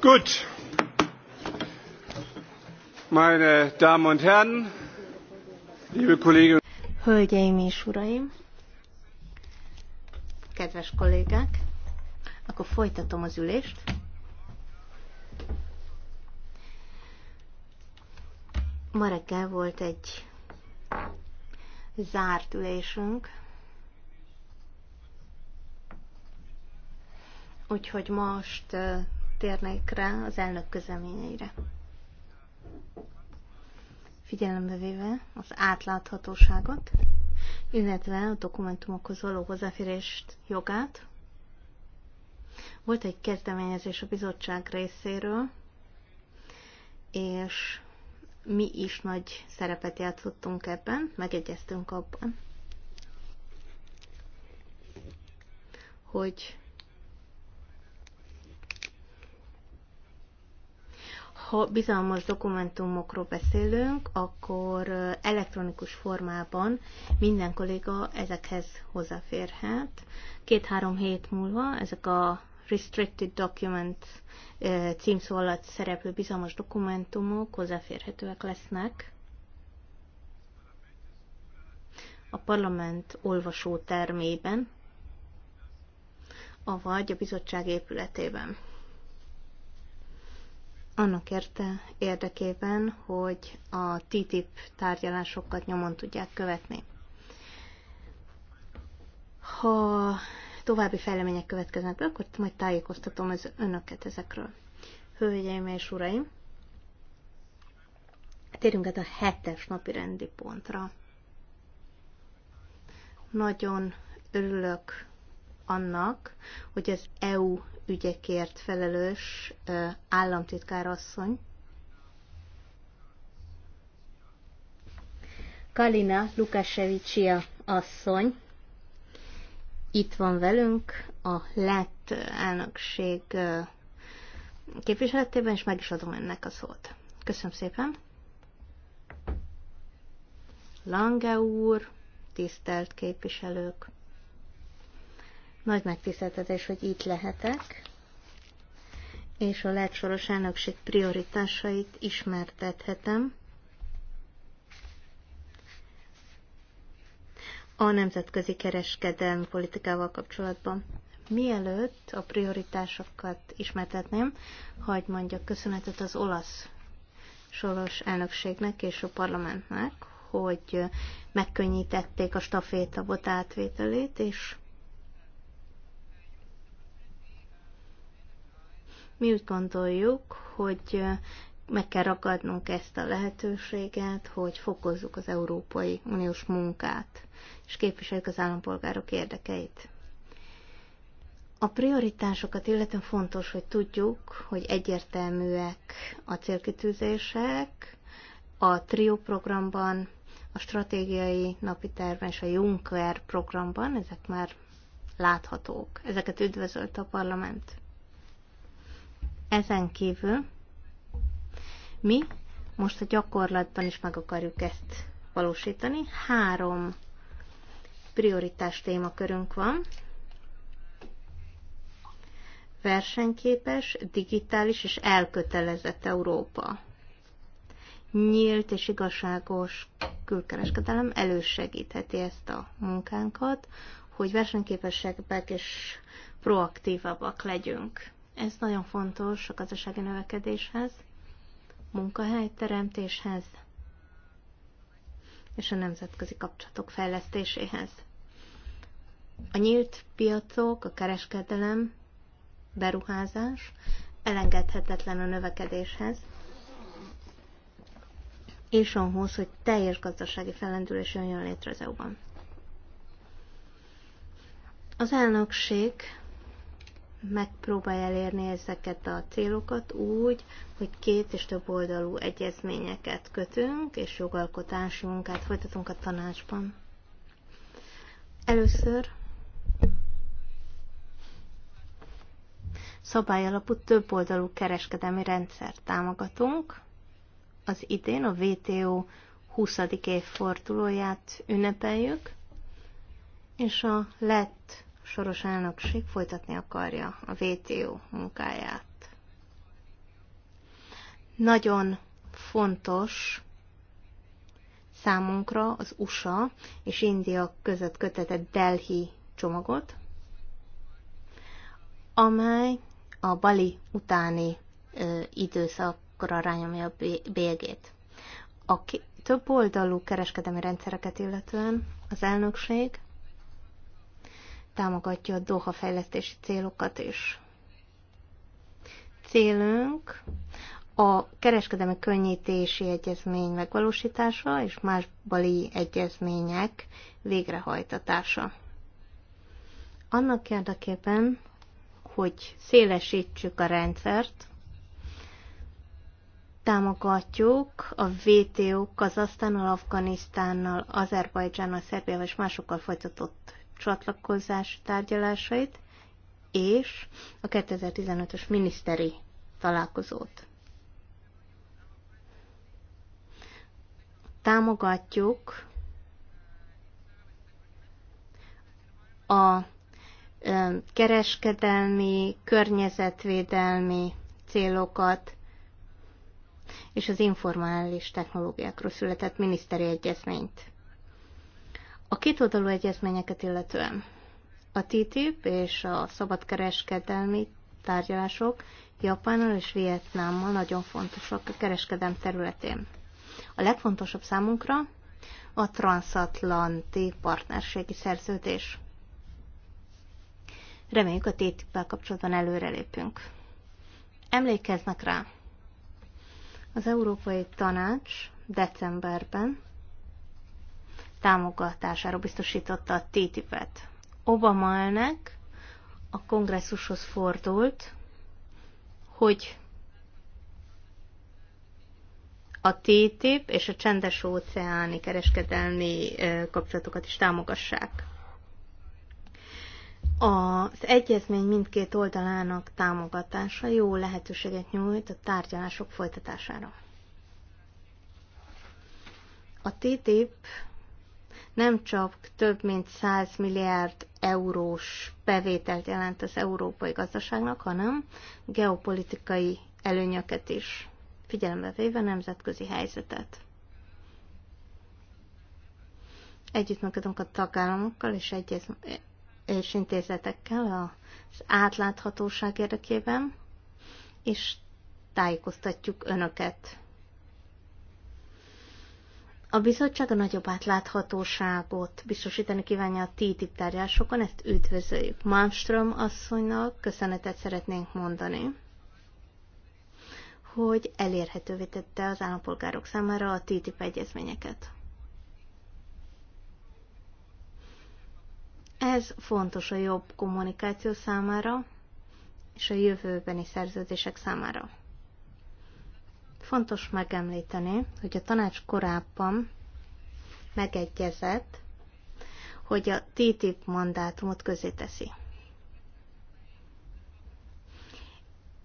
Gut. Meine Damen und Herren, liebe Kolleginnen Hölgyeim és Uraim, kedves kollégák, akkor folytatom az ülést. Ma reggel volt egy zárt ülésünk, Úgyhogy most térnék rá az elnök közleményeire. Figyelembe véve az átláthatóságot, illetve a dokumentumokhoz való hozzáférést jogát. Volt egy kezdeményezés a bizottság részéről, és mi is nagy szerepet játszottunk ebben, megegyeztünk abban, hogy ha bizalmas dokumentumokról beszélünk, akkor elektronikus formában minden kolléga ezekhez hozzáférhet. Két-három hét múlva ezek a Restricted Document címszó alatt szereplő bizalmas dokumentumok hozzáférhetőek lesznek. A parlament olvasó termében, avagy a bizottság épületében annak érte, érdekében, hogy a TTIP tárgyalásokat nyomon tudják követni. Ha további fejlemények következnek be, akkor majd tájékoztatom az önöket ezekről. Hölgyeim és uraim, térjünk át a hetes napi rendi pontra. Nagyon örülök annak, hogy az EU ügyekért felelős államtitkárasszony, Kalina Lukasevicsia asszony itt van velünk a lett elnökség képviseletében, és meg is adom ennek a szót. Köszönöm szépen! Lange úr, tisztelt képviselők! Nagy megtiszteltetés, hogy itt lehetek, és a lehetsoros elnökség prioritásait ismertethetem. a nemzetközi kereskedelmi politikával kapcsolatban. Mielőtt a prioritásokat ismertetném, hagyd mondjak köszönetet az olasz soros elnökségnek és a parlamentnek, hogy megkönnyítették a stafétabot átvételét, és Mi úgy gondoljuk, hogy meg kell ragadnunk ezt a lehetőséget, hogy fokozzuk az Európai Uniós munkát, és képviseljük az állampolgárok érdekeit. A prioritásokat illetően fontos, hogy tudjuk, hogy egyértelműek a célkitűzések, a TRIO programban, a stratégiai napi tervben és a Juncker programban, ezek már láthatók. Ezeket üdvözölt a parlament. Ezen kívül mi most a gyakorlatban is meg akarjuk ezt valósítani. Három prioritás témakörünk van. Versenyképes, digitális és elkötelezett Európa. Nyílt és igazságos külkereskedelem elősegítheti ezt a munkánkat, hogy versenyképesek és proaktívabbak legyünk. Ez nagyon fontos a gazdasági növekedéshez, munkahelyteremtéshez és a nemzetközi kapcsolatok fejlesztéséhez. A nyílt piacok, a kereskedelem, beruházás elengedhetetlen a növekedéshez, és ahhoz, hogy teljes gazdasági fellendülés jön létre az EU-ban. Az elnökség megpróbál elérni ezeket a célokat úgy, hogy két és több oldalú egyezményeket kötünk, és jogalkotási munkát folytatunk a tanácsban. Először szabályalapú több oldalú kereskedelmi rendszert támogatunk. Az idén a WTO 20. évfordulóját ünnepeljük, és a lett soros elnökség folytatni akarja a WTO munkáját. Nagyon fontos számunkra az USA és India között kötetett Delhi csomagot, amely a Bali utáni ö, időszakra rányomja a bélyegét. A több oldalú kereskedelmi rendszereket illetően az elnökség támogatja a Doha fejlesztési célokat is. Célunk a kereskedelmi könnyítési egyezmény megvalósítása és más bali egyezmények végrehajtatása. Annak érdekében, hogy szélesítsük a rendszert, támogatjuk a VTO, Kazasztánnal, Afganisztánnal, Azerbajdzsánnal, Szerbiával és másokkal folytatott csatlakozás tárgyalásait és a 2015-ös miniszteri találkozót. Támogatjuk a kereskedelmi, környezetvédelmi célokat és az informális technológiákról született miniszteri egyezményt. A kétoldalú egyezményeket illetően a TTIP és a szabadkereskedelmi tárgyalások Japánnal és Vietnámmal nagyon fontosak a kereskedelm területén. A legfontosabb számunkra a transatlanti partnerségi szerződés. Reméljük a TTIP-vel kapcsolatban előrelépünk. Emlékeznek rá! Az Európai Tanács decemberben támogatására biztosította a TTIP-et. Obama elnök a kongresszushoz fordult, hogy a TTIP és a csendes óceáni kereskedelmi kapcsolatokat is támogassák. Az egyezmény mindkét oldalának támogatása jó lehetőséget nyújt a tárgyalások folytatására. A TTIP nem csak több mint 100 milliárd eurós bevételt jelent az európai gazdaságnak, hanem geopolitikai előnyöket is, figyelembe véve nemzetközi helyzetet. Együttműködünk a tagállamokkal és, egyez, és intézetekkel az átláthatóság érdekében, és tájékoztatjuk önöket a bizottság a nagyobb átláthatóságot biztosítani kívánja a TTIP tárgyásokon, ezt üdvözöljük. Malmström asszonynak köszönetet szeretnénk mondani, hogy elérhetővé tette az állampolgárok számára a TTIP egyezményeket. Ez fontos a jobb kommunikáció számára és a jövőbeni szerződések számára fontos megemlíteni, hogy a tanács korábban megegyezett, hogy a TTIP mandátumot közé teszi.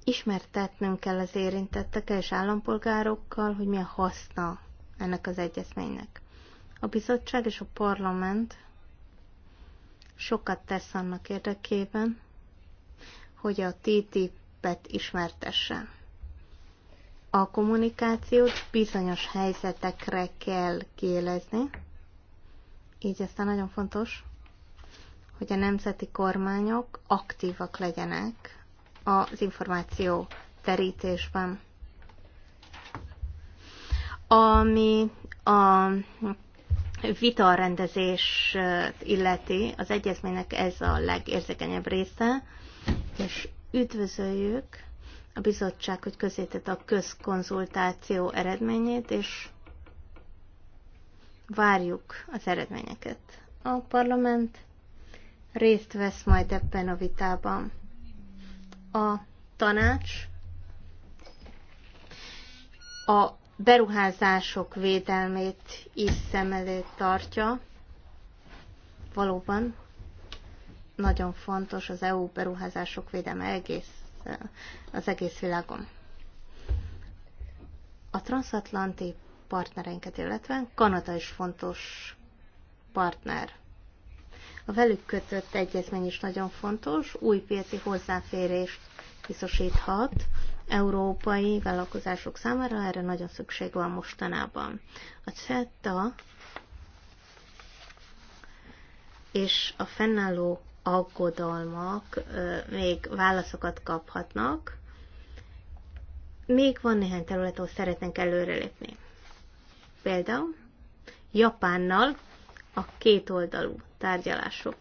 Ismertetnünk kell az érintettekkel és állampolgárokkal, hogy mi a haszna ennek az egyezménynek. A bizottság és a parlament sokat tesz annak érdekében, hogy a TTIP-et ismertesse. A kommunikációt bizonyos helyzetekre kell kielezni, így aztán nagyon fontos, hogy a nemzeti kormányok aktívak legyenek az információ terítésben. Ami a vitarendezés illeti, az egyezménynek ez a legérzékenyebb része, és üdvözöljük a bizottság, hogy közétett a közkonzultáció eredményét, és várjuk az eredményeket. A parlament részt vesz majd ebben a vitában. A tanács a beruházások védelmét is szem előtt tartja. Valóban nagyon fontos az EU beruházások védelme egész az egész világon. A transatlanti partnereinket, illetve Kanada is fontos partner. A velük kötött egyezmény is nagyon fontos, új piaci hozzáférést biztosíthat európai vállalkozások számára, erre nagyon szükség van mostanában. A CETA és a fennálló aggodalmak még válaszokat kaphatnak. Még van néhány terület, ahol szeretnénk előrelépni. Például Japánnal a kétoldalú tárgyalások.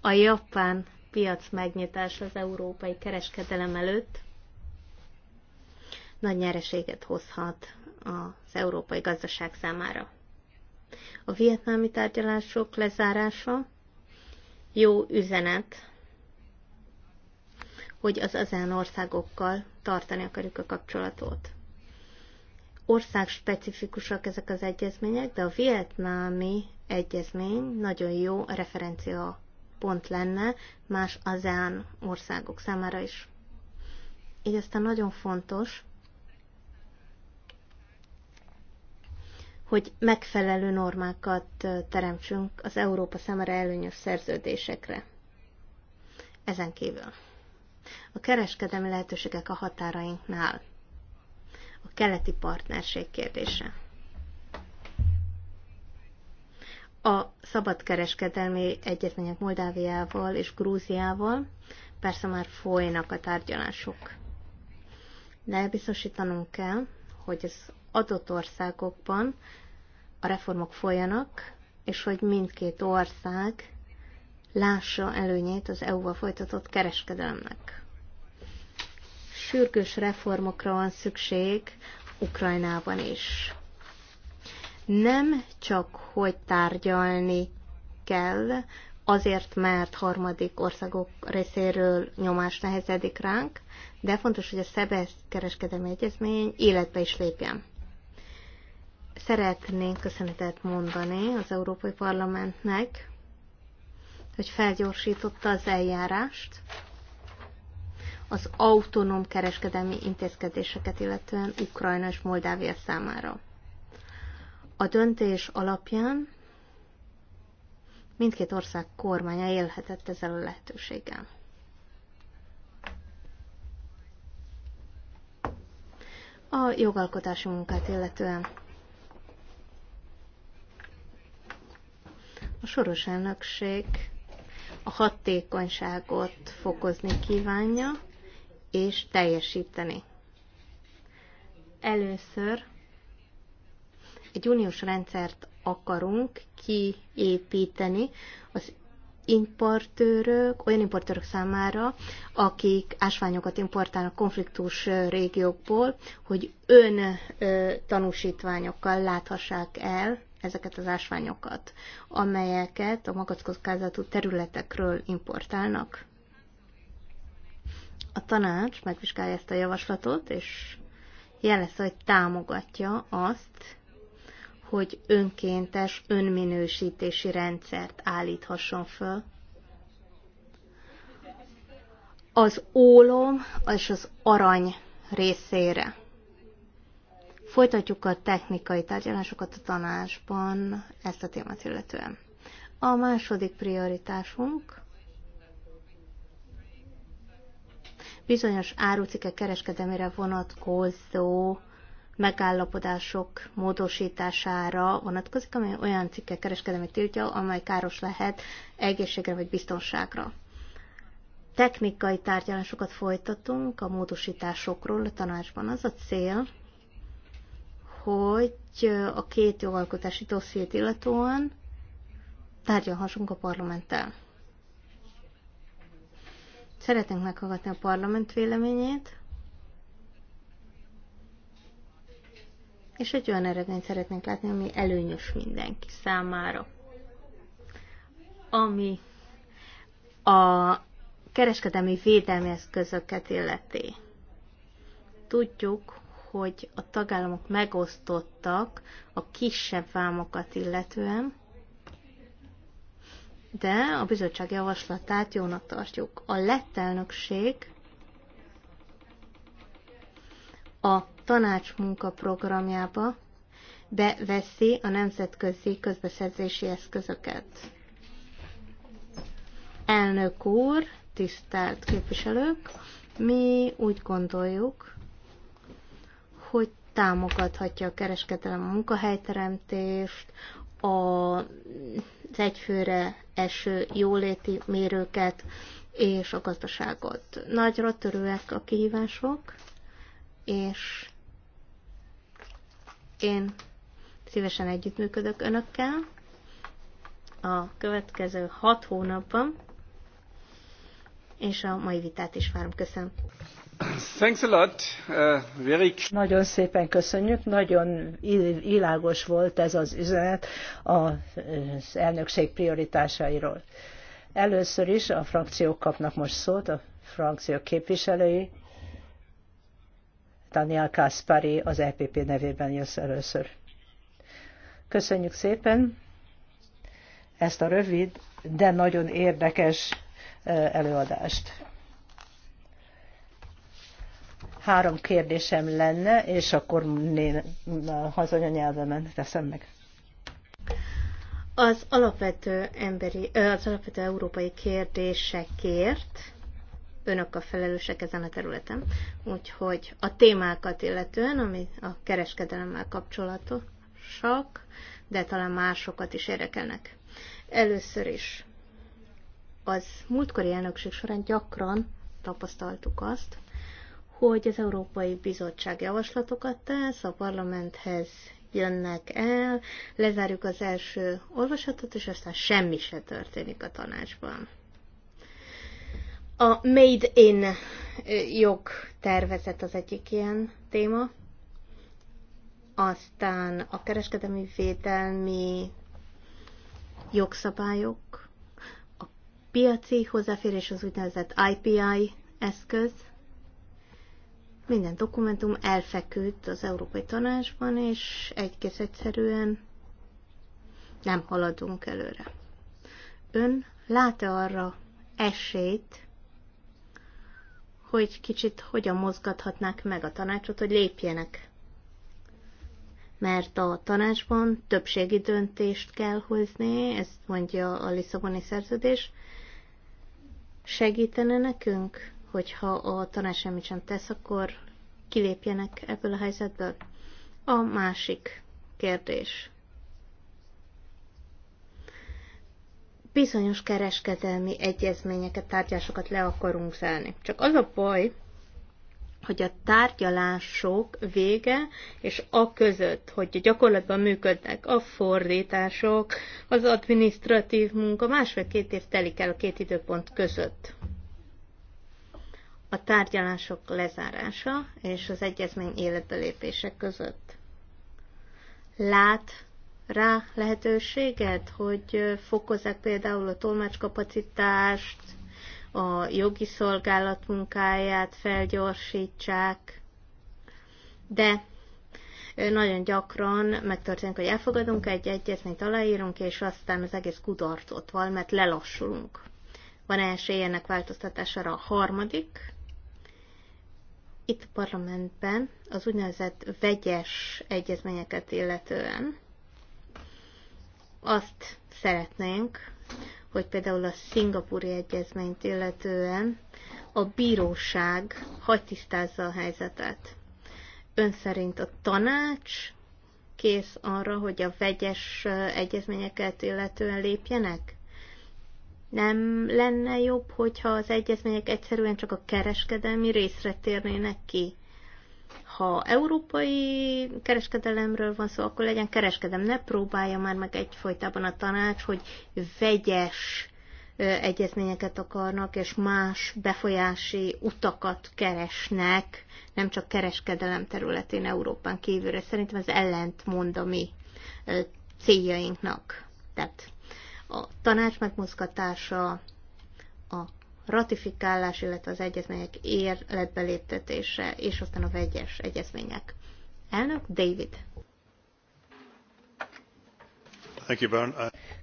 A japán piac megnyitás az európai kereskedelem előtt nagy nyereséget hozhat az európai gazdaság számára. A vietnámi tárgyalások lezárása jó üzenet, hogy az azán országokkal tartani akarjuk a kapcsolatot. Ország specifikusak ezek az egyezmények, de a vietnámi egyezmény nagyon jó a referencia pont lenne más azán országok számára is. Így aztán nagyon fontos, hogy megfelelő normákat teremtsünk az Európa számára előnyös szerződésekre. Ezen kívül a kereskedelmi lehetőségek a határainknál, a keleti partnerség kérdése, a szabadkereskedelmi egyezmények Moldáviával és Grúziával, persze már folynak a tárgyalások. De biztosítanunk kell, hogy az adott országokban a reformok folyanak, és hogy mindkét ország lássa előnyét az EU-val folytatott kereskedelemnek. Sürgős reformokra van szükség Ukrajnában is. Nem csak, hogy tárgyalni kell, azért, mert harmadik országok részéről nyomás nehezedik ránk, de fontos, hogy a Szebesz kereskedelmi egyezmény életbe is lépjen szeretnénk köszönetet mondani az Európai Parlamentnek, hogy felgyorsította az eljárást az autonóm kereskedelmi intézkedéseket, illetően Ukrajna és Moldávia számára. A döntés alapján mindkét ország kormánya élhetett ezzel a lehetőséggel. A jogalkotási munkát illetően A soros elnökség a hatékonyságot fokozni kívánja és teljesíteni. Először egy uniós rendszert akarunk kiépíteni az importőrök, olyan importőrök számára, akik ásványokat importálnak konfliktus régiókból, hogy ön tanúsítványokkal láthassák el ezeket az ásványokat, amelyeket a magas kockázatú területekről importálnak. A tanács megvizsgálja ezt a javaslatot, és jelezte, hogy támogatja azt, hogy önkéntes önminősítési rendszert állíthasson föl. Az ólom és az arany részére. Folytatjuk a technikai tárgyalásokat a tanásban ezt a témát illetően. A második prioritásunk bizonyos árucikek kereskedemére vonatkozó megállapodások módosítására vonatkozik, amely olyan cikkek kereskedelmi tiltja, amely káros lehet egészségre vagy biztonságra. Technikai tárgyalásokat folytatunk a módosításokról a tanácsban. Az a cél, hogy a két jogalkotási dossziét illetően tárgyalhassunk a parlamenttel. Szeretnénk meghallgatni a parlament véleményét, és egy olyan eredményt szeretnénk látni, ami előnyös mindenki számára. Ami a kereskedelmi védelmi eszközöket illeti. Tudjuk, hogy a tagállamok megosztottak a kisebb vámokat illetően, de a bizottság javaslatát jónak tartjuk. A lett elnökség a tanács munkaprogramjába beveszi a nemzetközi közbeszerzési eszközöket. Elnök úr, tisztelt képviselők, mi úgy gondoljuk, hogy támogathatja a kereskedelem a munkahelyteremtést, a, egyfőre eső jóléti mérőket és a gazdaságot. Nagyra törőek a kihívások, és én szívesen együttműködök önökkel a következő hat hónapban, és a mai vitát is várom. Köszönöm. Thanks a lot. Uh, very... Nagyon szépen köszönjük, nagyon világos volt ez az üzenet az elnökség prioritásairól. Először is a frakciók kapnak most szót, a frakciók képviselői. Daniel Kaspari az EPP nevében jössz először. Köszönjük szépen ezt a rövid, de nagyon érdekes uh, előadást. Három kérdésem lenne, és akkor az nyelvemen teszem meg. Az alapvető, emberi, az alapvető európai kérdésekért önök a felelősek ezen a területen, úgyhogy a témákat illetően, ami a kereskedelemmel kapcsolatosak, de talán másokat is érdekelnek. Először is az múltkori elnökség során gyakran tapasztaltuk azt, hogy az Európai Bizottság javaslatokat tesz, a parlamenthez jönnek el, lezárjuk az első olvasatot, és aztán semmi se történik a tanácsban. A Made in jogtervezet az egyik ilyen téma, aztán a kereskedelmi védelmi jogszabályok, a piaci hozzáférés az úgynevezett IPI eszköz, minden dokumentum elfeküdt az Európai Tanácsban, és egész egyszerűen nem haladunk előre. Ön lát-e arra esélyt, hogy kicsit hogyan mozgathatnák meg a tanácsot, hogy lépjenek? Mert a tanácsban többségi döntést kell hozni, ezt mondja a Lisszaboni szerződés. Segítene nekünk? hogyha a tanács semmit sem tesz, akkor kilépjenek ebből a helyzetből. A másik kérdés. Bizonyos kereskedelmi egyezményeket, tárgyásokat le akarunk zárni. Csak az a baj, hogy a tárgyalások vége és a között, hogy gyakorlatban működnek a fordítások, az adminisztratív munka, másfél-két év telik el a két időpont között a tárgyalások lezárása és az egyezmény lépése között. Lát rá lehetőséget, hogy fokozzák például a tolmácskapacitást, a jogi szolgálat munkáját felgyorsítsák, de nagyon gyakran megtörténik, hogy elfogadunk egy egyezményt, aláírunk, és aztán az egész kudarcot val, mert lelassulunk. Van -e esély ennek változtatására a harmadik, itt a parlamentben az úgynevezett vegyes egyezményeket illetően azt szeretnénk, hogy például a szingapúri egyezményt illetően a bíróság hagy tisztázza a helyzetet. Ön szerint a tanács kész arra, hogy a vegyes egyezményeket illetően lépjenek? Nem lenne jobb, hogyha az egyezmények egyszerűen csak a kereskedelmi részre térnének ki? Ha európai kereskedelemről van szó, akkor legyen kereskedem. Ne próbálja már meg egyfolytában a tanács, hogy vegyes egyezményeket akarnak, és más befolyási utakat keresnek, nem csak kereskedelem területén Európán kívülre. Szerintem ez mond a mi céljainknak. Tehát a tanács megmozgatása, a ratifikálás, illetve az egyezmények életbe léptetése, és aztán a vegyes egyezmények. Elnök David.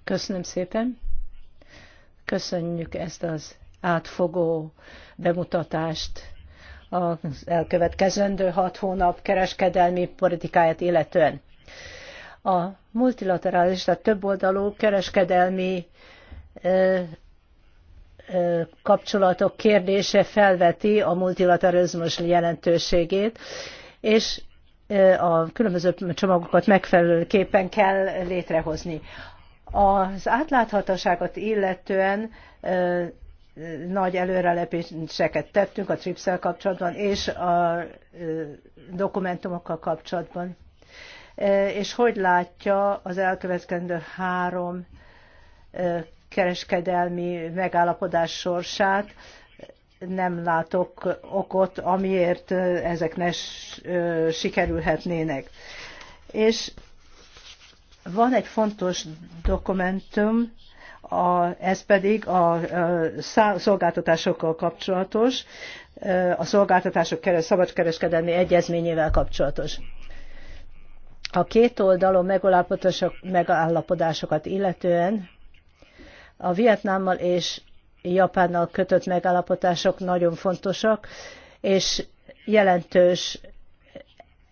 Köszönöm szépen. Köszönjük ezt az átfogó bemutatást az elkövetkezendő hat hónap kereskedelmi politikáját illetően. A multilaterális, tehát többoldalú kereskedelmi kapcsolatok kérdése felveti a multilaterizmus jelentőségét, és a különböző csomagokat megfelelőképpen kell létrehozni. Az átláthatóságot illetően nagy előrelepéseket tettünk a trips kapcsolatban és a dokumentumokkal kapcsolatban. E, és hogy látja az elkövetkezendő három e, kereskedelmi megállapodás sorsát. Nem látok okot, amiért e, ezek ne sikerülhetnének. És van egy fontos dokumentum, a, ez pedig a, a szolgáltatásokkal kapcsolatos, a szolgáltatások szabadkereskedelmi egyezményével kapcsolatos a két oldalon megállapodásokat illetően a Vietnámmal és Japánnal kötött megállapodások nagyon fontosak, és jelentős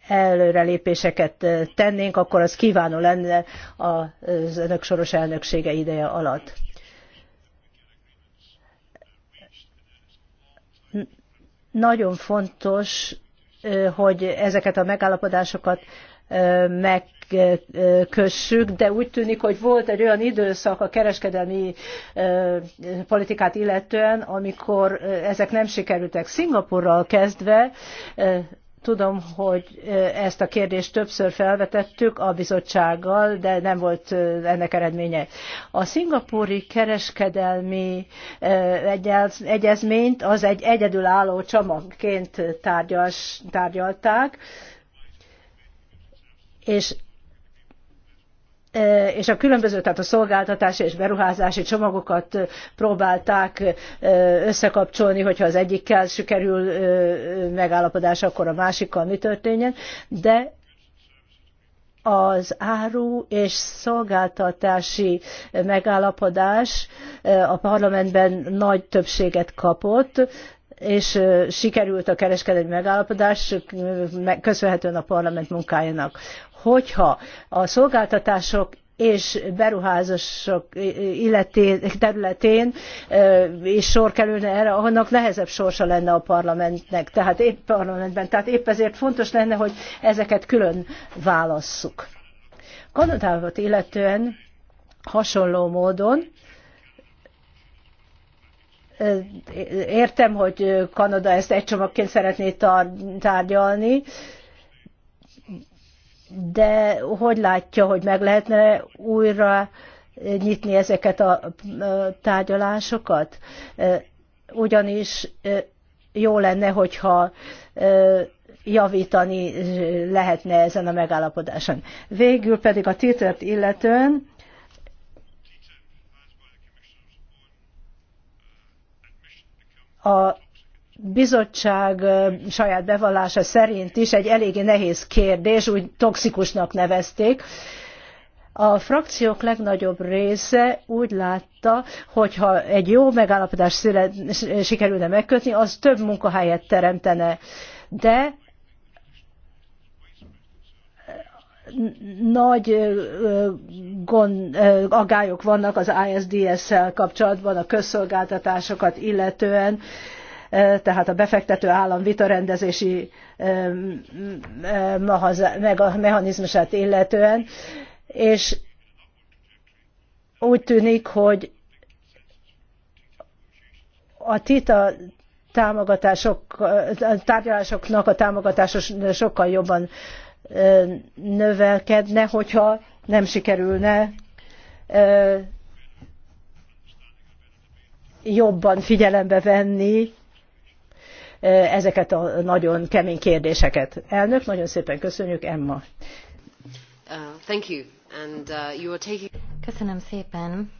előrelépéseket tennénk, akkor az kívánó lenne az önök soros elnöksége ideje alatt. Nagyon fontos, hogy ezeket a megállapodásokat megkössük, de úgy tűnik, hogy volt egy olyan időszak a kereskedelmi politikát illetően, amikor ezek nem sikerültek. Szingapurral kezdve tudom, hogy ezt a kérdést többször felvetettük a bizottsággal, de nem volt ennek eredménye. A szingapúri kereskedelmi egyezményt az egy egyedülálló csomagként tárgyalták, és és a különböző, tehát a szolgáltatási és beruházási csomagokat próbálták összekapcsolni, hogyha az egyikkel sikerül megállapodás, akkor a másikkal mi történjen, de az áru és szolgáltatási megállapodás a parlamentben nagy többséget kapott, és sikerült a kereskedelmi megállapodás köszönhetően a parlament munkájának. Hogyha a szolgáltatások és beruházások illetén, területén és sor kerülne erre, annak nehezebb sorsa lenne a parlamentnek, tehát épp parlamentben. Tehát épp ezért fontos lenne, hogy ezeket külön válasszuk. Kanadávat illetően hasonló módon Értem, hogy Kanada ezt egy csomagként szeretné tárgyalni, de hogy látja, hogy meg lehetne újra nyitni ezeket a tárgyalásokat? Ugyanis jó lenne, hogyha javítani lehetne ezen a megállapodáson. Végül pedig a titert illetően a bizottság saját bevallása szerint is egy eléggé nehéz kérdés, úgy toxikusnak nevezték. A frakciók legnagyobb része úgy látta, hogy ha egy jó megállapodás sikerülne megkötni, az több munkahelyet teremtene. De nagy gond, agályok vannak az ISDS-szel kapcsolatban, a közszolgáltatásokat illetően, tehát a befektető állam vitarendezési mechanizmusát illetően, és úgy tűnik, hogy a TITA támogatások, tárgyalásoknak a támogatása sokkal jobban növelkedne, hogyha nem sikerülne jobban figyelembe venni ezeket a nagyon kemény kérdéseket. Elnök, nagyon szépen köszönjük, Emma. Uh, uh, Köszönöm szépen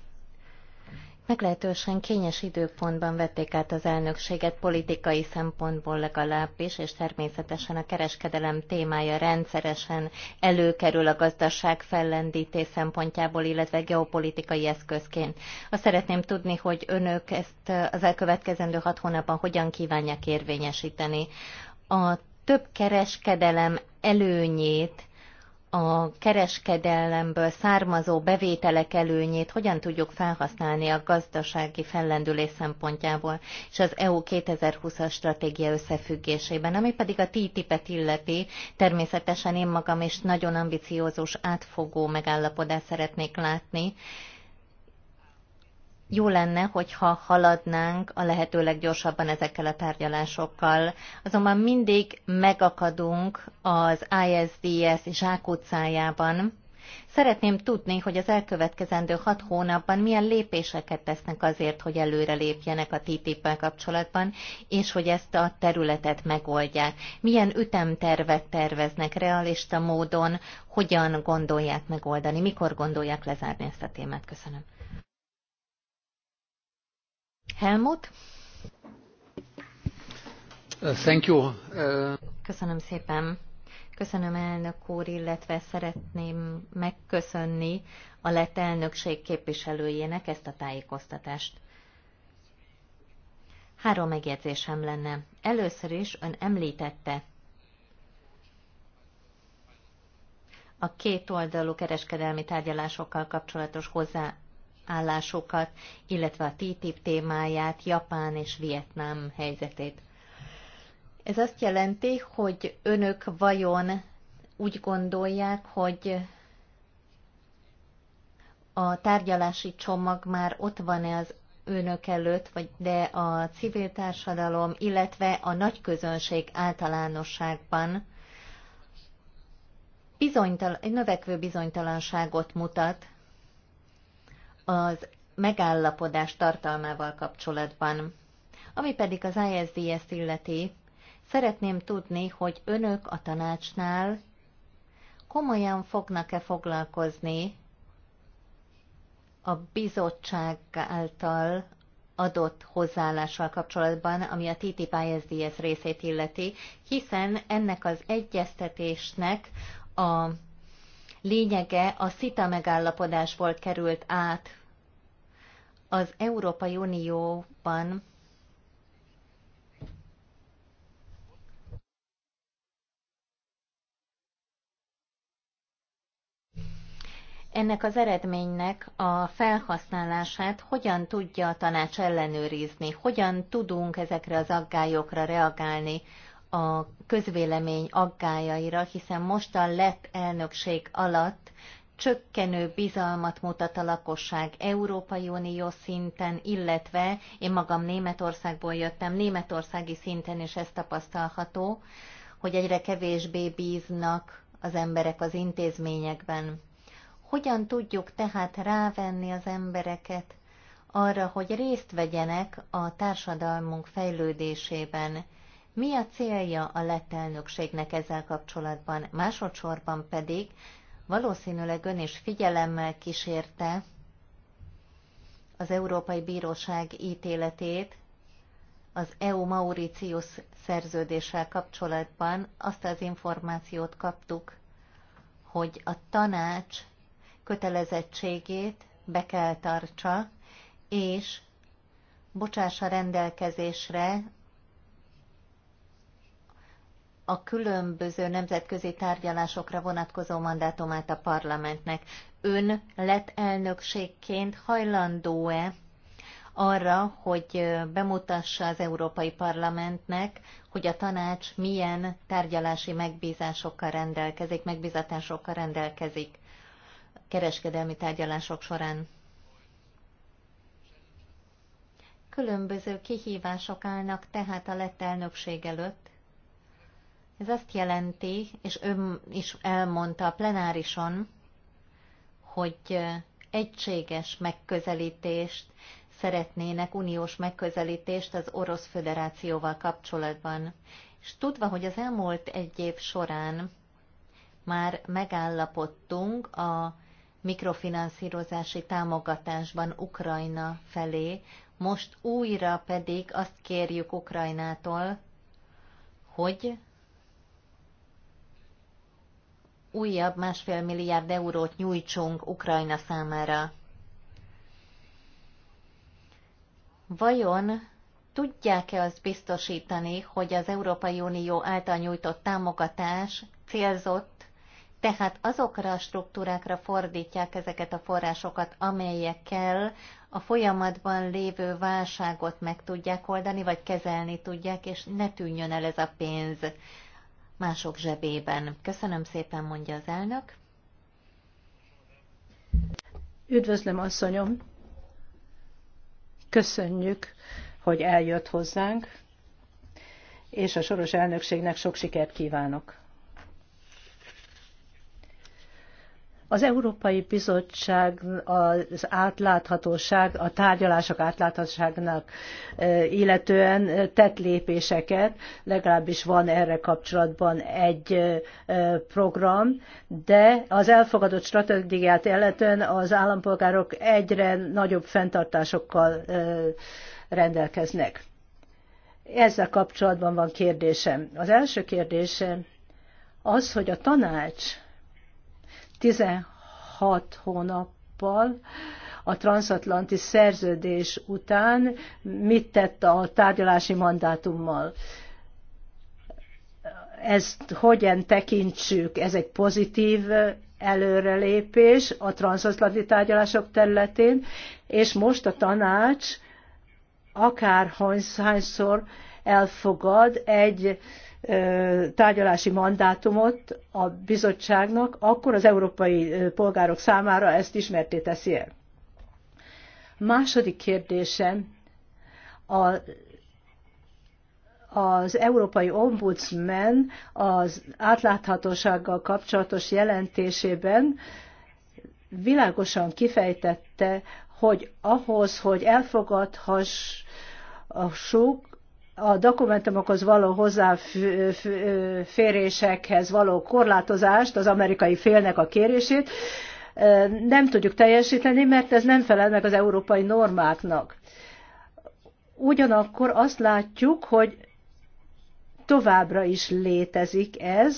meglehetősen kényes időpontban vették át az elnökséget politikai szempontból legalábbis, és természetesen a kereskedelem témája rendszeresen előkerül a gazdaság fellendítés szempontjából, illetve geopolitikai eszközként. Azt szeretném tudni, hogy önök ezt az elkövetkezendő hat hónapban hogyan kívánják érvényesíteni. A több kereskedelem előnyét a kereskedelemből származó bevételek előnyét hogyan tudjuk felhasználni a gazdasági fellendülés szempontjából és az EU 2020-as stratégia összefüggésében, ami pedig a TTIP-et illeti. Természetesen én magam is nagyon ambiciózus, átfogó megállapodást szeretnék látni, jó lenne, hogyha haladnánk a lehető leggyorsabban ezekkel a tárgyalásokkal. Azonban mindig megakadunk az ISDS zsákutcájában. Szeretném tudni, hogy az elkövetkezendő hat hónapban milyen lépéseket tesznek azért, hogy előre lépjenek a TTIP-vel kapcsolatban, és hogy ezt a területet megoldják. Milyen ütemtervet terveznek realista módon, hogyan gondolják megoldani, mikor gondolják lezárni ezt a témát. Köszönöm. Helmut? Uh, thank you. Uh, Köszönöm szépen. Köszönöm elnök úr, illetve szeretném megköszönni a lett elnökség képviselőjének ezt a tájékoztatást. Három megjegyzésem lenne. Először is ön említette a két oldalú kereskedelmi tárgyalásokkal kapcsolatos hozzá állásokat, illetve a TTIP témáját, Japán és Vietnám helyzetét. Ez azt jelenti, hogy önök vajon úgy gondolják, hogy a tárgyalási csomag már ott van-e az önök előtt, vagy de a civil társadalom, illetve a nagy közönség általánosságban bizonytal- növekvő bizonytalanságot mutat az megállapodás tartalmával kapcsolatban. Ami pedig az ISDS illeti, szeretném tudni, hogy önök a tanácsnál komolyan fognak-e foglalkozni a bizottság által adott hozzáállással kapcsolatban, ami a TTIP ISDS részét illeti, hiszen ennek az egyeztetésnek a lényege a SZITA megállapodásból került át az Európai Unióban ennek az eredménynek a felhasználását hogyan tudja a tanács ellenőrizni, hogyan tudunk ezekre az aggályokra reagálni, a közvélemény aggájaira, hiszen most a lett elnökség alatt csökkenő bizalmat mutat a lakosság Európai Unió szinten, illetve én magam Németországból jöttem, németországi szinten is ez tapasztalható, hogy egyre kevésbé bíznak az emberek az intézményekben. Hogyan tudjuk tehát rávenni az embereket arra, hogy részt vegyenek a társadalmunk fejlődésében? Mi a célja a lett elnökségnek ezzel kapcsolatban? Másodszorban pedig valószínűleg ön is figyelemmel kísérte az Európai Bíróság ítéletét az EU-Mauritius szerződéssel kapcsolatban. Azt az információt kaptuk, hogy a tanács kötelezettségét be kell tartsa, és bocsássa rendelkezésre a különböző nemzetközi tárgyalásokra vonatkozó mandátumát a parlamentnek. Ön lett elnökségként hajlandó-e arra, hogy bemutassa az Európai Parlamentnek, hogy a tanács milyen tárgyalási megbízásokkal rendelkezik, megbízatásokkal rendelkezik kereskedelmi tárgyalások során. Különböző kihívások állnak tehát a lett elnökség előtt, ez azt jelenti, és ön is elmondta a plenárison, hogy egységes megközelítést szeretnének, uniós megközelítést az Orosz Föderációval kapcsolatban. És tudva, hogy az elmúlt egy év során már megállapodtunk a mikrofinanszírozási támogatásban Ukrajna felé, most újra pedig azt kérjük Ukrajnától, hogy újabb másfél milliárd eurót nyújtsunk Ukrajna számára. Vajon tudják-e azt biztosítani, hogy az Európai Unió által nyújtott támogatás célzott, tehát azokra a struktúrákra fordítják ezeket a forrásokat, amelyekkel a folyamatban lévő válságot meg tudják oldani, vagy kezelni tudják, és ne tűnjön el ez a pénz mások zsebében. Köszönöm szépen, mondja az elnök. Üdvözlöm, asszonyom! Köszönjük, hogy eljött hozzánk, és a soros elnökségnek sok sikert kívánok! Az Európai Bizottság az átláthatóság, a tárgyalások átláthatóságnak e, illetően tett lépéseket, legalábbis van erre kapcsolatban egy e, e, program, de az elfogadott stratégiát illetően az állampolgárok egyre nagyobb fenntartásokkal rendelkeznek. Ezzel kapcsolatban van kérdésem. Az első kérdésem az, hogy a tanács 16 hónappal a transatlanti szerződés után mit tett a tárgyalási mandátummal. Ezt hogyan tekintsük? Ez egy pozitív előrelépés a transatlanti tárgyalások területén, és most a tanács akárhányszor elfogad egy tárgyalási mandátumot a bizottságnak, akkor az európai polgárok számára ezt ismerté teszi el. Második kérdésem a az Európai Ombudsman az átláthatósággal kapcsolatos jelentésében világosan kifejtette, hogy ahhoz, hogy elfogadhassuk a dokumentumokhoz való hozzáférésekhez való korlátozást, az amerikai félnek a kérését nem tudjuk teljesíteni, mert ez nem felel meg az európai normáknak. Ugyanakkor azt látjuk, hogy továbbra is létezik ez,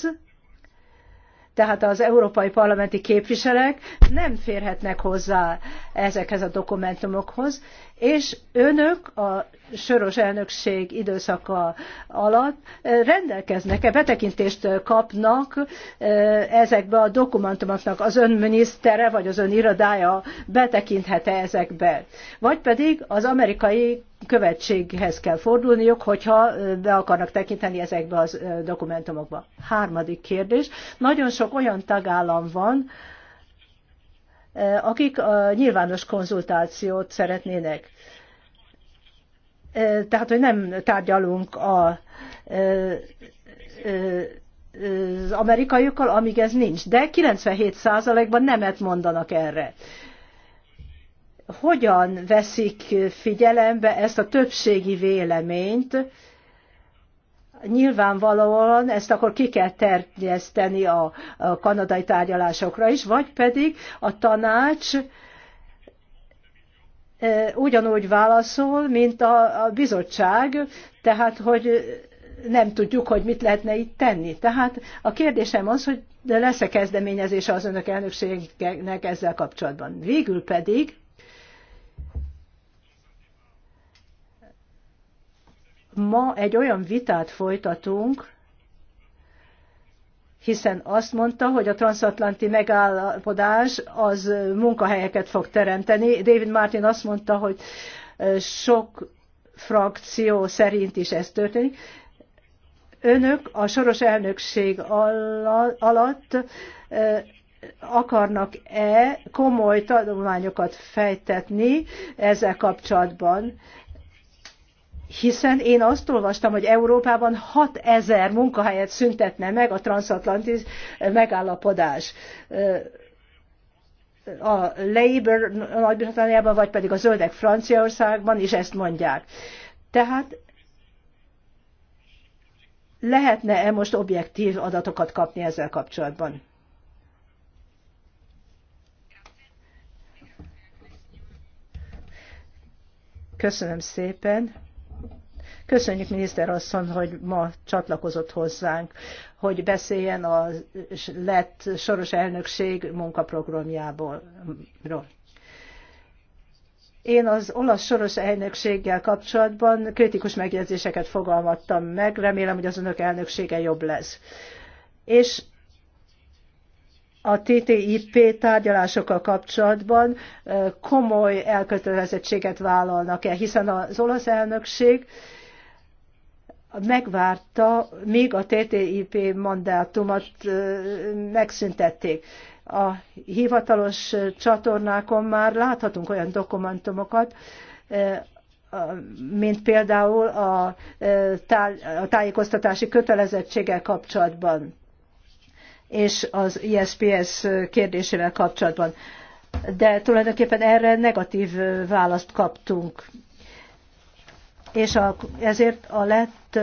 tehát az európai parlamenti képviselők nem férhetnek hozzá ezekhez a dokumentumokhoz, és önök a soros elnökség időszaka alatt eh, rendelkeznek-e, betekintést eh, kapnak eh, ezekbe a dokumentumoknak az ön minisztere vagy az ön irodája betekinthet-e ezekbe. Vagy pedig az amerikai követséghez kell fordulniuk, hogyha be akarnak tekinteni ezekbe a dokumentumokba. Harmadik kérdés. Nagyon sok olyan tagállam van, akik a nyilvános konzultációt szeretnének. Tehát, hogy nem tárgyalunk a az amerikaiokkal, amíg ez nincs. De 97%-ban nemet mondanak erre hogyan veszik figyelembe ezt a többségi véleményt, Nyilvánvalóan ezt akkor ki kell terjeszteni a, kanadai tárgyalásokra is, vagy pedig a tanács e, ugyanúgy válaszol, mint a bizottság, tehát hogy nem tudjuk, hogy mit lehetne itt tenni. Tehát a kérdésem az, hogy lesz-e kezdeményezése az önök elnökségnek ezzel kapcsolatban. Végül pedig ma egy olyan vitát folytatunk, hiszen azt mondta, hogy a transatlanti megállapodás az munkahelyeket fog teremteni. David Martin azt mondta, hogy sok frakció szerint is ez történik. Önök a soros elnökség alatt akarnak-e komoly tanulmányokat fejtetni ezzel kapcsolatban, hiszen én azt olvastam, hogy Európában 6000 munkahelyet szüntetne meg a transatlanti megállapodás. A Labour Nagy-Britanniában, vagy pedig a Zöldek Franciaországban is ezt mondják. Tehát lehetne-e most objektív adatokat kapni ezzel kapcsolatban? Köszönöm szépen. Köszönjük miniszter asszony, hogy ma csatlakozott hozzánk, hogy beszéljen a lett soros elnökség munkaprogramjából. Én az olasz soros elnökséggel kapcsolatban kritikus megjegyzéseket fogalmattam meg, remélem, hogy az önök elnöksége jobb lesz. És a TTIP tárgyalásokkal kapcsolatban komoly elkötelezettséget vállalnak el, hiszen az olasz elnökség megvárta, míg a TTIP mandátumot megszüntették. A hivatalos csatornákon már láthatunk olyan dokumentumokat, mint például a, tájékoztatási kötelezettséggel kapcsolatban, és az ISPS kérdésével kapcsolatban. De tulajdonképpen erre negatív választ kaptunk és a, ezért a lett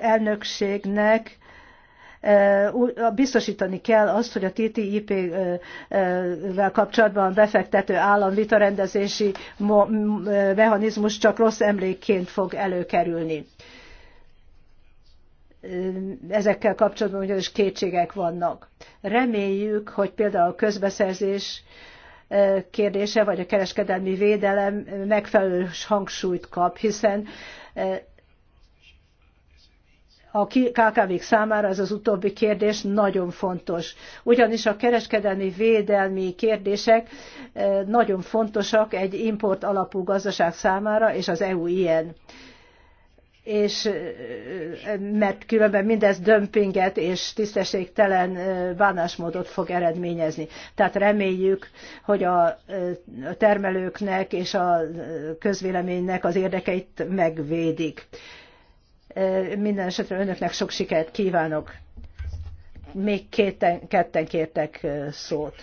elnökségnek biztosítani kell azt, hogy a TTIP-vel kapcsolatban befektető állam vitarendezési mechanizmus csak rossz emlékként fog előkerülni. Ezekkel kapcsolatban ugyanis kétségek vannak. Reméljük, hogy például a közbeszerzés kérdése, vagy a kereskedelmi védelem megfelelő hangsúlyt kap, hiszen a KKV-k számára ez az utóbbi kérdés nagyon fontos. Ugyanis a kereskedelmi védelmi kérdések nagyon fontosak egy import alapú gazdaság számára, és az EU ilyen és mert különben mindez dömpinget és tisztességtelen bánásmódot fog eredményezni. Tehát reméljük, hogy a termelőknek és a közvéleménynek az érdekeit megvédik. Minden esetre önöknek sok sikert kívánok. Még kéten, ketten kértek szót.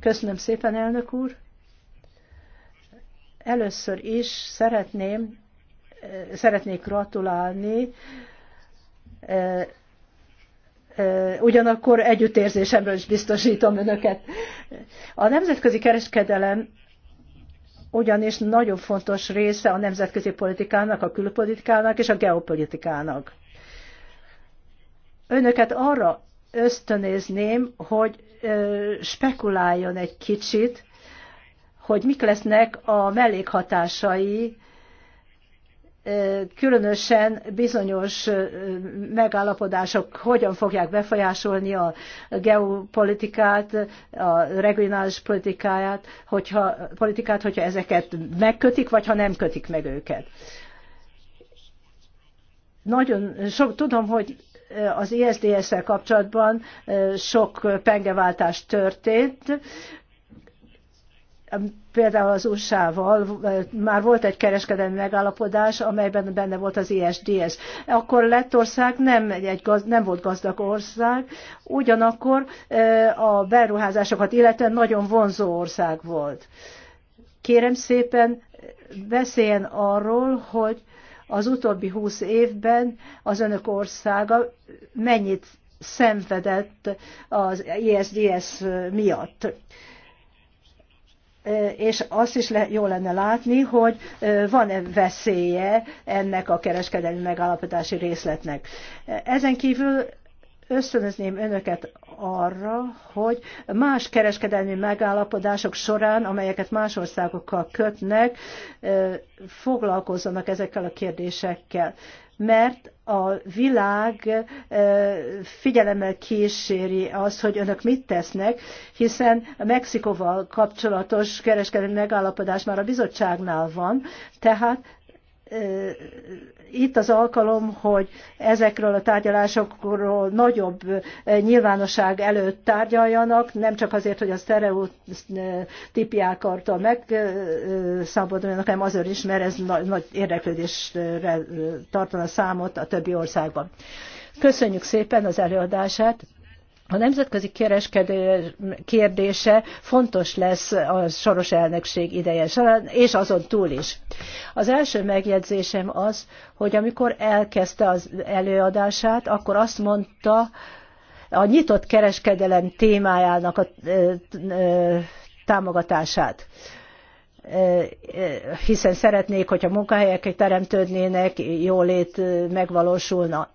Köszönöm szépen, elnök úr. Először is szeretném szeretnék gratulálni. Ugyanakkor együttérzésemről is biztosítom önöket. A nemzetközi kereskedelem ugyanis nagyon fontos része a nemzetközi politikának, a külpolitikának és a geopolitikának. Önöket arra ösztönézném, hogy spekuláljon egy kicsit, hogy mik lesznek a mellékhatásai különösen bizonyos megállapodások hogyan fogják befolyásolni a geopolitikát, a regionális politikáját, hogyha, politikát, hogyha ezeket megkötik, vagy ha nem kötik meg őket. Nagyon sok, tudom, hogy az ISDS-szel kapcsolatban sok pengeváltás történt, például az USA-val eh, már volt egy kereskedelmi megállapodás, amelyben benne volt az ISDS. Akkor Lettország nem, egy gaz, nem volt gazdag ország, ugyanakkor eh, a beruházásokat illetően nagyon vonzó ország volt. Kérem szépen, beszéljen arról, hogy az utóbbi húsz évben az önök országa mennyit szenvedett az ISDS miatt és azt is le, jó lenne látni, hogy van-e veszélye ennek a kereskedelmi megállapodási részletnek. Ezen kívül ösztönözném önöket arra, hogy más kereskedelmi megállapodások során, amelyeket más országokkal kötnek, foglalkozzanak ezekkel a kérdésekkel. Mert a világ figyelemmel kíséri az, hogy önök mit tesznek, hiszen a Mexikóval kapcsolatos kereskedelmi megállapodás már a bizottságnál van, tehát itt az alkalom, hogy ezekről a tárgyalásokról nagyobb nyilvánosság előtt tárgyaljanak, nem csak azért, hogy a sztereotípiákartól megszabaduljanak, hanem azért is, mert ez nagy érdeklődésre tartana számot a többi országban. Köszönjük szépen az előadását! A nemzetközi kereskedés kérdése fontos lesz a soros elnökség ideje során, és azon túl is. Az első megjegyzésem az, hogy amikor elkezdte az előadását, akkor azt mondta, a nyitott kereskedelem témájának a támogatását hiszen szeretnék, hogyha munkahelyek teremtődnének, jólét megvalósulna.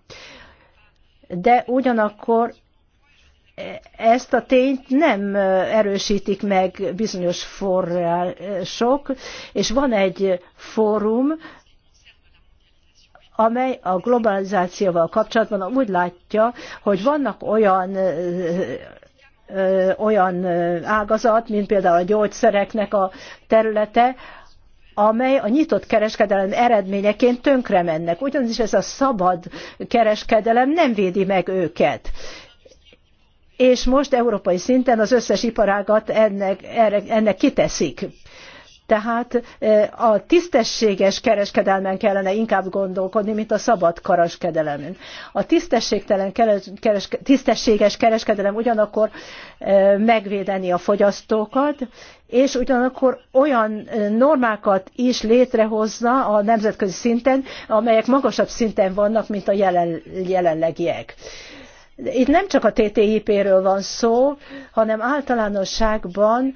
De ugyanakkor ezt a tényt nem erősítik meg bizonyos források, és van egy fórum, amely a globalizációval kapcsolatban úgy látja, hogy vannak olyan olyan ágazat, mint például a gyógyszereknek a területe, amely a nyitott kereskedelem eredményeként tönkre mennek. Ugyanis ez a szabad kereskedelem nem védi meg őket és most európai szinten az összes iparágat ennek, ennek kiteszik. Tehát e, a tisztességes kereskedelmen kellene inkább gondolkodni, mint a szabad kereskedelemen. A tisztességtelen keres, tisztességes kereskedelem ugyanakkor e, megvédeni a fogyasztókat, és ugyanakkor olyan e, normákat is létrehozna a nemzetközi szinten, amelyek magasabb szinten vannak, mint a jelen, jelenlegiek itt nem csak a TTIP-ről van szó, hanem általánosságban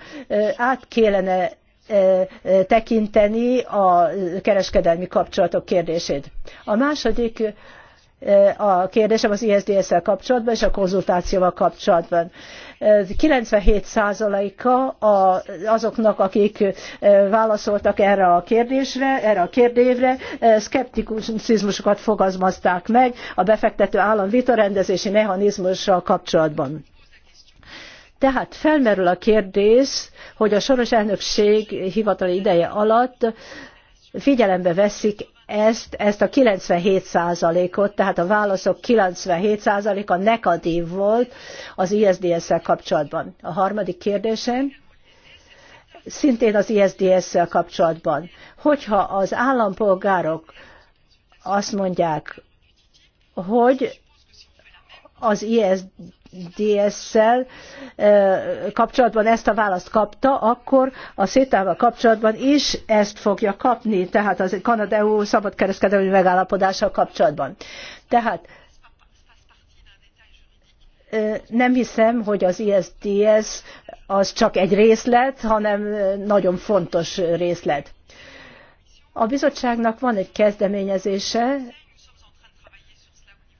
át kellene tekinteni a kereskedelmi kapcsolatok kérdését. A második a kérdésem az ISDS-szel kapcsolatban és a konzultációval kapcsolatban. 97%-a azoknak, akik válaszoltak erre a kérdésre, erre a kérdévre, szkepticizmusokat fogalmazták meg a befektető állam vitarendezési mechanizmussal kapcsolatban. Tehát felmerül a kérdés, hogy a soros elnökség hivatali ideje alatt figyelembe veszik ezt, ezt a 97%-ot, tehát a válaszok 97%-a negatív volt az ISDS-szel kapcsolatban. A harmadik kérdésem szintén az ISDS-szel kapcsolatban. Hogyha az állampolgárok azt mondják, hogy az ISDS SDS-szel kapcsolatban ezt a választ kapta, akkor a szétával kapcsolatban is ezt fogja kapni, tehát az Kanada-EU szabadkereskedelmi megállapodással kapcsolatban. Tehát nem hiszem, hogy az ISDS az csak egy részlet, hanem nagyon fontos részlet. A bizottságnak van egy kezdeményezése,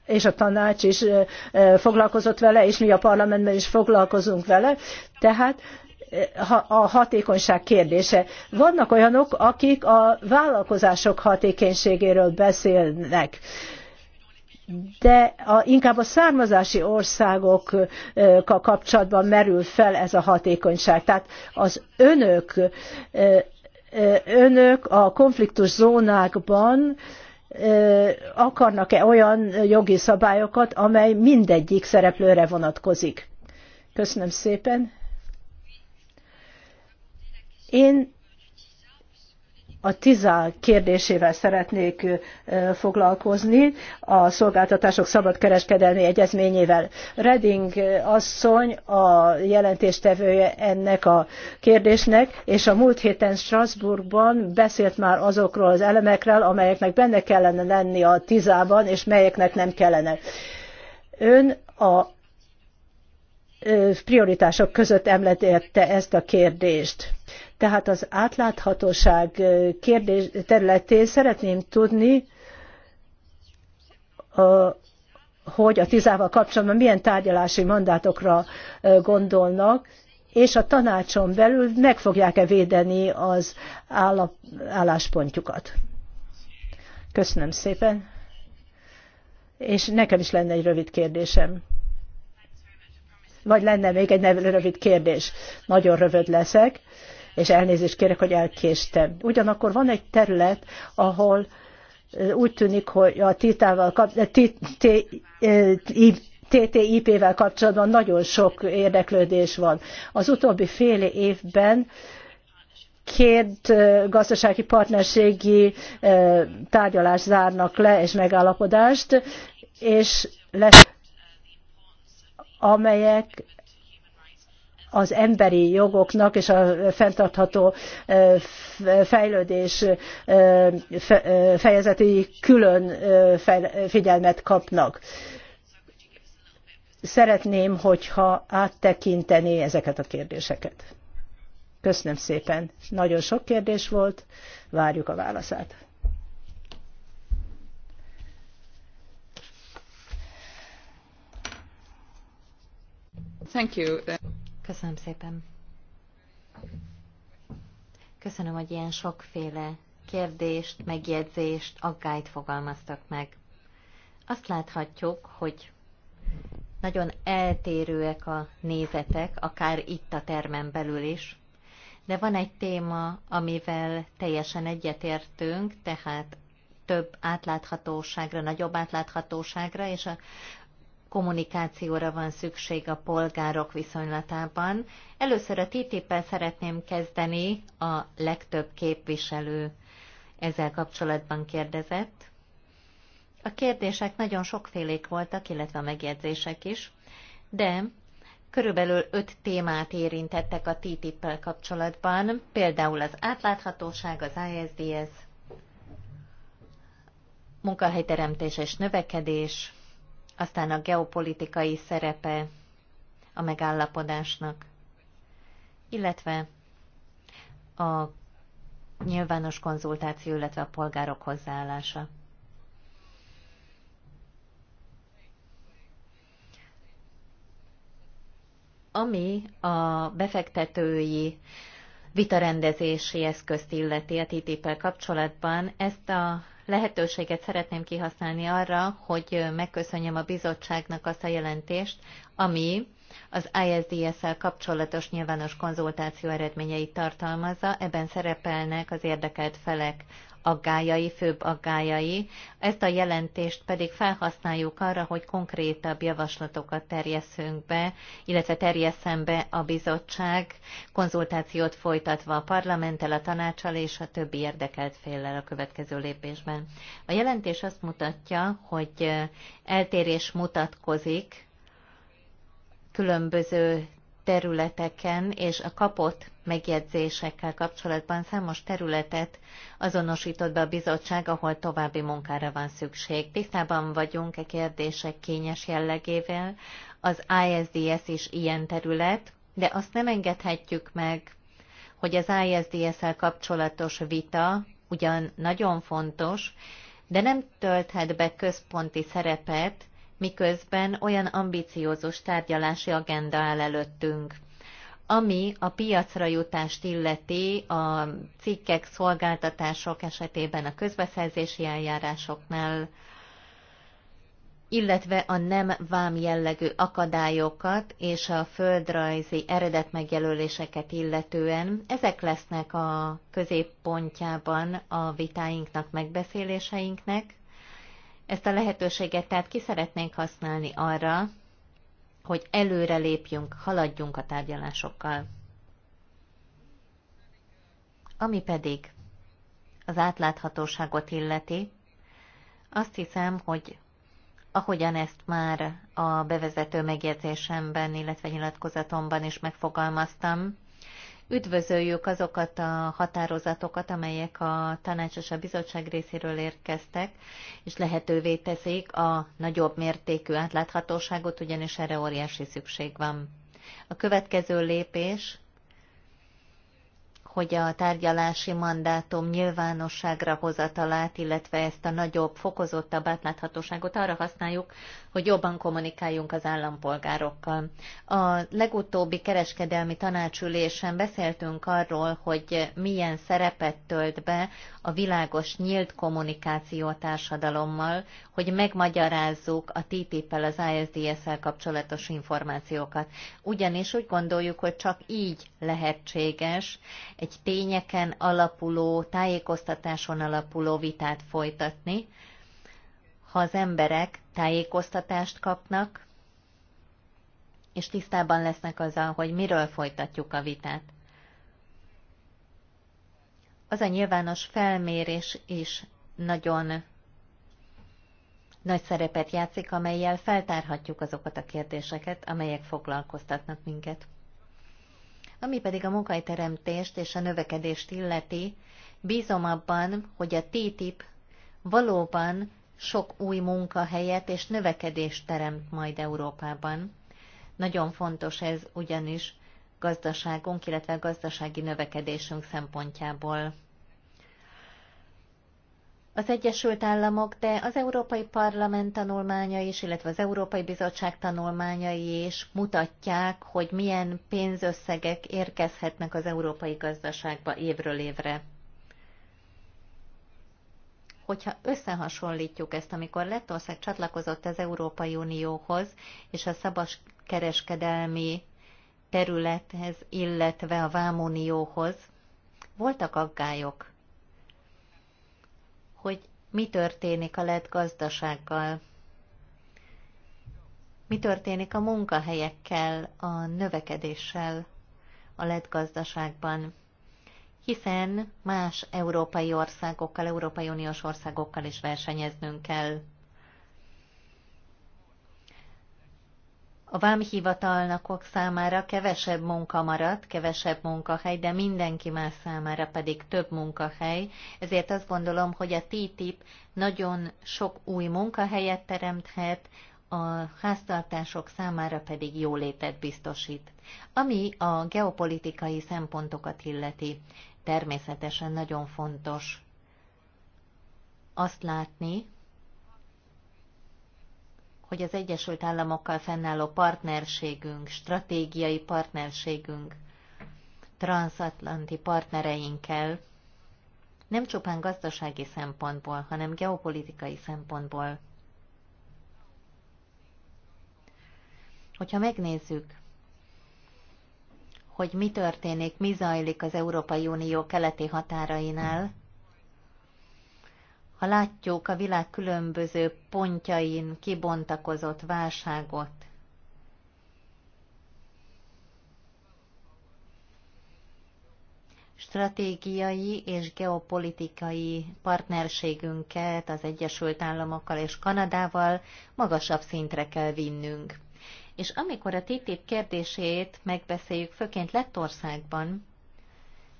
és a tanács is foglalkozott vele, és mi a parlamentben is foglalkozunk vele. Tehát a hatékonyság kérdése. Vannak olyanok, akik a vállalkozások hatékenységéről beszélnek de a, inkább a származási országokkal kapcsolatban merül fel ez a hatékonyság. Tehát az önök, önök a konfliktus zónákban akarnak-e olyan jogi szabályokat, amely mindegyik szereplőre vonatkozik. Köszönöm szépen. Én a TISA kérdésével szeretnék foglalkozni, a szolgáltatások szabadkereskedelmi egyezményével. Reding asszony a jelentéstevője ennek a kérdésnek, és a múlt héten Strasbourgban beszélt már azokról az elemekről, amelyeknek benne kellene lenni a TISA-ban, és melyeknek nem kellene. Ön a prioritások között említette ezt a kérdést tehát az átláthatóság kérdés területén szeretném tudni, hogy a tizával kapcsolatban milyen tárgyalási mandátokra gondolnak, és a tanácson belül meg fogják-e védeni az álláspontjukat. Köszönöm szépen. És nekem is lenne egy rövid kérdésem. Vagy lenne még egy rövid kérdés. Nagyon rövid leszek és elnézést kérek, hogy elkéstem. Ugyanakkor van egy terület, ahol úgy tűnik, hogy a TTIP-vel TTIP-vel kapcsolatban nagyon sok érdeklődés van. Az utóbbi fél évben két gazdasági partnerségi tárgyalást zárnak le, és megállapodást, és lesz, amelyek az emberi jogoknak és a fenntartható fejlődés fejezetei külön figyelmet kapnak. Szeretném, hogyha áttekintené ezeket a kérdéseket. Köszönöm szépen. Nagyon sok kérdés volt, várjuk a válaszát. Thank you. Köszönöm szépen. Köszönöm, hogy ilyen sokféle kérdést, megjegyzést, aggályt fogalmaztak meg. Azt láthatjuk, hogy nagyon eltérőek a nézetek, akár itt a termen belül is, de van egy téma, amivel teljesen egyetértünk, tehát több átláthatóságra, nagyobb átláthatóságra, és a kommunikációra van szükség a polgárok viszonylatában. Először a TTIP-el szeretném kezdeni, a legtöbb képviselő ezzel kapcsolatban kérdezett. A kérdések nagyon sokfélék voltak, illetve a megjegyzések is, de körülbelül öt témát érintettek a ttip kapcsolatban, például az átláthatóság, az ISDS, munkahelyteremtés és növekedés, aztán a geopolitikai szerepe a megállapodásnak, illetve a nyilvános konzultáció, illetve a polgárok hozzáállása. Ami a befektetői vitarendezési eszközt illeti a ttip kapcsolatban, ezt a lehetőséget szeretném kihasználni arra, hogy megköszönjem a bizottságnak azt a jelentést, ami az ISDS-szel kapcsolatos nyilvános konzultáció eredményeit tartalmazza, ebben szerepelnek az érdekelt felek aggájai, főbb aggájai. Ezt a jelentést pedig felhasználjuk arra, hogy konkrétabb javaslatokat terjeszünk be, illetve terjeszem be a bizottság, konzultációt folytatva a parlamenttel, a tanácsal és a többi érdekelt féllel a következő lépésben. A jelentés azt mutatja, hogy eh, eltérés mutatkozik különböző területeken és a kapott megjegyzésekkel kapcsolatban számos területet azonosított be a bizottság, ahol további munkára van szükség. Tisztában vagyunk a e kérdések kényes jellegével, az ISDS is ilyen terület, de azt nem engedhetjük meg, hogy az ISDS-el kapcsolatos vita ugyan nagyon fontos, de nem tölthet be központi szerepet miközben olyan ambiciózus tárgyalási agenda áll előttünk. Ami a piacra jutást illeti a cikkek, szolgáltatások esetében a közbeszerzési eljárásoknál, illetve a nem vám jellegű akadályokat és a földrajzi eredetmegjelöléseket illetően. Ezek lesznek a középpontjában a vitáinknak, megbeszéléseinknek. Ezt a lehetőséget tehát ki szeretnénk használni arra, hogy előre lépjünk, haladjunk a tárgyalásokkal. Ami pedig az átláthatóságot illeti, azt hiszem, hogy ahogyan ezt már a bevezető megjegyzésemben, illetve nyilatkozatomban is megfogalmaztam, Üdvözöljük azokat a határozatokat, amelyek a tanács és a bizottság részéről érkeztek, és lehetővé teszik a nagyobb mértékű átláthatóságot, ugyanis erre óriási szükség van. A következő lépés, hogy a tárgyalási mandátum nyilvánosságra hozatalát, illetve ezt a nagyobb, fokozottabb átláthatóságot arra használjuk, hogy jobban kommunikáljunk az állampolgárokkal. A legutóbbi kereskedelmi tanácsülésen beszéltünk arról, hogy milyen szerepet tölt be a világos nyílt kommunikáció a társadalommal, hogy megmagyarázzuk a TTIP-el, az ISDS-el kapcsolatos információkat. Ugyanis úgy gondoljuk, hogy csak így lehetséges egy tényeken alapuló, tájékoztatáson alapuló vitát folytatni, ha az emberek tájékoztatást kapnak, és tisztában lesznek azzal, hogy miről folytatjuk a vitát. Az a nyilvános felmérés is nagyon nagy szerepet játszik, amelyel feltárhatjuk azokat a kérdéseket, amelyek foglalkoztatnak minket. Ami pedig a munkahelyteremtést és a növekedést illeti, bízom abban, hogy a TTIP valóban sok új munkahelyet és növekedést teremt majd Európában. Nagyon fontos ez ugyanis gazdaságunk, illetve gazdasági növekedésünk szempontjából. Az Egyesült Államok, de az Európai Parlament tanulmánya is, illetve az Európai Bizottság tanulmányai is mutatják, hogy milyen pénzösszegek érkezhetnek az európai gazdaságba évről évre hogyha összehasonlítjuk ezt, amikor Lettország csatlakozott az Európai Unióhoz, és a szabas kereskedelmi területhez, illetve a Vámunióhoz, voltak aggályok, hogy mi történik a lett gazdasággal, mi történik a munkahelyekkel, a növekedéssel a lett gazdaságban hiszen más európai országokkal, Európai Uniós országokkal is versenyeznünk kell. A vámhivatalnakok számára kevesebb munka maradt, kevesebb munkahely, de mindenki más számára pedig több munkahely, ezért azt gondolom, hogy a TTIP nagyon sok új munkahelyet teremthet, a háztartások számára pedig jólétet biztosít, ami a geopolitikai szempontokat illeti természetesen nagyon fontos azt látni, hogy az Egyesült Államokkal fennálló partnerségünk, stratégiai partnerségünk, transatlanti partnereinkkel nem csupán gazdasági szempontból, hanem geopolitikai szempontból. Hogyha megnézzük, hogy mi történik, mi zajlik az Európai Unió keleti határainál. Ha látjuk a világ különböző pontjain kibontakozott válságot, stratégiai és geopolitikai partnerségünket az Egyesült Államokkal és Kanadával magasabb szintre kell vinnünk. És amikor a TTIP kérdését megbeszéljük, főként Lettországban,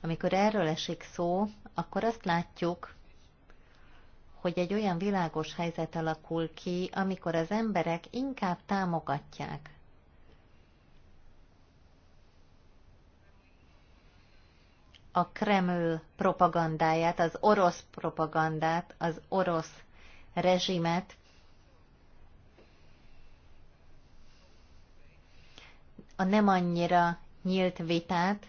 amikor erről esik szó, akkor azt látjuk, hogy egy olyan világos helyzet alakul ki, amikor az emberek inkább támogatják a Kreml propagandáját, az orosz propagandát, az orosz rezsimet, a nem annyira nyílt vitát,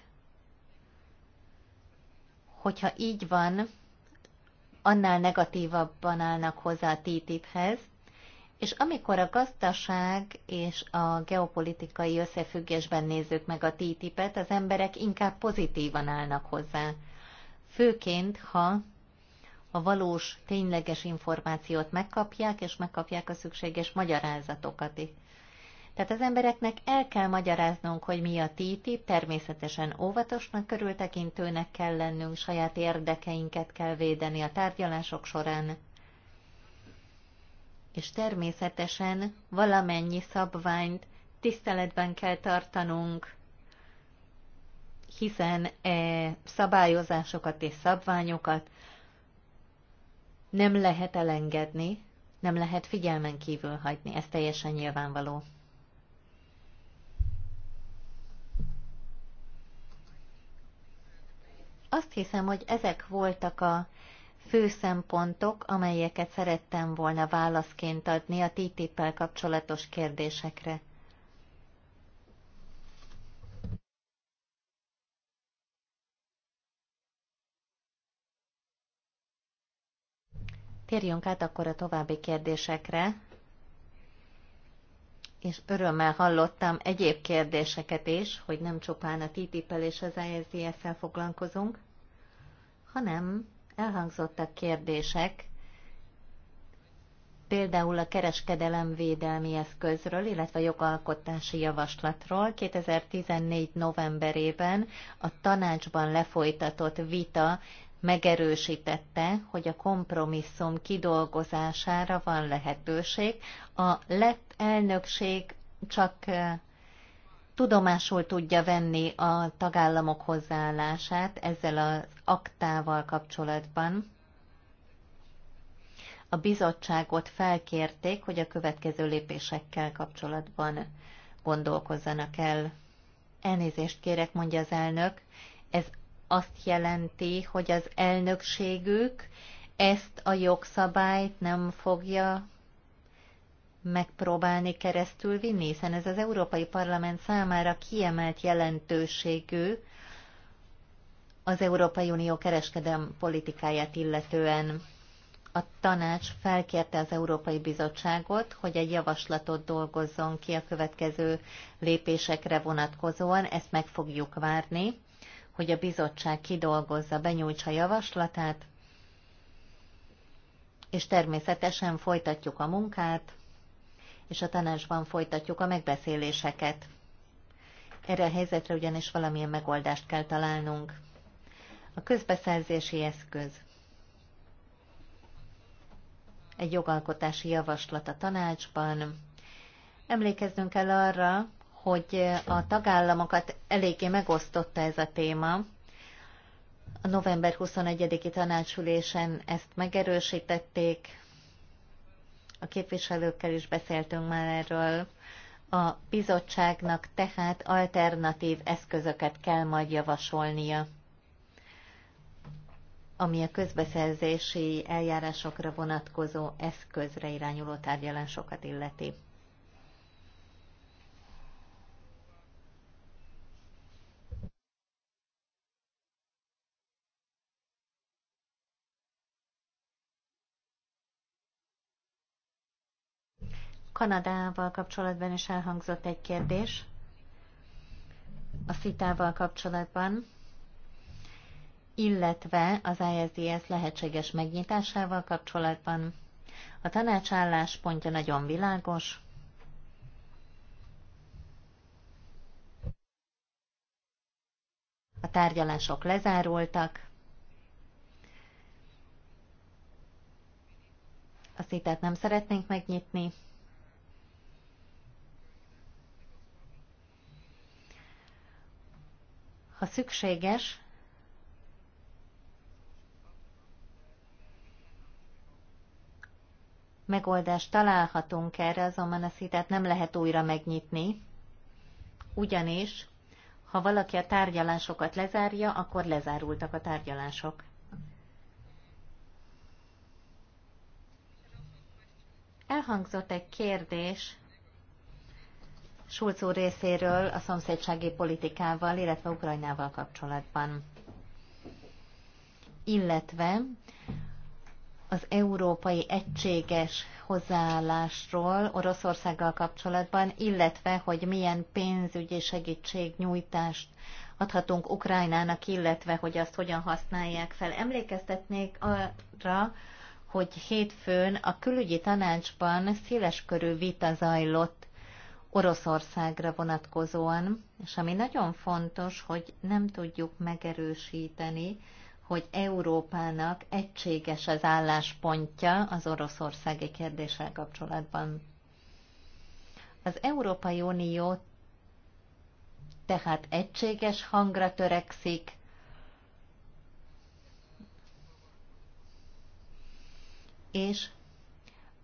hogyha így van, annál negatívabban állnak hozzá a TTIP-hez, és amikor a gazdaság és a geopolitikai összefüggésben nézzük meg a TTIP-et, az emberek inkább pozitívan állnak hozzá. Főként, ha a valós, tényleges információt megkapják, és megkapják a szükséges magyarázatokat is. Tehát az embereknek el kell magyaráznunk, hogy mi a TTIP, természetesen óvatosnak, körültekintőnek kell lennünk, saját érdekeinket kell védeni a tárgyalások során. És természetesen valamennyi szabványt tiszteletben kell tartanunk, hiszen e, szabályozásokat és szabványokat nem lehet elengedni, nem lehet figyelmen kívül hagyni, ez teljesen nyilvánvaló. Azt hiszem, hogy ezek voltak a fő szempontok, amelyeket szerettem volna válaszként adni a ttip el kapcsolatos kérdésekre. Térjünk át akkor a további kérdésekre és örömmel hallottam egyéb kérdéseket is, hogy nem csupán a TTIP-el és az ISDS-el foglalkozunk, hanem elhangzottak kérdések, például a kereskedelem védelmi eszközről, illetve a jogalkotási javaslatról. 2014. novemberében a tanácsban lefolytatott vita megerősítette, hogy a kompromisszum kidolgozására van lehetőség. A lett elnökség csak tudomásul tudja venni a tagállamok hozzáállását ezzel az aktával kapcsolatban. A bizottságot felkérték, hogy a következő lépésekkel kapcsolatban gondolkozzanak el. Elnézést kérek, mondja az elnök, ez azt jelenti, hogy az elnökségük ezt a jogszabályt nem fogja megpróbálni keresztül vinni, hiszen ez az Európai Parlament számára kiemelt jelentőségű az Európai Unió kereskedelm politikáját illetően. A tanács felkérte az Európai Bizottságot, hogy egy javaslatot dolgozzon ki a következő lépésekre vonatkozóan, ezt meg fogjuk várni hogy a bizottság kidolgozza, benyújtsa javaslatát, és természetesen folytatjuk a munkát, és a tanácsban folytatjuk a megbeszéléseket. Erre a helyzetre ugyanis valamilyen megoldást kell találnunk. A közbeszerzési eszköz. Egy jogalkotási javaslat a tanácsban. Emlékeznünk kell arra, hogy a tagállamokat eléggé megosztotta ez a téma. A november 21-i tanácsülésen ezt megerősítették, a képviselőkkel is beszéltünk már erről. A bizottságnak tehát alternatív eszközöket kell majd javasolnia, ami a közbeszerzési eljárásokra vonatkozó eszközre irányuló tárgyalásokat illeti. Kanadával kapcsolatban is elhangzott egy kérdés a szitával kapcsolatban, illetve az ISDS lehetséges megnyitásával kapcsolatban. A tanács álláspontja nagyon világos, a tárgyalások lezárultak, a szitát nem szeretnénk megnyitni, Ha szükséges, megoldást találhatunk erre, azonban a szitát nem lehet újra megnyitni, ugyanis, ha valaki a tárgyalásokat lezárja, akkor lezárultak a tárgyalások. Elhangzott egy kérdés Schulz úr részéről a szomszédsági politikával, illetve Ukrajnával kapcsolatban. Illetve az európai egységes hozzáállásról Oroszországgal kapcsolatban, illetve hogy milyen pénzügyi segítségnyújtást adhatunk Ukrajnának, illetve hogy azt hogyan használják fel. Emlékeztetnék arra, hogy hétfőn a külügyi tanácsban széleskörű vita zajlott Oroszországra vonatkozóan, és ami nagyon fontos, hogy nem tudjuk megerősíteni, hogy Európának egységes az álláspontja az oroszországi kérdéssel kapcsolatban. Az Európai Unió tehát egységes hangra törekszik, és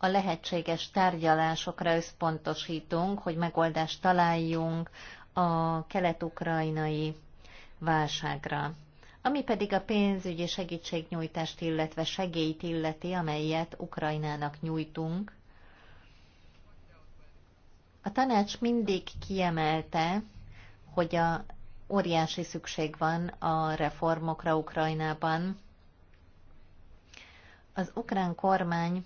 a lehetséges tárgyalásokra összpontosítunk, hogy megoldást találjunk a kelet-ukrajnai válságra. Ami pedig a pénzügyi segítségnyújtást, illetve segélyt illeti, amelyet Ukrajnának nyújtunk, a tanács mindig kiemelte, hogy a óriási szükség van a reformokra Ukrajnában. Az ukrán kormány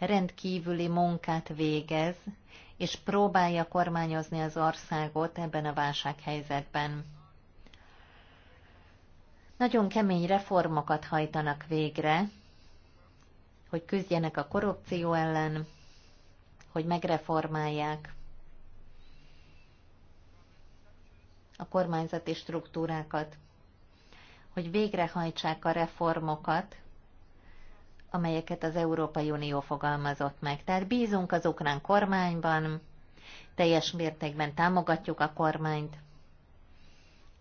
rendkívüli munkát végez, és próbálja kormányozni az országot ebben a válsághelyzetben. Nagyon kemény reformokat hajtanak végre, hogy küzdjenek a korrupció ellen, hogy megreformálják a kormányzati struktúrákat, hogy végrehajtsák a reformokat, amelyeket az Európai Unió fogalmazott meg. Tehát bízunk az ukrán kormányban, teljes mértékben támogatjuk a kormányt,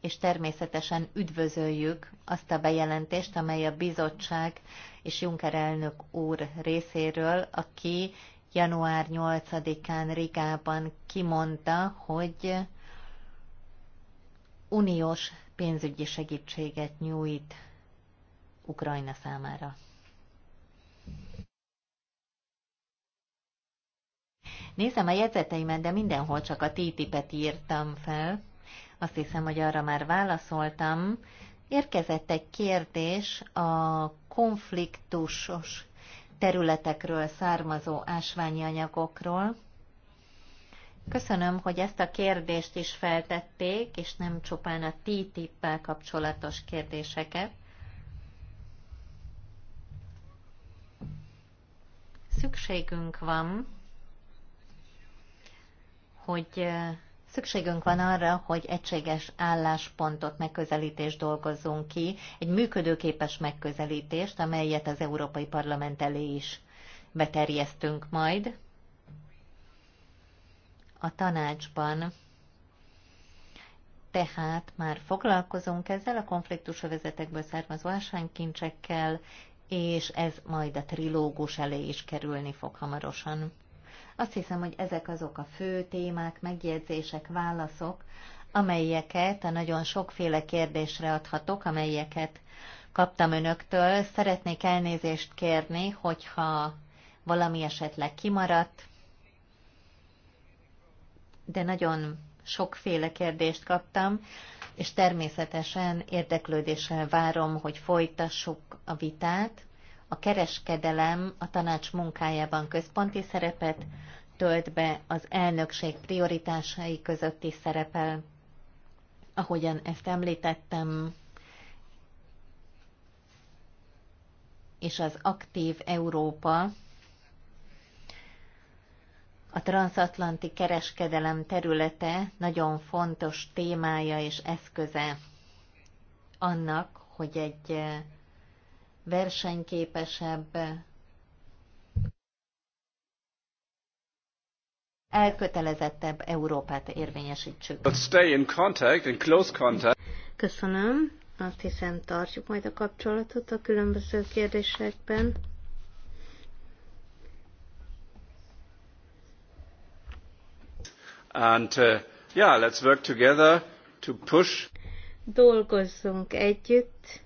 és természetesen üdvözöljük azt a bejelentést, amely a bizottság és Juncker elnök úr részéről, aki január 8-án Rigában kimondta, hogy uniós pénzügyi segítséget nyújt Ukrajna számára. Nézem a jegyzeteimet, de mindenhol csak a TTIP-et írtam fel. Azt hiszem, hogy arra már válaszoltam. Érkezett egy kérdés a konfliktusos területekről származó ásványi anyagokról. Köszönöm, hogy ezt a kérdést is feltették, és nem csupán a TTIP-pel kapcsolatos kérdéseket. Szükségünk van hogy Szükségünk van arra, hogy egységes álláspontot, megközelítést dolgozzunk ki, egy működőképes megközelítést, amelyet az Európai Parlament elé is beterjesztünk majd. A tanácsban tehát már foglalkozunk ezzel a konfliktusövezetekből származó ásványkincsekkel, és ez majd a trilógus elé is kerülni fog hamarosan. Azt hiszem, hogy ezek azok a fő témák, megjegyzések, válaszok, amelyeket a nagyon sokféle kérdésre adhatok, amelyeket kaptam önöktől. Szeretnék elnézést kérni, hogyha valami esetleg kimaradt, de nagyon sokféle kérdést kaptam, és természetesen érdeklődéssel várom, hogy folytassuk a vitát. A kereskedelem a tanács munkájában központi szerepet tölt be, az elnökség prioritásai között is szerepel. Ahogyan ezt említettem, és az aktív Európa a transatlanti kereskedelem területe nagyon fontos témája és eszköze annak, hogy egy versenyképesebb, elkötelezettebb Európát érvényesítsük. But stay in contact, in close contact. Köszönöm. Azt hiszem, tartjuk majd a kapcsolatot a különböző kérdésekben. And uh, yeah, let's work together to push. Dolgozzunk együtt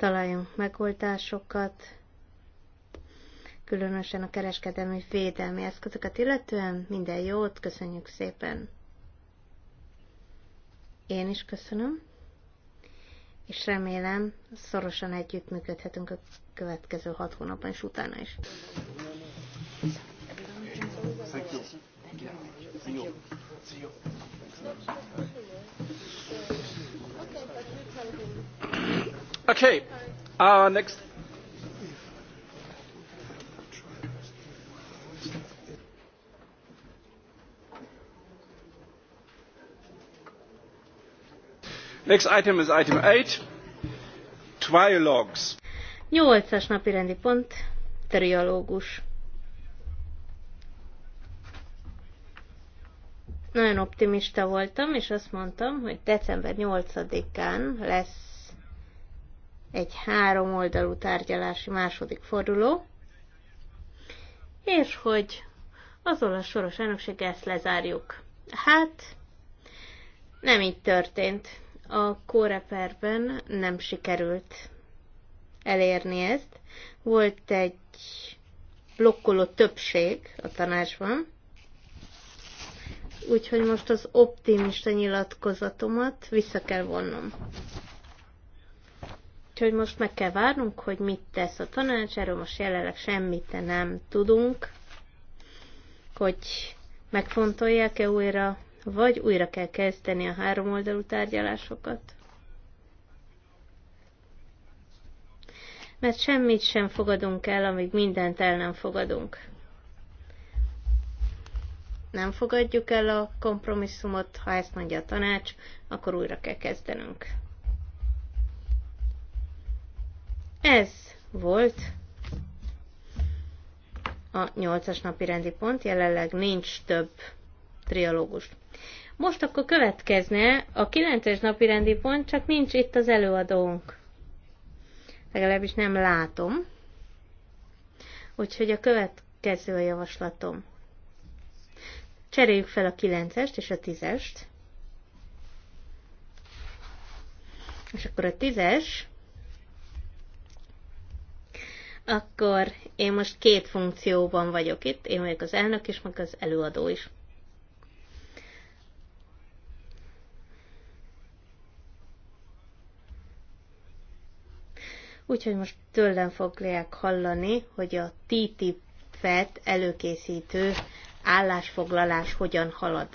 találjunk megoldásokat, különösen a kereskedelmi védelmi eszközöket illetően. Minden jót, köszönjük szépen! Én is köszönöm, és remélem szorosan együttműködhetünk a következő hat hónapban és utána is. Thank you. Thank you. Okay. Uh, next. Next item is item 8. Trialogues. Nyolcas napi rendi pont, trialógus. Nagyon optimista voltam, és azt mondtam, hogy december 8-án lesz egy három oldalú tárgyalási második forduló, és hogy azon a soros elnökséggel ezt lezárjuk. Hát, nem így történt. A kóreperben nem sikerült elérni ezt. Volt egy blokkoló többség a tanácsban, úgyhogy most az optimista nyilatkozatomat vissza kell vonnom. Úgyhogy most meg kell várnunk, hogy mit tesz a tanács, erről most jelenleg semmit nem tudunk, hogy megfontolják-e újra, vagy újra kell kezdeni a háromoldalú tárgyalásokat. Mert semmit sem fogadunk el, amíg mindent el nem fogadunk. Nem fogadjuk el a kompromisszumot, ha ezt mondja a tanács, akkor újra kell kezdenünk. Ez volt a nyolcas napi rendi pont, jelenleg nincs több trialógus. Most akkor következne a kilences napi rendi pont, csak nincs itt az előadónk. Legalábbis nem látom. Úgyhogy a következő a javaslatom. Cseréljük fel a kilencest és a tízest. És akkor a 10 akkor én most két funkcióban vagyok itt, én vagyok az elnök is, meg az előadó is. Úgyhogy most tőlem fogják hallani, hogy a TTIP-et előkészítő állásfoglalás hogyan halad.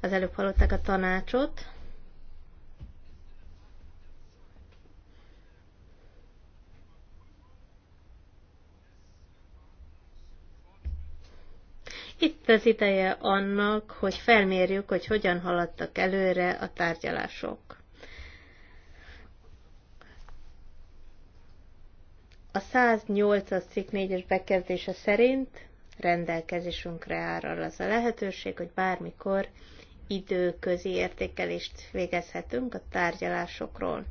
Az előbb hallották a tanácsot, Itt az ideje annak, hogy felmérjük, hogy hogyan haladtak előre a tárgyalások. A 108-as cikk 4-es bekezdése szerint rendelkezésünkre áll az a lehetőség, hogy bármikor időközi értékelést végezhetünk a tárgyalásokról.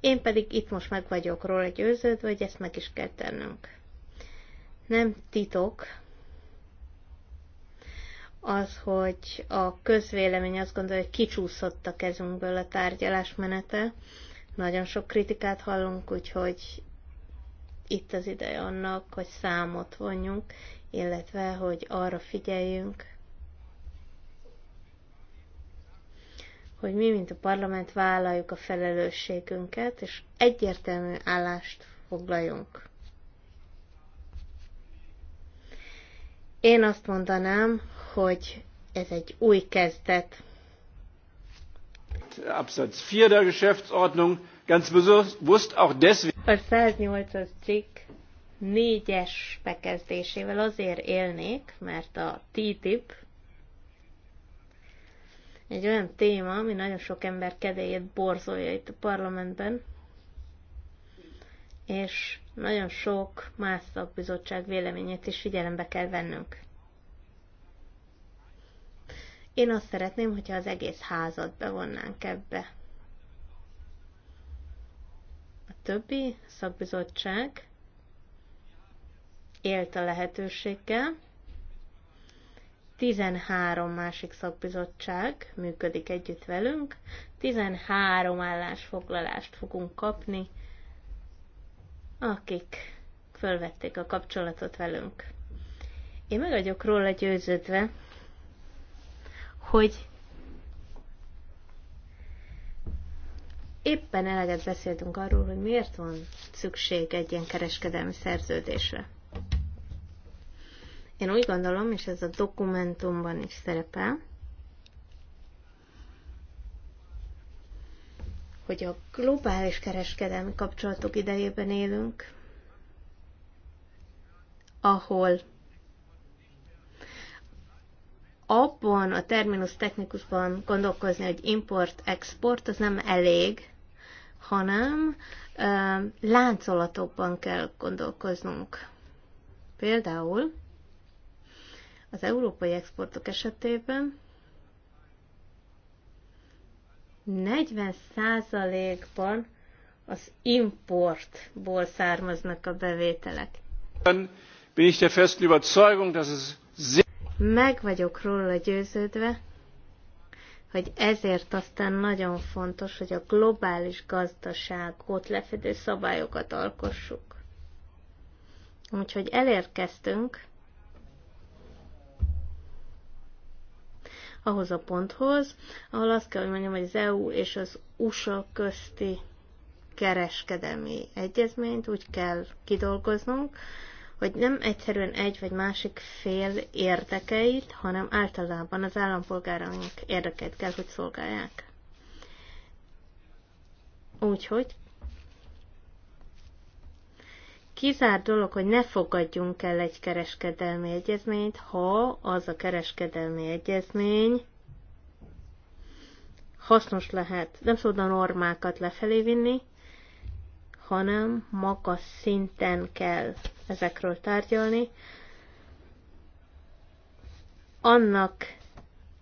Én pedig itt most meg vagyok róla győződve, hogy ezt meg is kell tennünk. Nem titok, az, hogy a közvélemény azt gondolja, hogy kicsúszott a kezünkből a tárgyalás menete. Nagyon sok kritikát hallunk, úgyhogy itt az ideje annak, hogy számot vonjunk, illetve hogy arra figyeljünk, hogy mi, mint a parlament vállaljuk a felelősségünket, és egyértelmű állást foglaljunk. Én azt mondanám, hogy ez egy új kezdet. Absatz 4 der Geschäftsordnung ganz bewusst auch deswegen. A 108-as cikk négyes bekezdésével azért élnék, mert a TTIP egy olyan téma, ami nagyon sok ember kedélyét borzolja itt a parlamentben, és nagyon sok más szakbizottság véleményét is figyelembe kell vennünk. Én azt szeretném, hogyha az egész házat bevonnánk ebbe. A többi szakbizottság élt a lehetőséggel, 13 másik szakbizottság működik együtt velünk, 13 állásfoglalást fogunk kapni, akik fölvették a kapcsolatot velünk. Én meg vagyok róla győződve, hogy éppen eleget beszéltünk arról, hogy miért van szükség egy ilyen kereskedelmi szerződésre. Én úgy gondolom, és ez a dokumentumban is szerepel, hogy a globális kereskedelmi kapcsolatok idejében élünk, ahol abban a terminus technikusban gondolkozni, hogy import-export, az nem elég, hanem ö, láncolatokban kell gondolkoznunk. Például az európai exportok esetében 40%-ban az importból származnak a bevételek. Bin ich der festen Überzeugung, dass es meg vagyok róla győződve, hogy ezért aztán nagyon fontos, hogy a globális gazdaságot lefedő szabályokat alkossuk. Úgyhogy elérkeztünk ahhoz a ponthoz, ahol azt kell, hogy mondjam, hogy az EU és az USA közti kereskedelmi egyezményt úgy kell kidolgoznunk, hogy nem egyszerűen egy vagy másik fél érdekeit, hanem általában az állampolgáraink érdekeit kell, hogy szolgálják. Úgyhogy kizár dolog, hogy ne fogadjunk el egy kereskedelmi egyezményt, ha az a kereskedelmi egyezmény hasznos lehet. Nem szabad a normákat lefelé vinni, hanem maga szinten kell ezekről tárgyalni, annak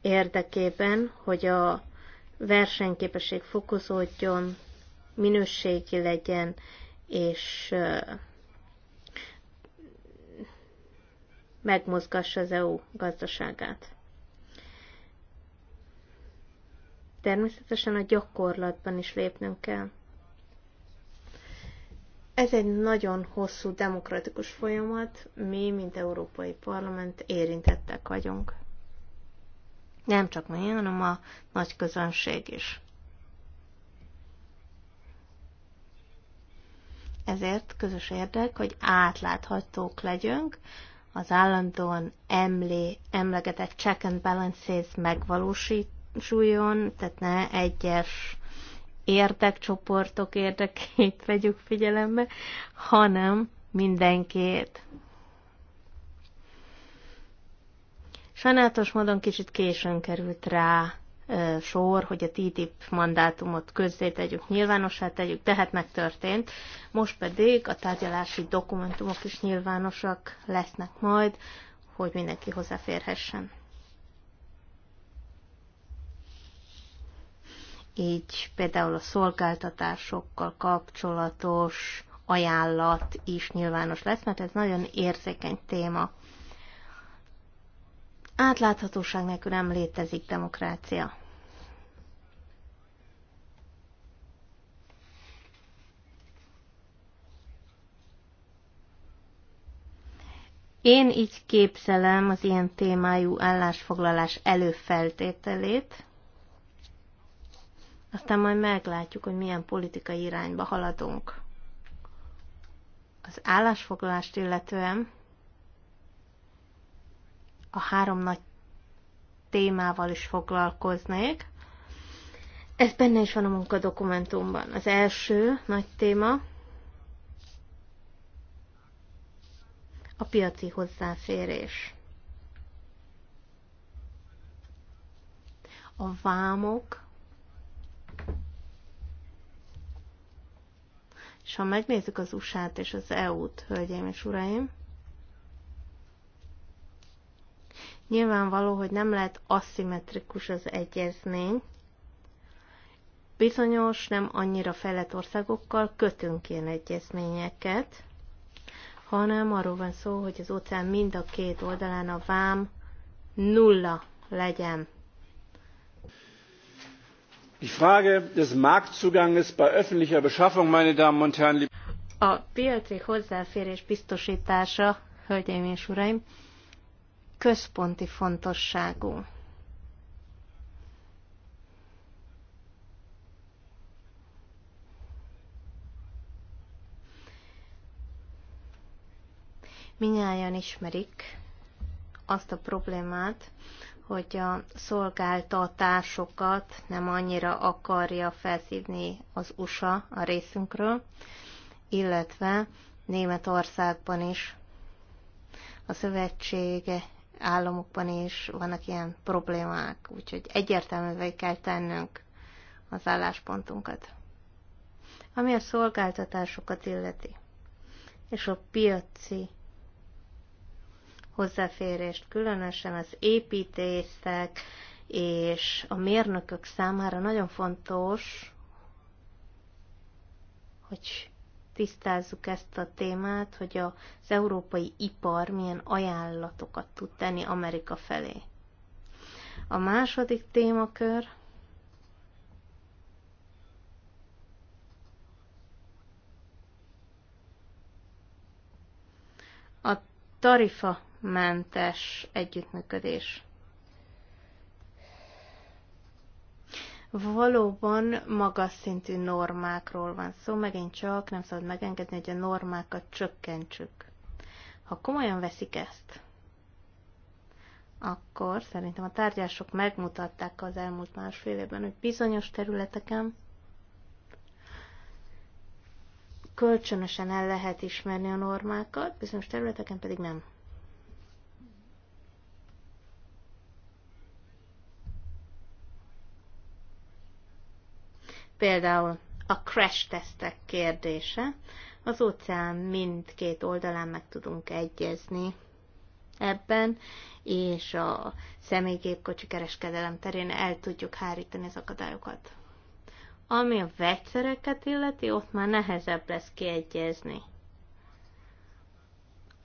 érdekében, hogy a versenyképesség fokozódjon, minőségi legyen, és megmozgassa az EU gazdaságát. Természetesen a gyakorlatban is lépnünk kell. Ez egy nagyon hosszú demokratikus folyamat, mi, mint Európai Parlament érintettek vagyunk. Nem csak mi, hanem a nagy közönség is. Ezért közös érdek, hogy átláthatók legyünk, az állandóan emlé, emlegetett check and balances megvalósuljon, tehát ne egyes érdekcsoportok érdekét vegyük figyelembe, hanem mindenkét. Sajnálatos módon kicsit későn került rá e, sor, hogy a TTIP mandátumot közzé tegyük, nyilvánossá tegyük, tehát megtörtént. Most pedig a tárgyalási dokumentumok is nyilvánosak lesznek majd, hogy mindenki hozzáférhessen. így például a szolgáltatásokkal kapcsolatos ajánlat is nyilvános lesz, mert ez nagyon érzékeny téma. Átláthatóság nélkül nem létezik demokrácia. Én így képzelem az ilyen témájú állásfoglalás előfeltételét, aztán majd meglátjuk, hogy milyen politikai irányba haladunk. Az állásfoglalást illetően a három nagy témával is foglalkoznék. Ez benne is van a munkadokumentumban. Az első nagy téma a piaci hozzáférés. A vámok És ha megnézzük az USA-t és az EU-t, hölgyeim és uraim, nyilvánvaló, hogy nem lehet aszimmetrikus az egyezmény. Bizonyos, nem annyira fejlett országokkal kötünk ilyen egyezményeket, hanem arról van szó, hogy az óceán mind a két oldalán a vám nulla legyen die Frage des marktzugangs bei öffentlicher Beschaffung, meine Damen und Herren, a piaci hozzáférés biztostása, hölgyeim és uraim, központi fontosságú. Minnyáján ismerik azt a problémát, hogy a szolgáltatásokat nem annyira akarja felszívni az USA a részünkről, illetve Németországban is, a szövetség államokban is vannak ilyen problémák, úgyhogy egyértelművé kell tennünk az álláspontunkat. Ami a szolgáltatásokat illeti, és a piaci hozzáférést, különösen az építészek és a mérnökök számára nagyon fontos, hogy tisztázzuk ezt a témát, hogy az európai ipar milyen ajánlatokat tud tenni Amerika felé. A második témakör a tarifa mentes együttműködés. Valóban magas szintű normákról van szó, megint csak nem szabad megengedni, hogy a normákat csökkentsük. Ha komolyan veszik ezt, akkor szerintem a tárgyások megmutatták az elmúlt másfél évben, hogy bizonyos területeken kölcsönösen el lehet ismerni a normákat, bizonyos területeken pedig nem. Például a crash tesztek kérdése. Az óceán mindkét oldalán meg tudunk egyezni ebben, és a személygépkocsi kereskedelem terén el tudjuk hárítani az akadályokat. Ami a vegyszereket illeti, ott már nehezebb lesz kiegyezni.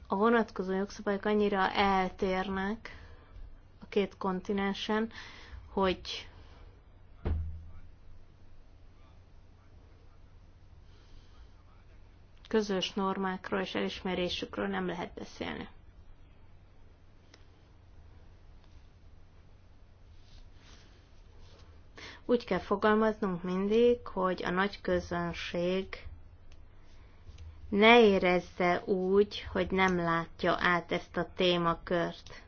A vonatkozó jogszabályok annyira eltérnek a két kontinensen, hogy közös normákról és elismerésükről nem lehet beszélni. Úgy kell fogalmaznunk mindig, hogy a nagy közönség ne érezze úgy, hogy nem látja át ezt a témakört.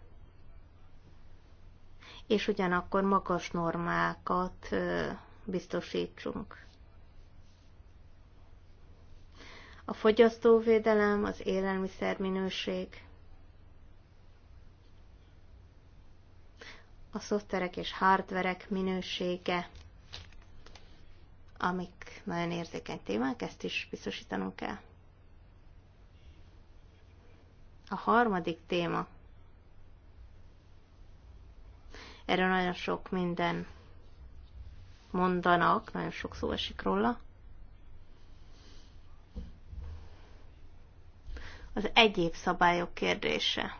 És ugyanakkor magas normákat biztosítsunk. a fogyasztóvédelem, az élelmiszerminőség, a szoftverek és hardverek minősége, amik nagyon érzékeny témák, ezt is biztosítanunk kell. A harmadik téma. Erről nagyon sok minden mondanak, nagyon sok szó esik róla. az egyéb szabályok kérdése.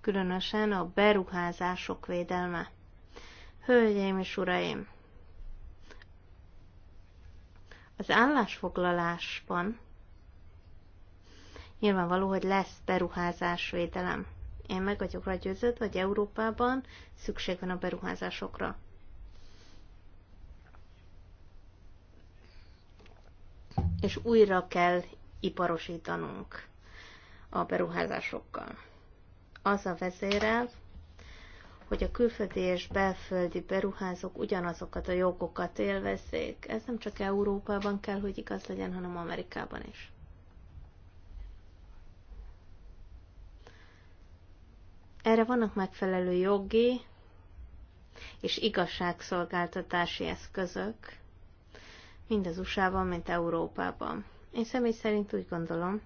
Különösen a beruházások védelme. Hölgyeim és uraim! Az állásfoglalásban nyilvánvaló, hogy lesz beruházásvédelem. Én meg vagyok rá győződve, hogy Európában szükség van a beruházásokra. és újra kell iparosítanunk a beruházásokkal. Az a vezérel, hogy a külföldi és belföldi beruházók ugyanazokat a jogokat élvezzék. Ez nem csak Európában kell, hogy igaz legyen, hanem Amerikában is. Erre vannak megfelelő jogi és igazságszolgáltatási eszközök, mind az USA-ban, mint Európában. Én személy szerint úgy gondolom,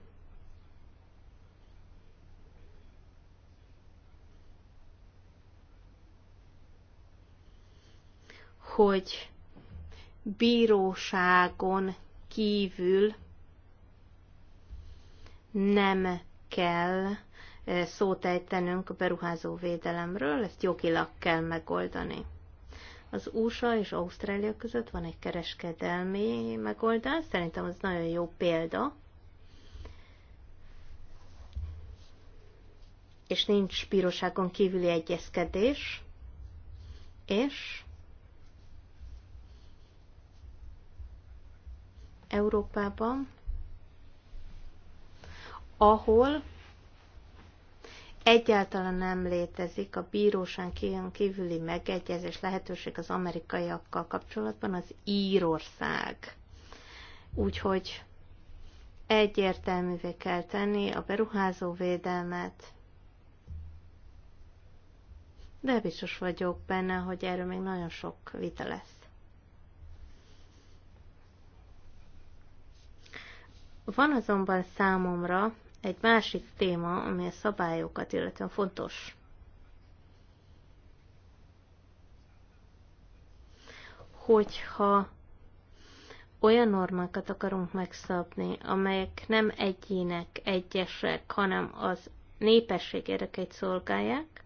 hogy bíróságon kívül nem kell eh, szót ejtenünk a beruházó védelemről, ezt jogilag kell megoldani. Az USA és Ausztrália között van egy kereskedelmi megoldás, szerintem az nagyon jó példa. És nincs bíróságon kívüli egyezkedés, és Európában, ahol Egyáltalán nem létezik a bíróság kívüli megegyezés lehetőség az amerikaiakkal kapcsolatban, az Írország. Úgyhogy egyértelművé kell tenni a beruházó védelmet, de biztos vagyok benne, hogy erről még nagyon sok vita lesz. Van azonban számomra egy másik téma, ami a szabályokat illetően fontos. Hogyha olyan normákat akarunk megszabni, amelyek nem egyének egyesek, hanem az népesség érdekeit szolgálják,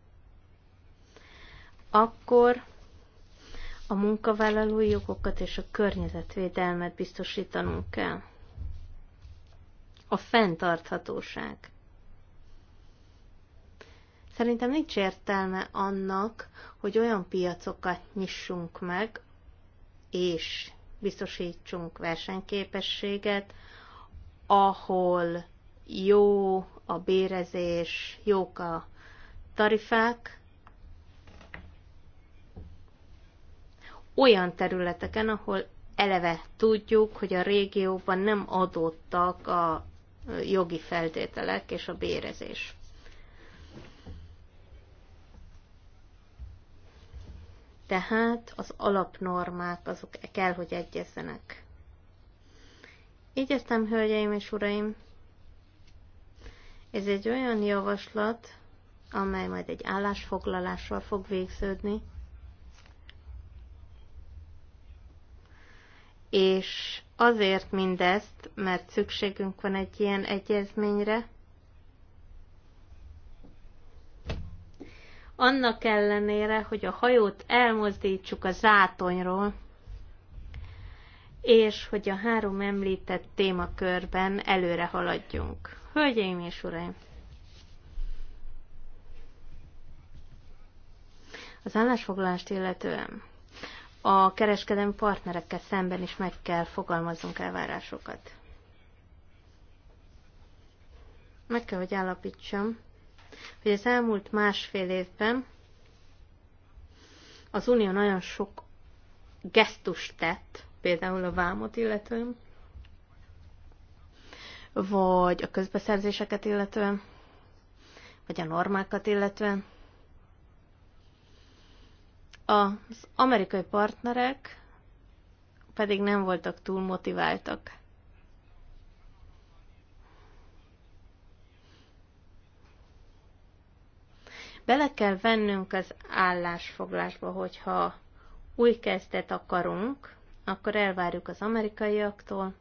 akkor a munkavállalói jogokat és a környezetvédelmet biztosítanunk kell a fenntarthatóság. Szerintem nincs értelme annak, hogy olyan piacokat nyissunk meg, és biztosítsunk versenyképességet, ahol jó a bérezés, jók a tarifák, olyan területeken, ahol eleve tudjuk, hogy a régióban nem adottak a jogi feltételek és a bérezés. Tehát az alapnormák azok kell, hogy egyezzenek. Így értem, hölgyeim és uraim, ez egy olyan javaslat, amely majd egy állásfoglalással fog végződni, és azért mindezt, mert szükségünk van egy ilyen egyezményre, annak ellenére, hogy a hajót elmozdítsuk a zátonyról, és hogy a három említett témakörben előre haladjunk. Hölgyeim és uraim! Az állásfoglalást illetően a kereskedelmi partnerekkel szemben is meg kell fogalmaznunk elvárásokat. Meg kell, hogy állapítsam, hogy az elmúlt másfél évben az Unió nagyon sok gesztust tett, például a vámot illetően, vagy a közbeszerzéseket illetően, vagy a normákat illetően, az amerikai partnerek pedig nem voltak túl motiváltak. Bele kell vennünk az állásfoglásba, hogyha új kezdet akarunk, akkor elvárjuk az amerikaiaktól,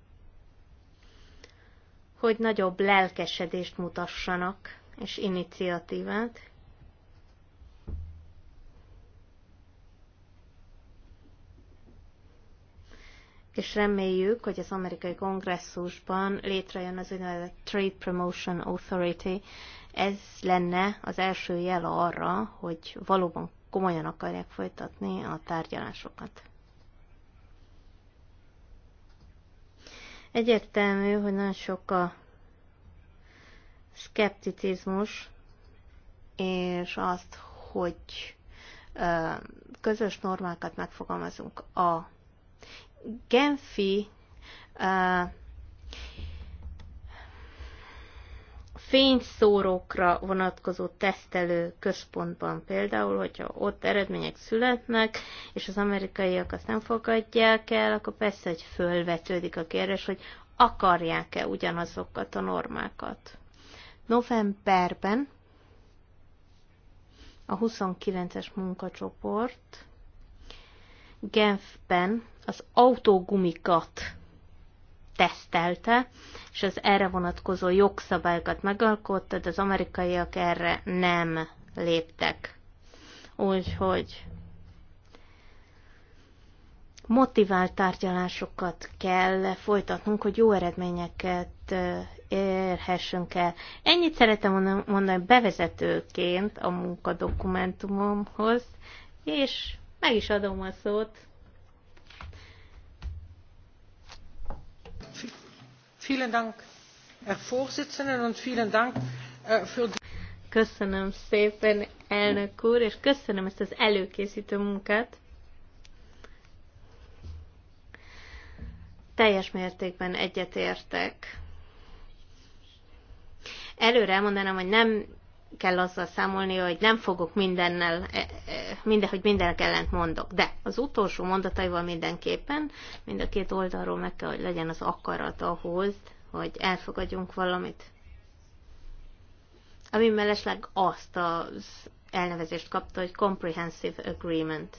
hogy nagyobb lelkesedést mutassanak és iniciatívát, és reméljük, hogy az amerikai kongresszusban létrejön az úgynevezett Trade Promotion Authority. Ez lenne az első jel arra, hogy valóban komolyan akarják folytatni a tárgyalásokat. Egyértelmű, hogy nagyon sok a szkepticizmus, és azt, hogy közös normákat megfogalmazunk a Genfi uh, fényszórókra vonatkozó tesztelő központban például, hogyha ott eredmények születnek, és az amerikaiak azt nem fogadják el, akkor persze, hogy fölvetődik a kérdés, hogy akarják-e ugyanazokat a normákat. Novemberben a 29-es munkacsoport Genfben az autógumikat tesztelte, és az erre vonatkozó jogszabályokat megalkotta, de az amerikaiak erre nem léptek. Úgyhogy motivált tárgyalásokat kell folytatnunk, hogy jó eredményeket érhessünk el. Ennyit szeretem mondani bevezetőként a munkadokumentumomhoz, és meg is adom a szót Äh, köszönöm szépen, elnök úr, és köszönöm ezt az előkészítő munkát. Teljes mértékben egyetértek. Előre elmondanám, hogy nem kell azzal számolni, hogy nem fogok mindennel, e, e, minden, hogy mindenek ellent mondok. De az utolsó mondataival mindenképpen mind a két oldalról meg kell, hogy legyen az akarat ahhoz, hogy elfogadjunk valamit. Ami mellesleg azt az elnevezést kapta, hogy Comprehensive Agreement.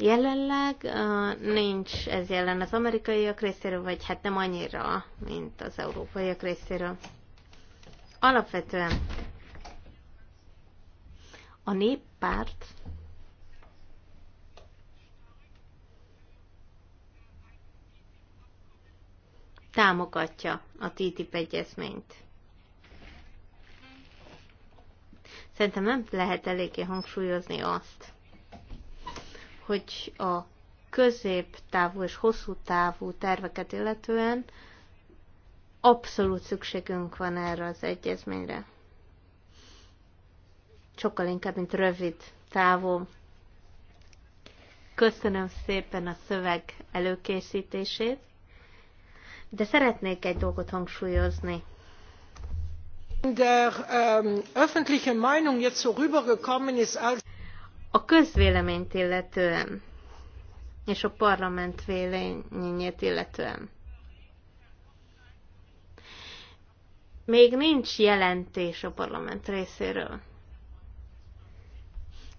Jelenleg uh, nincs ez jelen az amerikaiak részéről, vagy hát nem annyira, mint az európaiak részéről. Alapvetően a néppárt támogatja a TTIP egyezményt. Szerintem nem lehet eléggé hangsúlyozni azt, hogy a középtávú és hosszú távú terveket illetően abszolút szükségünk van erre az egyezményre. Sokkal inkább, mint rövid távú. Köszönöm szépen a szöveg előkészítését, de szeretnék egy dolgot hangsúlyozni. In der ähm, öffentlichen Meinung jetzt so rübergekommen ist als a közvéleményt illetően, és a parlament véleményét illetően. Még nincs jelentés a parlament részéről.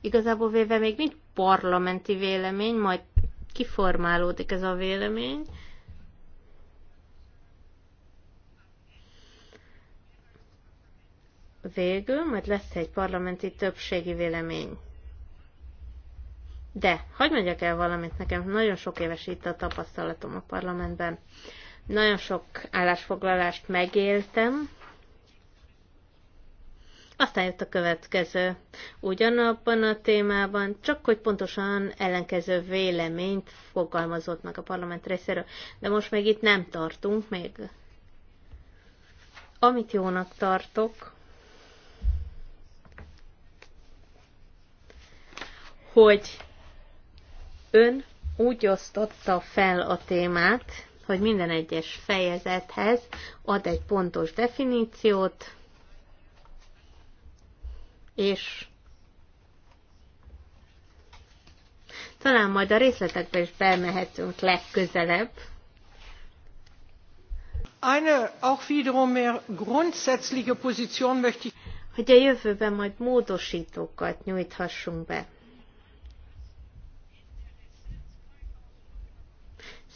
Igazából véve még nincs parlamenti vélemény, majd kiformálódik ez a vélemény. Végül majd lesz egy parlamenti többségi vélemény. De, hagyd megyek el valamit, nekem nagyon sok éves itt a tapasztalatom a parlamentben. Nagyon sok állásfoglalást megéltem. Aztán jött a következő. Ugyanabban a témában, csak hogy pontosan ellenkező véleményt fogalmazott meg a parlament részéről. De most még itt nem tartunk még. Amit jónak tartok, hogy Ön úgy osztotta fel a témát, hogy minden egyes fejezethez ad egy pontos definíciót, és talán majd a részletekbe is bemehetünk legközelebb. Eine auch wiederum mehr grundsätzliche Position möchte ich hogy a jövőben majd módosítókat nyújthassunk be.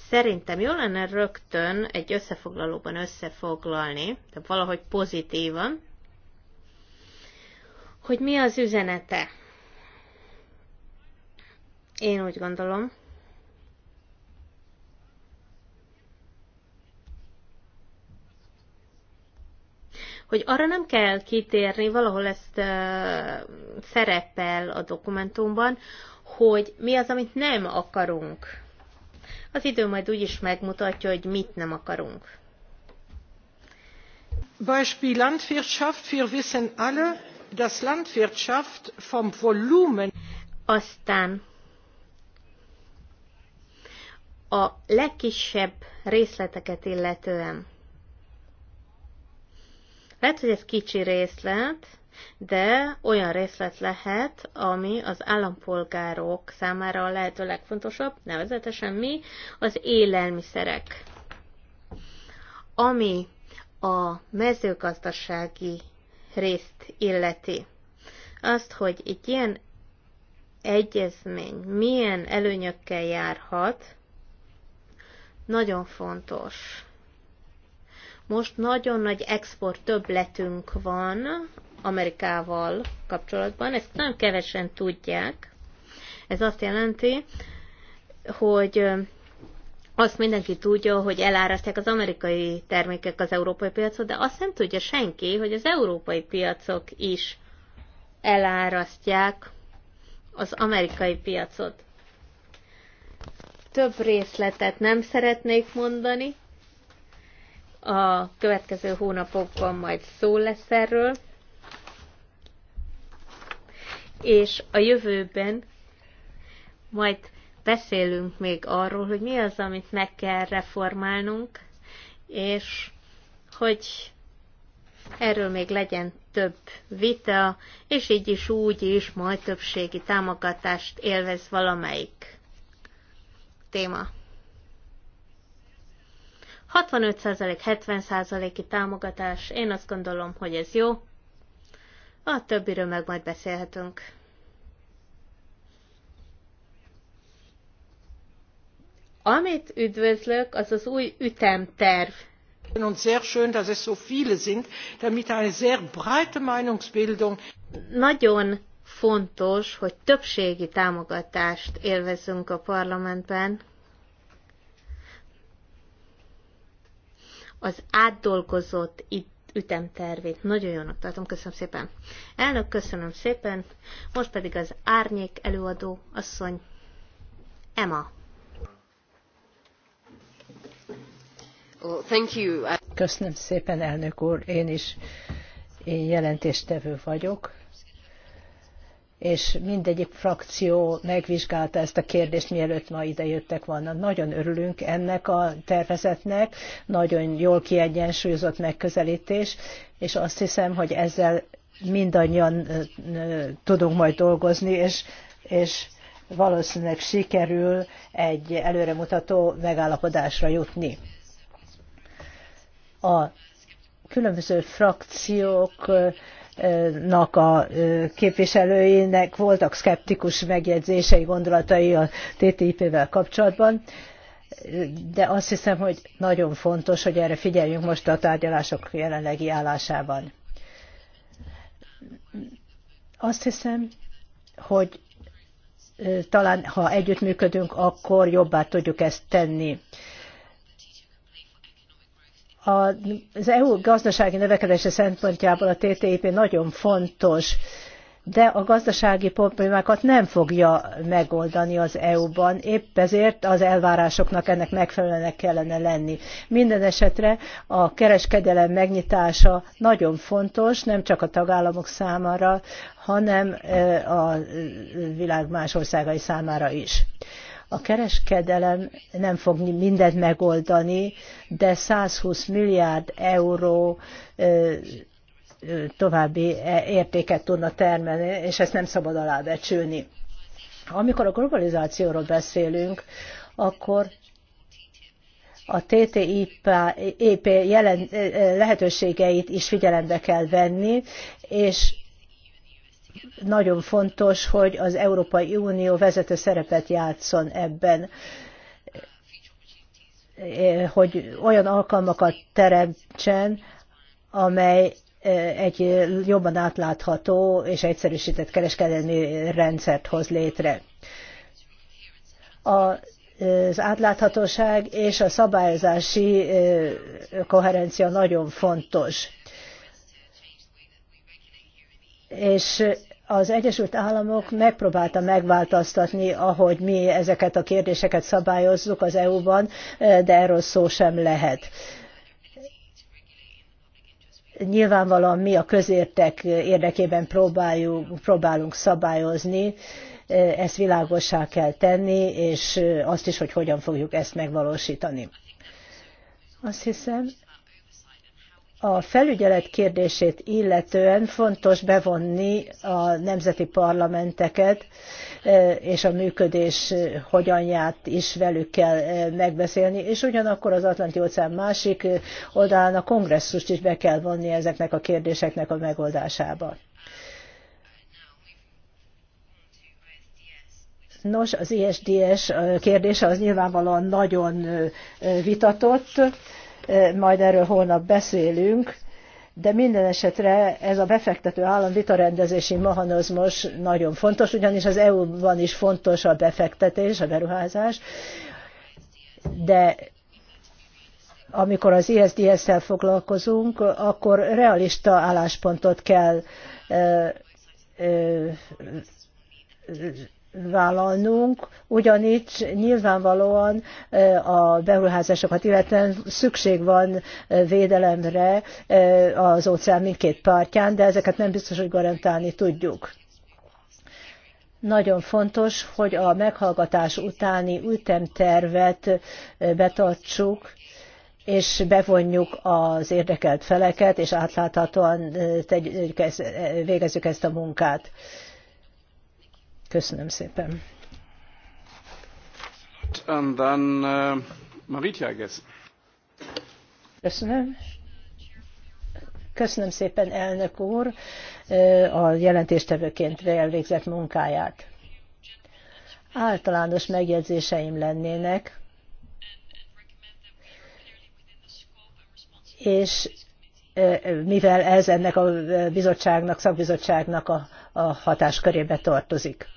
Szerintem jó lenne rögtön egy összefoglalóban összefoglalni, de valahogy pozitívan, hogy mi az üzenete. Én úgy gondolom, hogy arra nem kell kitérni, valahol ezt uh, szerepel a dokumentumban, hogy mi az, amit nem akarunk az idő majd is megmutatja, hogy mit nem akarunk. Beispiel Landwirtschaft. Wir wissen alle, dass Landwirtschaft vom Volumen. Aztán a legkisebb részleteket illetően. Lehet, hogy ez kicsi részlet, de olyan részlet lehet, ami az állampolgárok számára a lehető legfontosabb, nevezetesen mi, az élelmiszerek. Ami a mezőgazdasági részt illeti. Azt, hogy egy ilyen egyezmény milyen előnyökkel járhat, nagyon fontos. Most nagyon nagy export többletünk van Amerikával kapcsolatban, ezt nem kevesen tudják. Ez azt jelenti, hogy azt mindenki tudja, hogy elárasztják az amerikai termékek az európai piacot, de azt nem tudja senki, hogy az európai piacok is elárasztják az amerikai piacot. Több részletet nem szeretnék mondani, a következő hónapokban majd szó lesz erről, és a jövőben majd beszélünk még arról, hogy mi az, amit meg kell reformálnunk, és hogy erről még legyen több vita, és így is úgy is majd többségi támogatást élvez valamelyik téma. 65%, 70%-i támogatás, én azt gondolom, hogy ez jó. A többiről meg majd beszélhetünk. Amit üdvözlök, az az új ütemterv. Nagyon fontos, hogy többségi támogatást élvezünk a parlamentben, az átdolgozott itt ütemtervét. Nagyon jónak tartom, köszönöm szépen. Elnök, köszönöm szépen. Most pedig az árnyék előadó asszony Emma. Köszönöm szépen, elnök úr. Én is én jelentéstevő vagyok és mindegyik frakció megvizsgálta ezt a kérdést, mielőtt ma ide jöttek volna. Nagyon örülünk ennek a tervezetnek, nagyon jól kiegyensúlyozott megközelítés, és azt hiszem, hogy ezzel mindannyian tudunk majd dolgozni, és, és valószínűleg sikerül egy előremutató megállapodásra jutni. A különböző frakciók nak a képviselőinek voltak szkeptikus megjegyzései, gondolatai a TTIP-vel kapcsolatban, de azt hiszem, hogy nagyon fontos, hogy erre figyeljünk most a tárgyalások jelenlegi állásában. Azt hiszem, hogy talán ha együttműködünk, akkor jobbá tudjuk ezt tenni. Az EU gazdasági növekedése szempontjából a TTIP nagyon fontos, de a gazdasági problémákat nem fogja megoldani az EU-ban, épp ezért az elvárásoknak ennek megfelelőnek kellene lenni. Minden esetre a kereskedelem megnyitása nagyon fontos, nem csak a tagállamok számára, hanem e, a világ más országai számára is. A kereskedelem nem fog mindent megoldani, de 120 milliárd euró további e, értéket tudna termelni, és ezt nem szabad alábecsülni. Amikor a globalizációról beszélünk, akkor a TTIP e lehetőségeit is figyelembe kell venni, és nagyon fontos, hogy az Európai Unió vezető szerepet játszon ebben eh, hogy olyan alkalmakat teremtsen, amely eh, egy jobban átlátható és egyszerűsített kereskedelmi rendszert hoz létre. Az átláthatóság és a szabályozási eh, koherencia nagyon fontos. És az Egyesült Államok megpróbálta megváltoztatni, ahogy mi ezeket a kérdéseket szabályozzuk az EU-ban, de erről szó sem lehet nyilvánvalóan mi a közértek érdekében próbáljuk, próbálunk szabályozni, ezt világossá kell tenni, és azt is, hogy hogyan fogjuk ezt megvalósítani. Azt hiszem, a felügyelet kérdését illetően fontos bevonni a nemzeti parlamenteket, e, és a működés hogyanját is velük kell e, megbeszélni, és ugyanakkor az Atlanti óceán másik e, oldalán a kongresszust is be kell vonni ezeknek a kérdéseknek a megoldásába. Nos, az ISDS kérdése az nyilvánvalóan nagyon vitatott majd erről holnap beszélünk, de minden esetre ez a befektető állam vitarendezési mechanizmus nagyon fontos, ugyanis az EU-ban is fontos a befektetés, a beruházás, de amikor az ISDS-szel foglalkozunk, akkor realista álláspontot kell vállalnunk, ugyanis nyilvánvalóan a beruházásokat illetően szükség van védelemre az óceán mindkét partján, de ezeket nem biztos, hogy garantálni tudjuk nagyon fontos, hogy a meghallgatás utáni ütemtervet betartsuk, és bevonjuk az érdekelt feleket, és átláthatóan tegy, végezzük ezt a munkát. Köszönöm szépen. And then, uh, Maritia, I guess. Köszönöm. Köszönöm szépen, elnök úr, a jelentéstevőként elvégzett munkáját. Általános megjegyzéseim lennének, és mivel ez ennek a bizottságnak, szakbizottságnak a, a hatáskörébe tartozik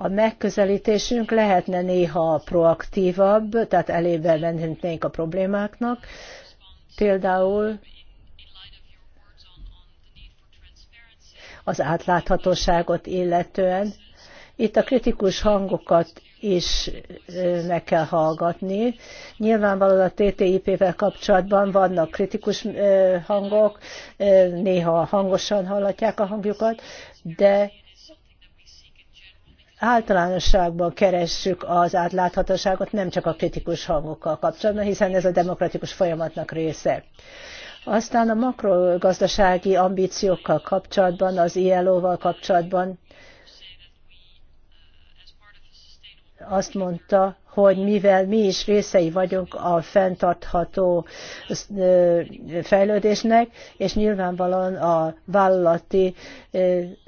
a megközelítésünk lehetne néha proaktívabb, tehát elébe lennénk a problémáknak. Például az átláthatóságot illetően. Itt a kritikus hangokat is meg kell hallgatni. Nyilvánvalóan a TTIP-vel kapcsolatban vannak kritikus hangok, néha hangosan hallatják a hangjukat, de általánosságban keressük az átláthatóságot, nem csak a kritikus hangokkal kapcsolatban, hiszen ez a demokratikus folyamatnak része. Aztán a makrogazdasági ambíciókkal kapcsolatban, az ILO-val kapcsolatban azt mondta, hogy mivel mi is részei vagyunk a fenntartható fejlődésnek, és nyilvánvalóan a vállalati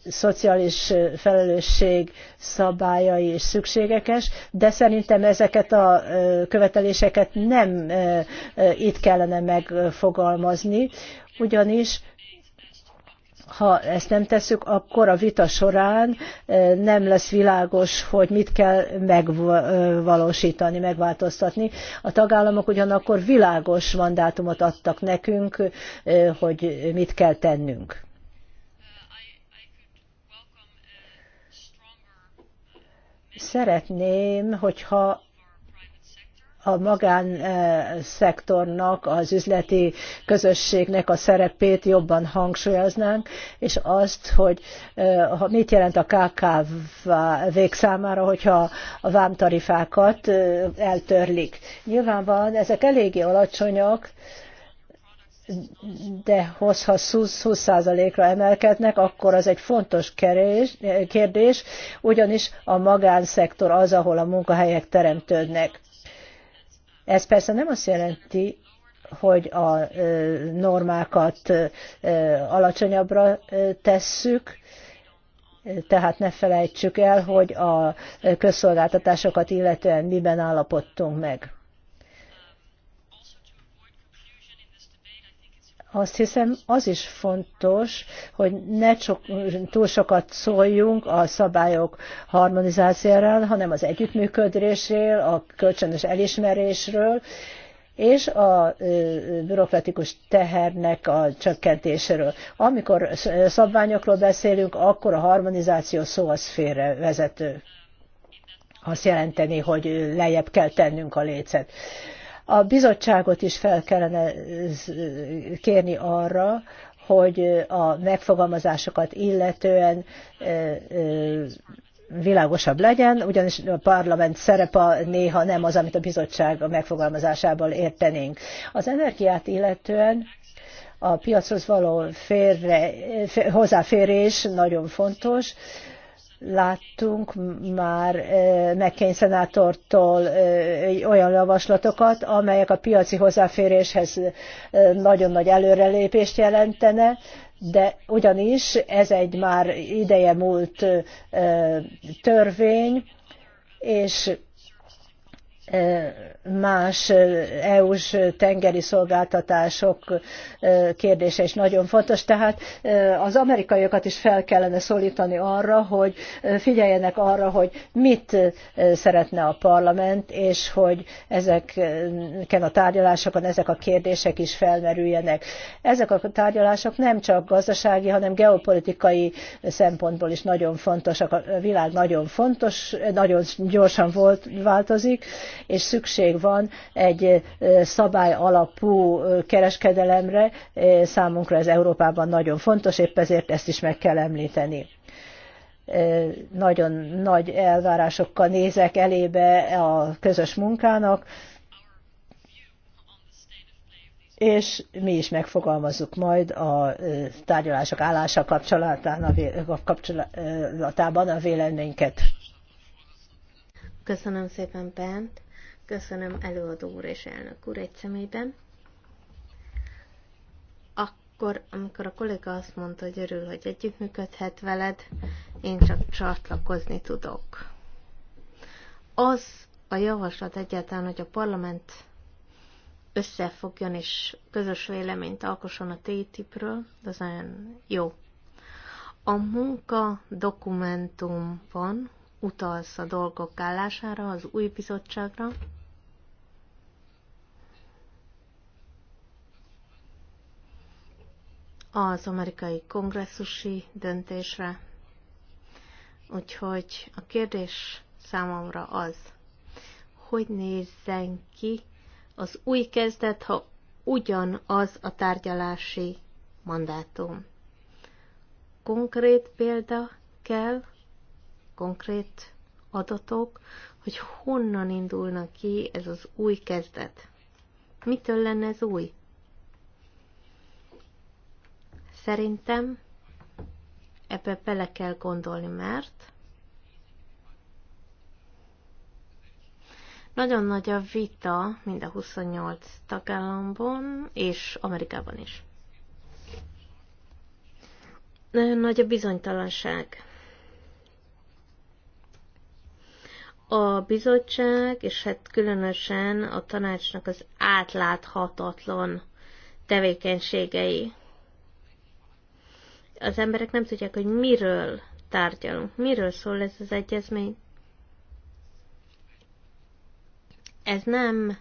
szociális felelősség szabályai és szükséges, de szerintem ezeket a követeléseket nem itt kellene megfogalmazni, ugyanis ha ezt nem tesszük, akkor a vita során eh, nem lesz világos, hogy mit kell megvalósítani, megváltoztatni. A tagállamok ugyanakkor világos mandátumot adtak nekünk, eh, hogy mit kell tennünk. Szeretném, hogyha a magánszektornak, eh, az üzleti közösségnek a szerepét jobban hangsúlyoznánk, és azt, hogy eh, mit jelent a kkv végszámára, hogyha a vámtarifákat eh, eltörlik. nyilván van, ezek eléggé alacsonyak, de hozha 20%-ra emelkednek, akkor az egy fontos kérdés, ugyanis a magánszektor az, ahol a munkahelyek teremtődnek ez persze nem azt jelenti, hogy a normákat alacsonyabbra tesszük, tehát ne felejtsük el, hogy a közszolgáltatásokat illetően miben állapodtunk meg. azt hiszem az is fontos, hogy ne csak, túl sokat szóljunk a szabályok harmonizációról, hanem az együttműködésről, a kölcsönös elismerésről, és a bürokratikus tehernek a csökkentéséről. Amikor szabványokról beszélünk, akkor a harmonizáció szó az félrevezető. Azt jelenteni, hogy lejjebb kell tennünk a lécet. A bizottságot is fel kellene eh, kérni arra, hogy a megfogalmazásokat illetően eh, eh, világosabb legyen, ugyanis a parlament szerepe néha nem az, amit a bizottság a megfogalmazásából értenénk. Az energiát illetően a piachoz való férre, hozzáférés nagyon fontos, láttunk már eh, McCain szenátortól eh, olyan javaslatokat, amelyek a piaci hozzáféréshez eh, nagyon nagy előrelépést jelentene, de ugyanis ez egy már ideje múlt törvény, és más EU-s tengeri szolgáltatások kérdése is nagyon fontos. Tehát az amerikaiakat is fel kellene szólítani arra, hogy figyeljenek arra, hogy mit szeretne a parlament, és hogy ezeken a tárgyalásokon ezek a kérdések is felmerüljenek. Ezek a tárgyalások nem csak gazdasági, hanem geopolitikai szempontból is nagyon fontosak. A világ nagyon fontos, nagyon gyorsan volt, változik, és szükség van egy szabály alapú kereskedelemre, számunkra ez Európában nagyon fontos, épp ezért ezt is meg kell említeni nagyon nagy elvárásokkal nézek elébe a közös munkának, és mi is megfogalmazzuk majd a tárgyalások állása kapcsolatában a véleményket. Köszönöm szépen, Pent. Köszönöm előadó úr és elnök úr egy személyben. Akkor, amikor a kolléga azt mondta, hogy örül, hogy együttműködhet veled, én csak csatlakozni tudok. Az a javaslat egyáltalán, hogy a parlament összefogjon és közös véleményt alkosson a TTIP-ről, az nagyon jó. A munka dokumentumban utalsz a dolgok állására, az új bizottságra, az amerikai kongresszusi döntésre. Úgyhogy a kérdés számomra az, hogy nézzen ki az új kezdet, ha ugyanaz a tárgyalási mandátum. Konkrét példa kell, konkrét adatok, hogy honnan indulna ki ez az új kezdet. Mitől lenne ez új? Szerintem ebbe bele kell gondolni, mert nagyon nagy a vita mind a 28 tagállamban és Amerikában is. Nagyon nagy a bizonytalanság. A bizottság, és hát különösen a tanácsnak az átláthatatlan tevékenységei az emberek nem tudják, hogy miről tárgyalunk, miről szól ez az egyezmény. Ez nem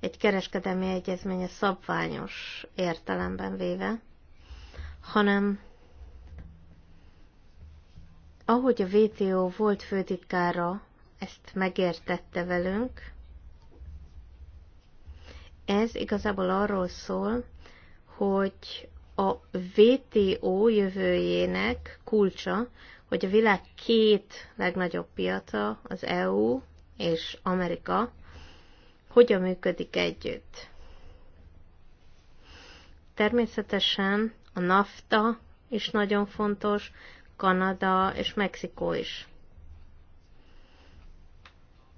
egy kereskedelmi egyezmény a szabványos értelemben véve, hanem ahogy a VTO volt főtitkára ezt megértette velünk, ez igazából arról szól, hogy a WTO jövőjének kulcsa, hogy a világ két legnagyobb piaca, az EU és Amerika, hogyan működik együtt. Természetesen a NAFTA is nagyon fontos, Kanada és Mexikó is.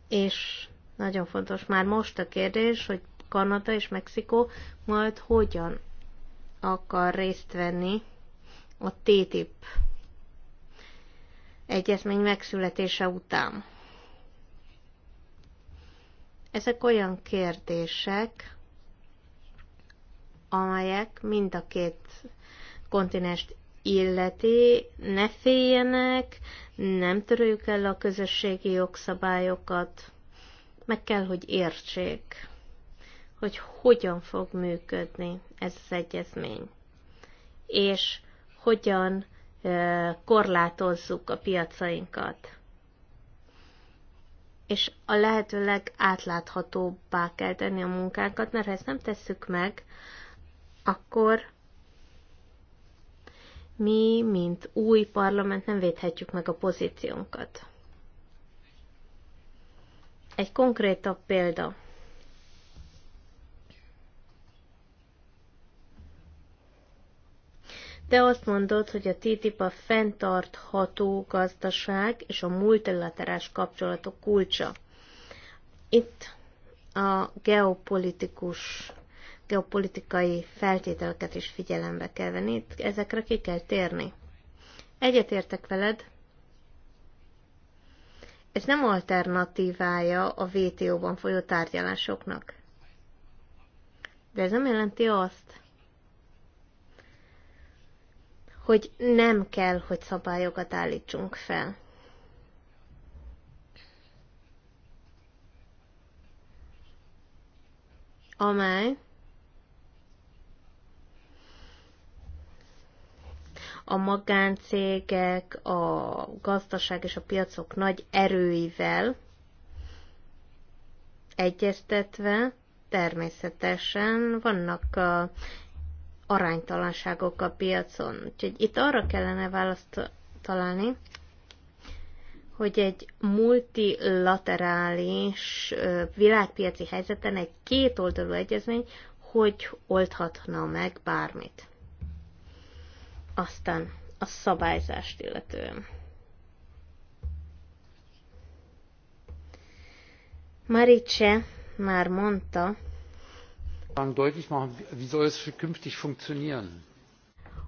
És nagyon fontos már most a kérdés, hogy Kanada és Mexikó majd hogyan akar részt venni a TTIP egyezmény megszületése után. Ezek olyan kérdések, amelyek mind a két kontinest illeti, ne féljenek, nem törőjük el a közösségi jogszabályokat, meg kell, hogy értsék hogy hogyan fog működni ez az egyezmény, és hogyan korlátozzuk a piacainkat. És a lehető legátláthatóbbá kell tenni a munkánkat, mert ha ezt nem tesszük meg, akkor mi, mint új parlament nem védhetjük meg a pozíciónkat. Egy konkrétabb példa. Te azt mondod, hogy a TTIP a fenntartható gazdaság és a multilaterális kapcsolatok kulcsa. Itt a geopolitikus, geopolitikai feltételeket is figyelembe kell venni, Itt ezekre ki kell térni. Egyetértek veled, ez nem alternatívája a WTO-ban folyó tárgyalásoknak. De ez nem jelenti azt, hogy nem kell, hogy szabályokat állítsunk fel. Amely a magáncégek, a gazdaság és a piacok nagy erőivel egyeztetve természetesen vannak a aránytalanságok a piacon. Úgyhogy itt arra kellene választ találni, hogy egy multilaterális világpiaci helyzeten egy kétoldalú egyezmény hogy oldhatna meg bármit. Aztán a szabályzást illetően. Marice már mondta,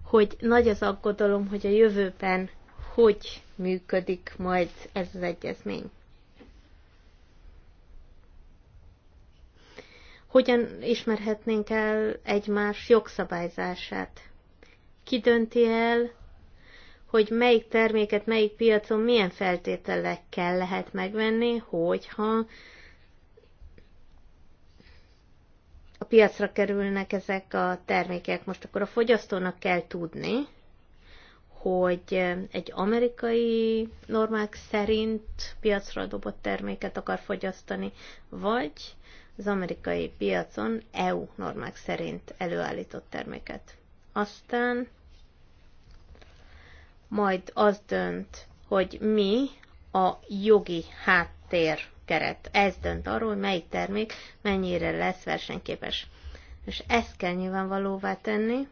hogy nagy az aggodalom, hogy a jövőben hogy működik majd ez az egyezmény. Hogyan ismerhetnénk el egymás jogszabályzását? Ki dönti el, hogy melyik terméket melyik piacon milyen feltételekkel lehet megvenni, hogyha piacra kerülnek ezek a termékek. Most akkor a fogyasztónak kell tudni, hogy egy amerikai normák szerint piacra dobott terméket akar fogyasztani, vagy az amerikai piacon EU normák szerint előállított terméket. Aztán majd az dönt, hogy mi a jogi háttér keret. Ez dönt arról, hogy melyik termék mennyire lesz versenyképes. És ezt kell nyilvánvalóvá tenni.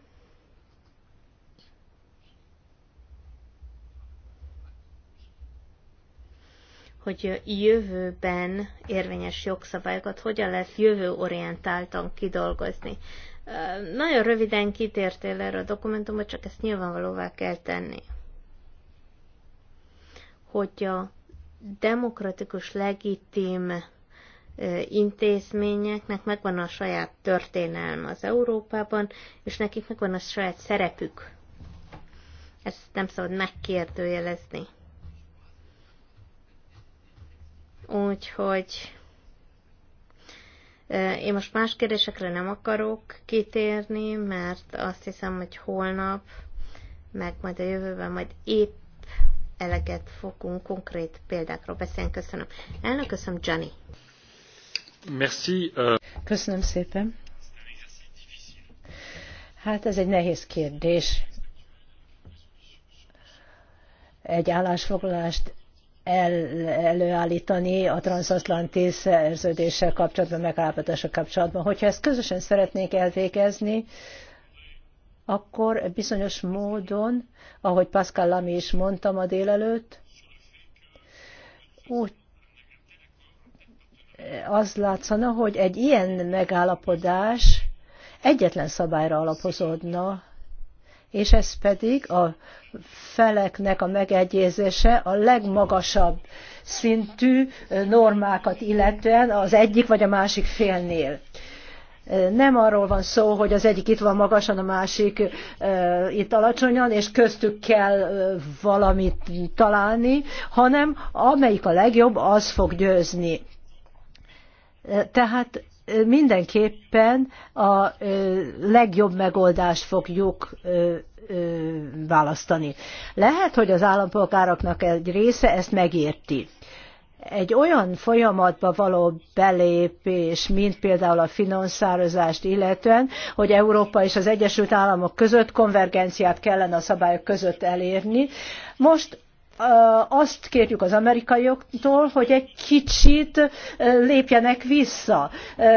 hogy jövőben érvényes jogszabályokat hogyan lesz jövőorientáltan kidolgozni. Nagyon röviden kitértél erre a dokumentumot, csak ezt nyilvánvalóvá kell tenni. Hogy a demokratikus, legitim intézményeknek megvan a saját történelme az Európában, és nekik megvan a saját szerepük. Ezt nem szabad megkérdőjelezni. Úgyhogy én most más kérdésekre nem akarok kitérni, mert azt hiszem, hogy holnap, meg majd a jövőben majd épp eleget fogunk konkrét példákról beszélni. Köszönöm. Elnök, köszönöm, Gianni. Merci. Köszönöm szépen. Hát ez egy nehéz kérdés. Egy állásfoglalást el, előállítani a transatlanti szerződéssel kapcsolatban, megállapodással kapcsolatban. Hogyha ezt közösen szeretnék elvégezni, akkor bizonyos módon, ahogy Pascal Lamy is mondta ma délelőtt, úgy az látszana, hogy egy ilyen megállapodás egyetlen szabályra alapozódna, és ez pedig a feleknek a megegyezése a legmagasabb szintű normákat illetően az egyik vagy a másik félnél nem arról van szó, hogy az egyik itt van magasan, a másik itt alacsonyan, és köztük kell valamit találni, hanem amelyik a legjobb, az fog győzni. Tehát mindenképpen a legjobb megoldást fogjuk választani. Lehet, hogy az állampolgároknak egy része ezt megérti egy olyan folyamatba való belépés, mint például a finanszározást illetően, hogy Európa és az Egyesült Államok között konvergenciát kellene a szabályok között elérni. Most azt kérjük az amerikaiaktól, hogy egy kicsit lépjenek vissza,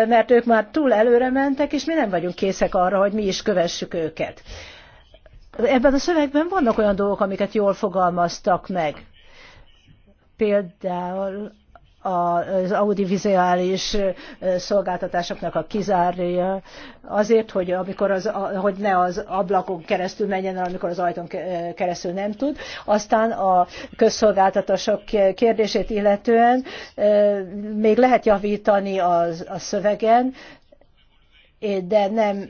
mert ők már túl előre mentek, és mi nem vagyunk készek arra, hogy mi is kövessük őket. Ebben a szövegben vannak olyan dolgok, amiket jól fogalmaztak meg Például az audiovizuális szolgáltatásoknak a kizárja, azért, hogy, amikor az, hogy ne az ablakon keresztül menjen, amikor az ajtón keresztül nem tud. Aztán a közszolgáltatások kérdését illetően még lehet javítani az, a szövegen, de nem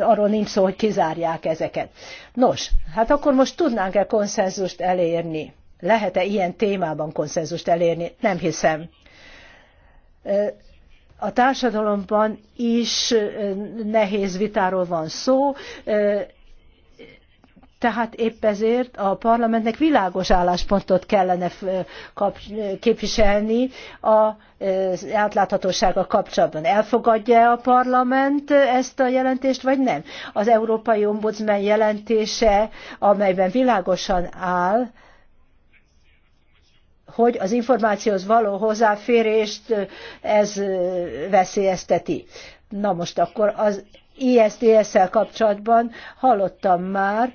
arról nincs szó, hogy kizárják ezeket. Nos, hát akkor most tudnánk-e konszenzust elérni? Lehet-e ilyen témában konszenzust elérni? Nem hiszem. A társadalomban is nehéz vitáról van szó, tehát épp ezért a parlamentnek világos álláspontot kellene képviselni az átláthatósággal kapcsolatban. Elfogadja a parlament ezt a jelentést, vagy nem? Az Európai Ombudsman jelentése, amelyben világosan áll, hogy az információhoz való hozzáférést ez veszélyezteti. Na most akkor az ISDS-szel kapcsolatban hallottam már,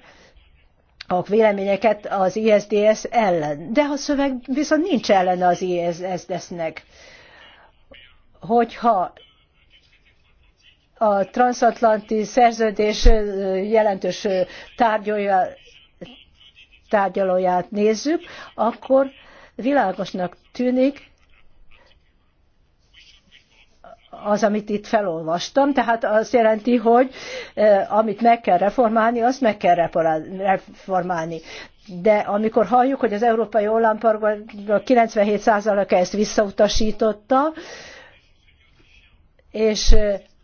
a véleményeket az ISDS ellen. De a szöveg viszont nincs ellen az ISDS-nek. Hogyha a transatlanti szerződés jelentős tárgyalója, tárgyalóját nézzük, akkor világosnak tűnik, az, amit itt felolvastam, tehát azt jelenti, hogy amit meg kell reformálni, azt meg kell reformálni. De amikor halljuk, hogy az Európai Ollámparkban 97%-a ezt visszautasította, és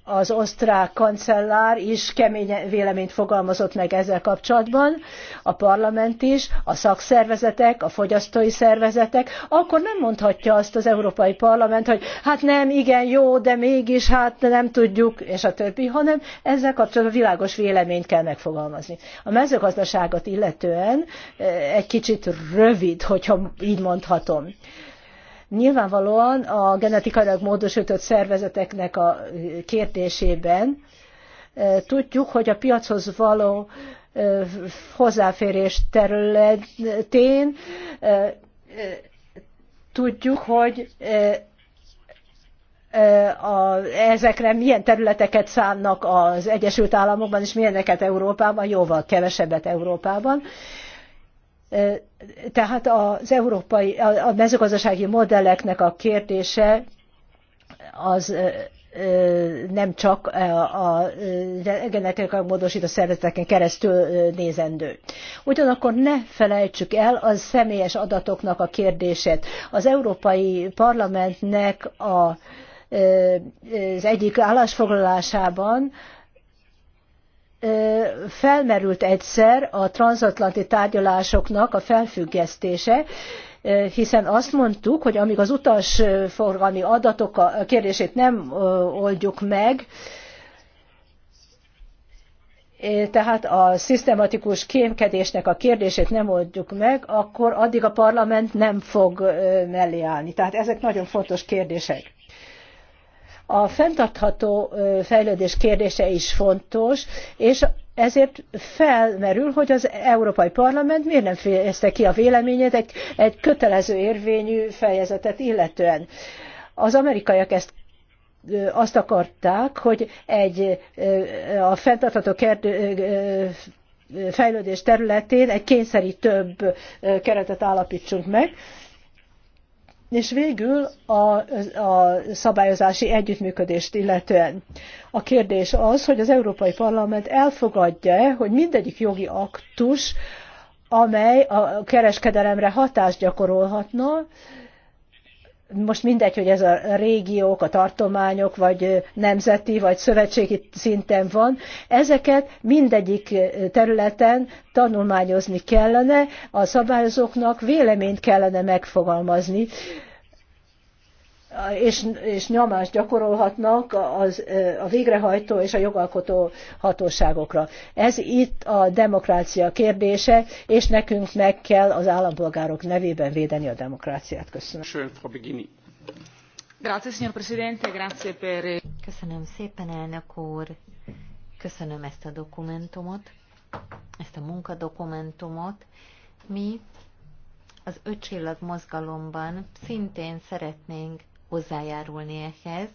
az osztrák kancellár is kemény véleményt fogalmazott meg ezzel kapcsolatban, a parlament is, a szakszervezetek, a fogyasztói szervezetek, akkor nem mondhatja azt az Európai Parlament, hogy hát nem, igen, jó, de mégis, hát nem tudjuk, és a többi, hanem ezzel kapcsolatban világos véleményt kell megfogalmazni. A mezőgazdaságot illetően eh, egy kicsit rövid, hogyha így mondhatom Nyilvánvalóan a genetikailag módosított szervezeteknek a kérdésében tudjuk, hogy a piachoz való hozzáférés területén tudjuk, hogy a, ezekre milyen területeket szánnak az Egyesült Államokban, és milyeneket Európában, jóval kevesebbet Európában, tehát az európai, a mezőgazdasági modelleknek a kérdése az nem csak a genetikailag módosított szervezeteken keresztül nézendő. Ugyanakkor ne felejtsük el a személyes adatoknak a kérdését. Az Európai Parlamentnek a, az egyik állásfoglalásában felmerült egyszer a transatlanti tárgyalásoknak a felfüggesztése, hiszen azt mondtuk, hogy amíg az utasforgalmi adatok a kérdését nem oldjuk meg, tehát a szisztematikus kémkedésnek a kérdését nem oldjuk meg, akkor addig a parlament nem fog mellé állni. Tehát ezek nagyon fontos kérdések. A fenntartható fejlődés kérdése is fontos, és ezért felmerül, hogy az Európai Parlament miért nem fejezte ki a véleményét egy, egy kötelező érvényű fejezetet illetően. Az amerikaiak ezt azt akarták, hogy egy a fenntartható kérdő, fejlődés területén egy több keretet állapítsunk meg, és végül a, a szabályozási együttműködést illetően. A kérdés az, hogy az Európai Parlament elfogadja-e, hogy mindegyik jogi aktus, amely a kereskedelemre hatást gyakorolhatna, most mindegy, hogy ez a régiók, a tartományok, vagy nemzeti, vagy szövetségi szinten van, ezeket mindegyik területen tanulmányozni kellene, a szabályozóknak véleményt kellene megfogalmazni és, és nyomást gyakorolhatnak az, a végrehajtó és a jogalkotó hatóságokra. Ez itt a demokrácia kérdése, és nekünk meg kell az állampolgárok nevében védeni a demokráciát. Köszönöm. Grazie, signor Presidente, grazie per... Köszönöm szépen, elnök úr. Köszönöm ezt a dokumentumot, ezt a munkadokumentumot. Mi az öcsillag mozgalomban szintén szeretnénk hozzájárulni ehhez.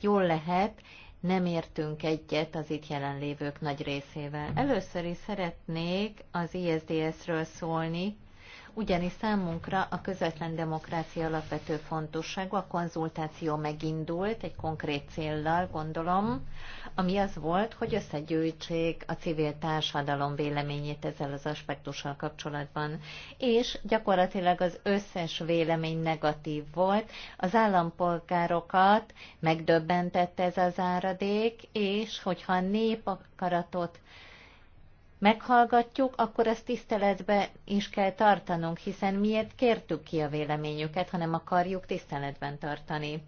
Jól lehet, nem értünk egyet az itt jelenlévők nagy részével. Először is szeretnék az ISDS-ről szólni, ugyanis számunkra a közvetlen demokrácia alapvető fontosságú, a konzultáció megindult egy konkrét céllal, gondolom, ami az volt, hogy összegyűjtsék a civil társadalom véleményét ezzel az aspektussal kapcsolatban, és gyakorlatilag az összes vélemény negatív volt, az állampolgárokat megdöbbentette ez az áradék, és hogyha a nép akaratot meghallgatjuk, akkor ezt tiszteletbe is kell tartanunk, hiszen miért kértük ki a véleményüket, hanem akarjuk tiszteletben tartani.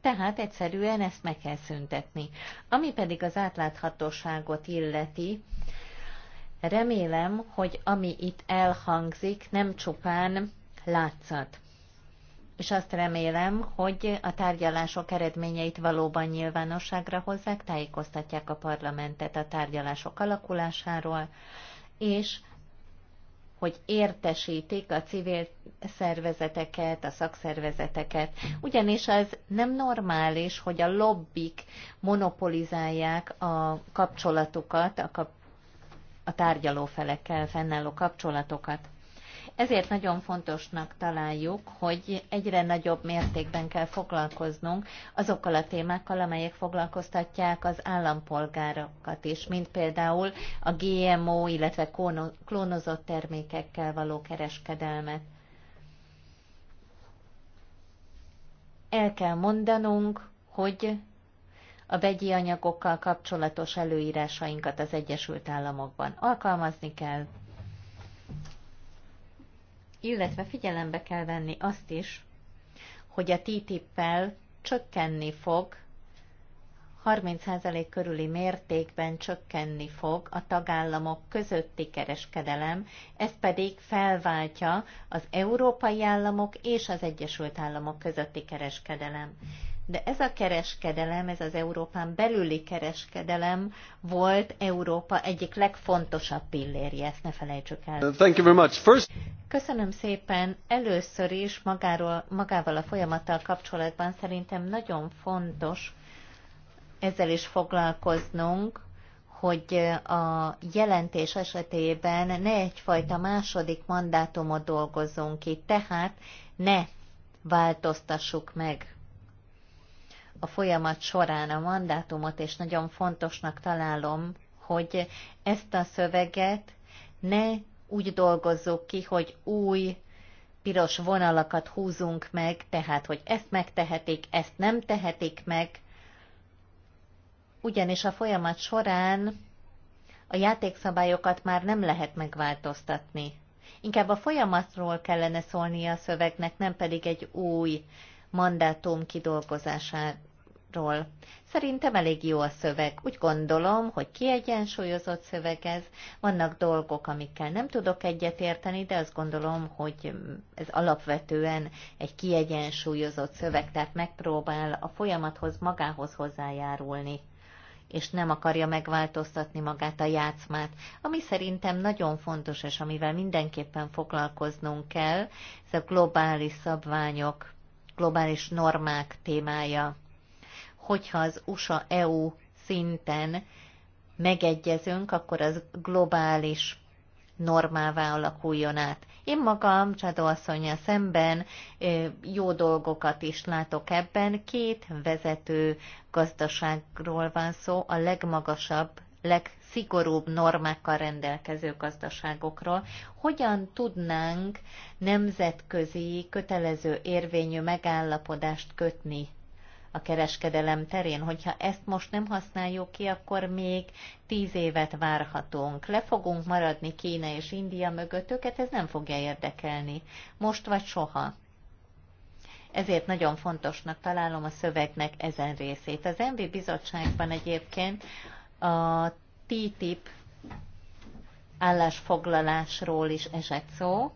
Tehát egyszerűen ezt meg kell szüntetni. Ami pedig az átláthatóságot illeti, remélem, hogy ami itt elhangzik, nem csupán látszat és azt remélem, hogy a tárgyalások eredményeit valóban nyilvánosságra hozzák, tájékoztatják a parlamentet a tárgyalások alakulásáról, és hogy értesítik a civil szervezeteket, a szakszervezeteket, ugyanis az nem normális, hogy a lobbik monopolizálják a kapcsolatukat, a, kap- a tárgyalófelekkel fennálló kapcsolatokat. Ezért nagyon fontosnak találjuk, hogy egyre nagyobb mértékben kell foglalkoznunk azokkal a témákkal, amelyek foglalkoztatják az állampolgárokat is, mint például a GMO, illetve klónozott termékekkel való kereskedelmet. El kell mondanunk, hogy a vegyi anyagokkal kapcsolatos előírásainkat az Egyesült Államokban alkalmazni kell, illetve figyelembe kell venni azt is, hogy a TTIP-pel csökkenni fog 30% körüli mértékben csökkenni fog a tagállamok közötti kereskedelem, ez pedig felváltja az európai államok és az Egyesült Államok közötti kereskedelem de ez a kereskedelem, ez az Európán belüli kereskedelem volt Európa egyik legfontosabb pillérje, ezt ne felejtsük el. Thank you very much. First... Köszönöm szépen. Először is magáról, magával a folyamattal kapcsolatban szerintem nagyon fontos ezzel is foglalkoznunk, hogy a jelentés esetében ne egyfajta második mandátumot dolgozzunk ki, tehát ne változtassuk meg a folyamat során a mandátumot, és nagyon fontosnak találom, hogy ezt a szöveget ne úgy dolgozzuk ki, hogy új piros vonalakat húzunk meg, tehát, hogy ezt megtehetik, ezt nem tehetik meg, ugyanis a folyamat során a játékszabályokat már nem lehet megváltoztatni. Inkább a folyamatról kellene szólnia a szövegnek, nem pedig egy új mandátum kidolgozásáról ról. Szerintem elég jó a szöveg. Úgy gondolom, hogy kiegyensúlyozott szöveg ez. Vannak dolgok, amikkel nem tudok egyetérteni, de azt gondolom, hogy ez alapvetően egy kiegyensúlyozott szöveg, tehát megpróbál a folyamathoz magához hozzájárulni és nem akarja megváltoztatni magát a játszmát, ami szerintem nagyon fontos, és amivel mindenképpen foglalkoznunk kell, ez a globális szabványok, globális normák témája hogyha az USA-EU szinten megegyezünk, akkor az globális normává alakuljon át. Én magam Csadó asszonya szemben jó dolgokat is látok ebben. Két vezető gazdaságról van szó, a legmagasabb, legszigorúbb normákkal rendelkező gazdaságokról. Hogyan tudnánk nemzetközi kötelező érvényű megállapodást kötni a kereskedelem terén. Hogyha ezt most nem használjuk ki, akkor még tíz évet várhatunk. Le fogunk maradni Kína és India mögött, őket ez nem fogja érdekelni. Most vagy soha. Ezért nagyon fontosnak találom a szövegnek ezen részét. Az MB bizottságban egyébként a TTIP állásfoglalásról is esett szó,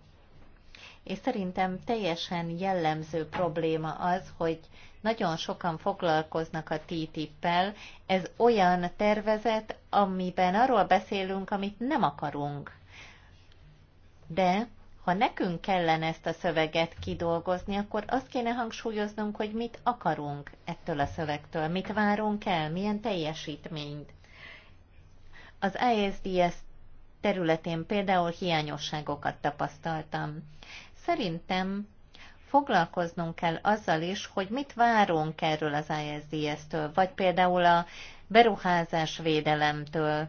és szerintem teljesen jellemző probléma az, hogy nagyon sokan foglalkoznak a TTIP-pel. Ez olyan tervezet, amiben arról beszélünk, amit nem akarunk. De ha nekünk kellene ezt a szöveget kidolgozni, akkor azt kéne hangsúlyoznunk, hogy mit akarunk ettől a szövegtől, mit várunk el, milyen teljesítményt. Az ISDS területén például hiányosságokat tapasztaltam. Szerintem foglalkoznunk kell azzal is, hogy mit várunk erről az ISDS-től, vagy például a beruházás védelemtől.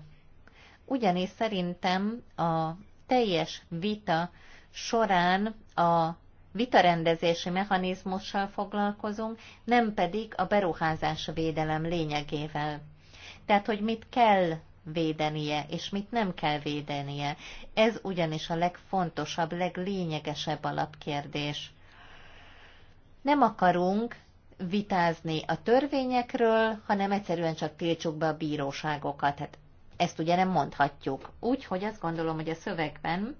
Ugyanis szerintem a teljes vita során a vitarendezési mechanizmussal foglalkozunk, nem pedig a beruházás védelem lényegével. Tehát, hogy mit kell védenie, és mit nem kell védenie. Ez ugyanis a legfontosabb, leglényegesebb alapkérdés. Nem akarunk vitázni a törvényekről, hanem egyszerűen csak tiltsuk be a bíróságokat. Hát ezt ugye nem mondhatjuk. Úgyhogy azt gondolom, hogy a szövegben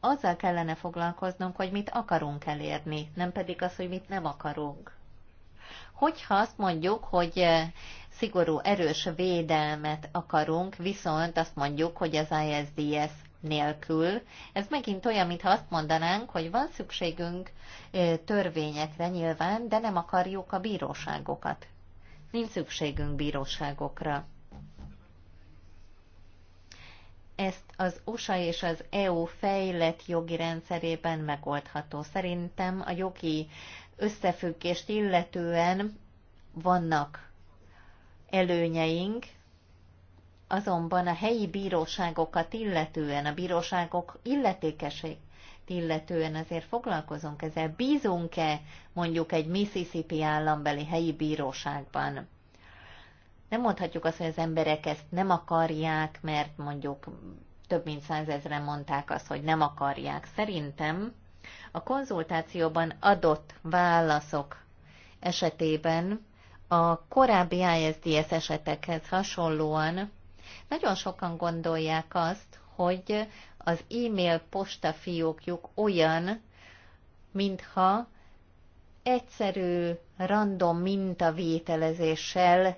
azzal kellene foglalkoznunk, hogy mit akarunk elérni, nem pedig az, hogy mit nem akarunk. Hogyha azt mondjuk, hogy szigorú, erős védelmet akarunk, viszont azt mondjuk, hogy az ISDS nélkül. Ez megint olyan, mintha azt mondanánk, hogy van szükségünk törvényekre nyilván, de nem akarjuk a bíróságokat. Nincs szükségünk bíróságokra. Ezt az USA és az EU fejlett jogi rendszerében megoldható. Szerintem a jogi összefüggést illetően vannak előnyeink, azonban a helyi bíróságokat illetően, a bíróságok illetékesét illetően azért foglalkozunk ezzel. Bízunk-e mondjuk egy Mississippi állambeli helyi bíróságban? Nem mondhatjuk azt, hogy az emberek ezt nem akarják, mert mondjuk több mint százezren mondták azt, hogy nem akarják. Szerintem a konzultációban adott válaszok esetében a korábbi ISDS esetekhez hasonlóan nagyon sokan gondolják azt, hogy az e-mail postafiókjuk olyan, mintha egyszerű, random mintavételezéssel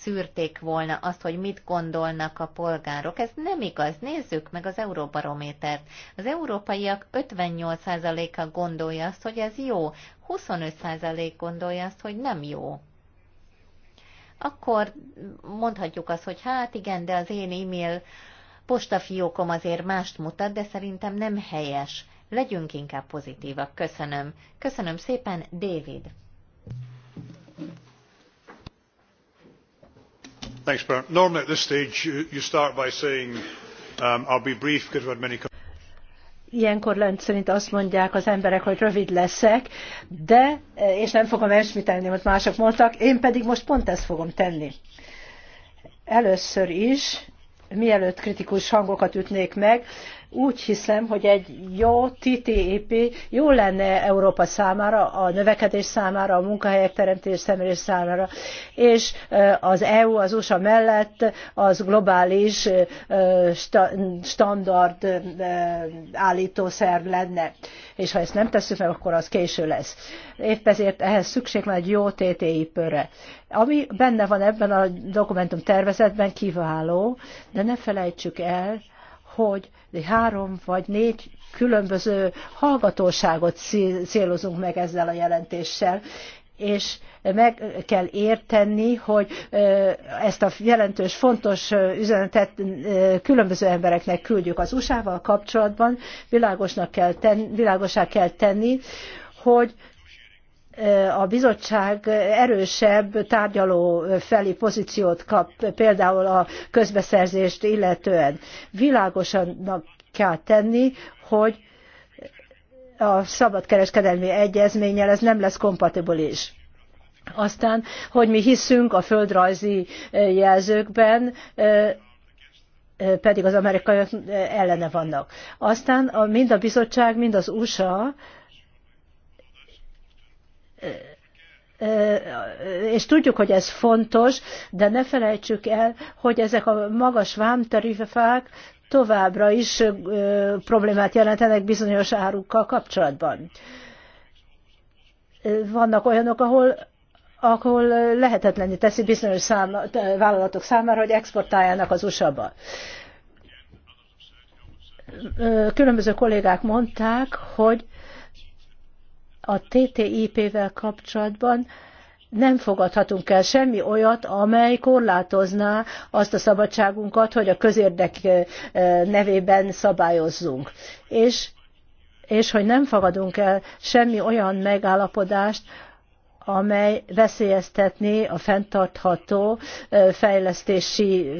szűrték volna azt, hogy mit gondolnak a polgárok. Ez nem igaz. Nézzük meg az Euróbarométert. Az európaiak 58%-a gondolja azt, hogy ez jó, 25% gondolja azt, hogy nem jó akkor mondhatjuk azt, hogy hát igen, de az én e-mail postafiókom azért mást mutat, de szerintem nem helyes. Legyünk inkább pozitívak. Köszönöm. Köszönöm szépen, David. Thanks, Bernd. Normally at this stage you start by saying um, I'll be brief because we've had many ilyenkor szerint azt mondják az emberek, hogy rövid leszek, de, eh, és nem fogom elsmitelni, amit mások mondtak, én pedig most pont ezt fogom tenni. Először is, mielőtt kritikus hangokat ütnék meg, úgy hiszem, hogy egy jó TTIP e jó lenne Európa számára, a növekedés számára, a munkahelyek teremtés szemlés számára, és az EU, az USA mellett az globális standard állítószerv lenne. És ha ezt nem tesszük meg, akkor az késő lesz. Épp ezért ehhez szükség van egy jó TTIP-re. E Ami benne van ebben a dokumentum tervezetben kiváló, de ne felejtsük el, hogy három vagy négy különböző hallgatóságot célozunk meg ezzel a jelentéssel, és meg kell érteni, hogy ezt a jelentős, fontos üzenetet különböző embereknek küldjük. Az USA-val kapcsolatban világosnak kell tenni, világosá kell tenni, hogy a bizottság erősebb tárgyaló felé pozíciót kap, például a közbeszerzést illetően. Világosan kell tenni, hogy a szabadkereskedelmi egyezménnyel ez nem lesz kompatibilis. Aztán, hogy mi hiszünk a földrajzi jelzőkben, pedig az amerikaiak ellene vannak. Aztán mind a bizottság, mind az USA és tudjuk, hogy ez fontos, de ne felejtsük el, hogy ezek a magas vámtarifák továbbra is problémát jelentenek bizonyos árukkal kapcsolatban. Vannak olyanok, ahol ahol lehetetlenül teszi bizonyos száma, vállalatok számára, hogy exportáljanak az USA-ba. Különböző kollégák mondták, hogy a TTIP-vel kapcsolatban nem fogadhatunk el semmi olyat, amely korlátozná azt a szabadságunkat, hogy a közérdek nevében szabályozzunk. És, és hogy nem fogadunk el semmi olyan megállapodást, amely veszélyeztetné a fenntartható fejlesztési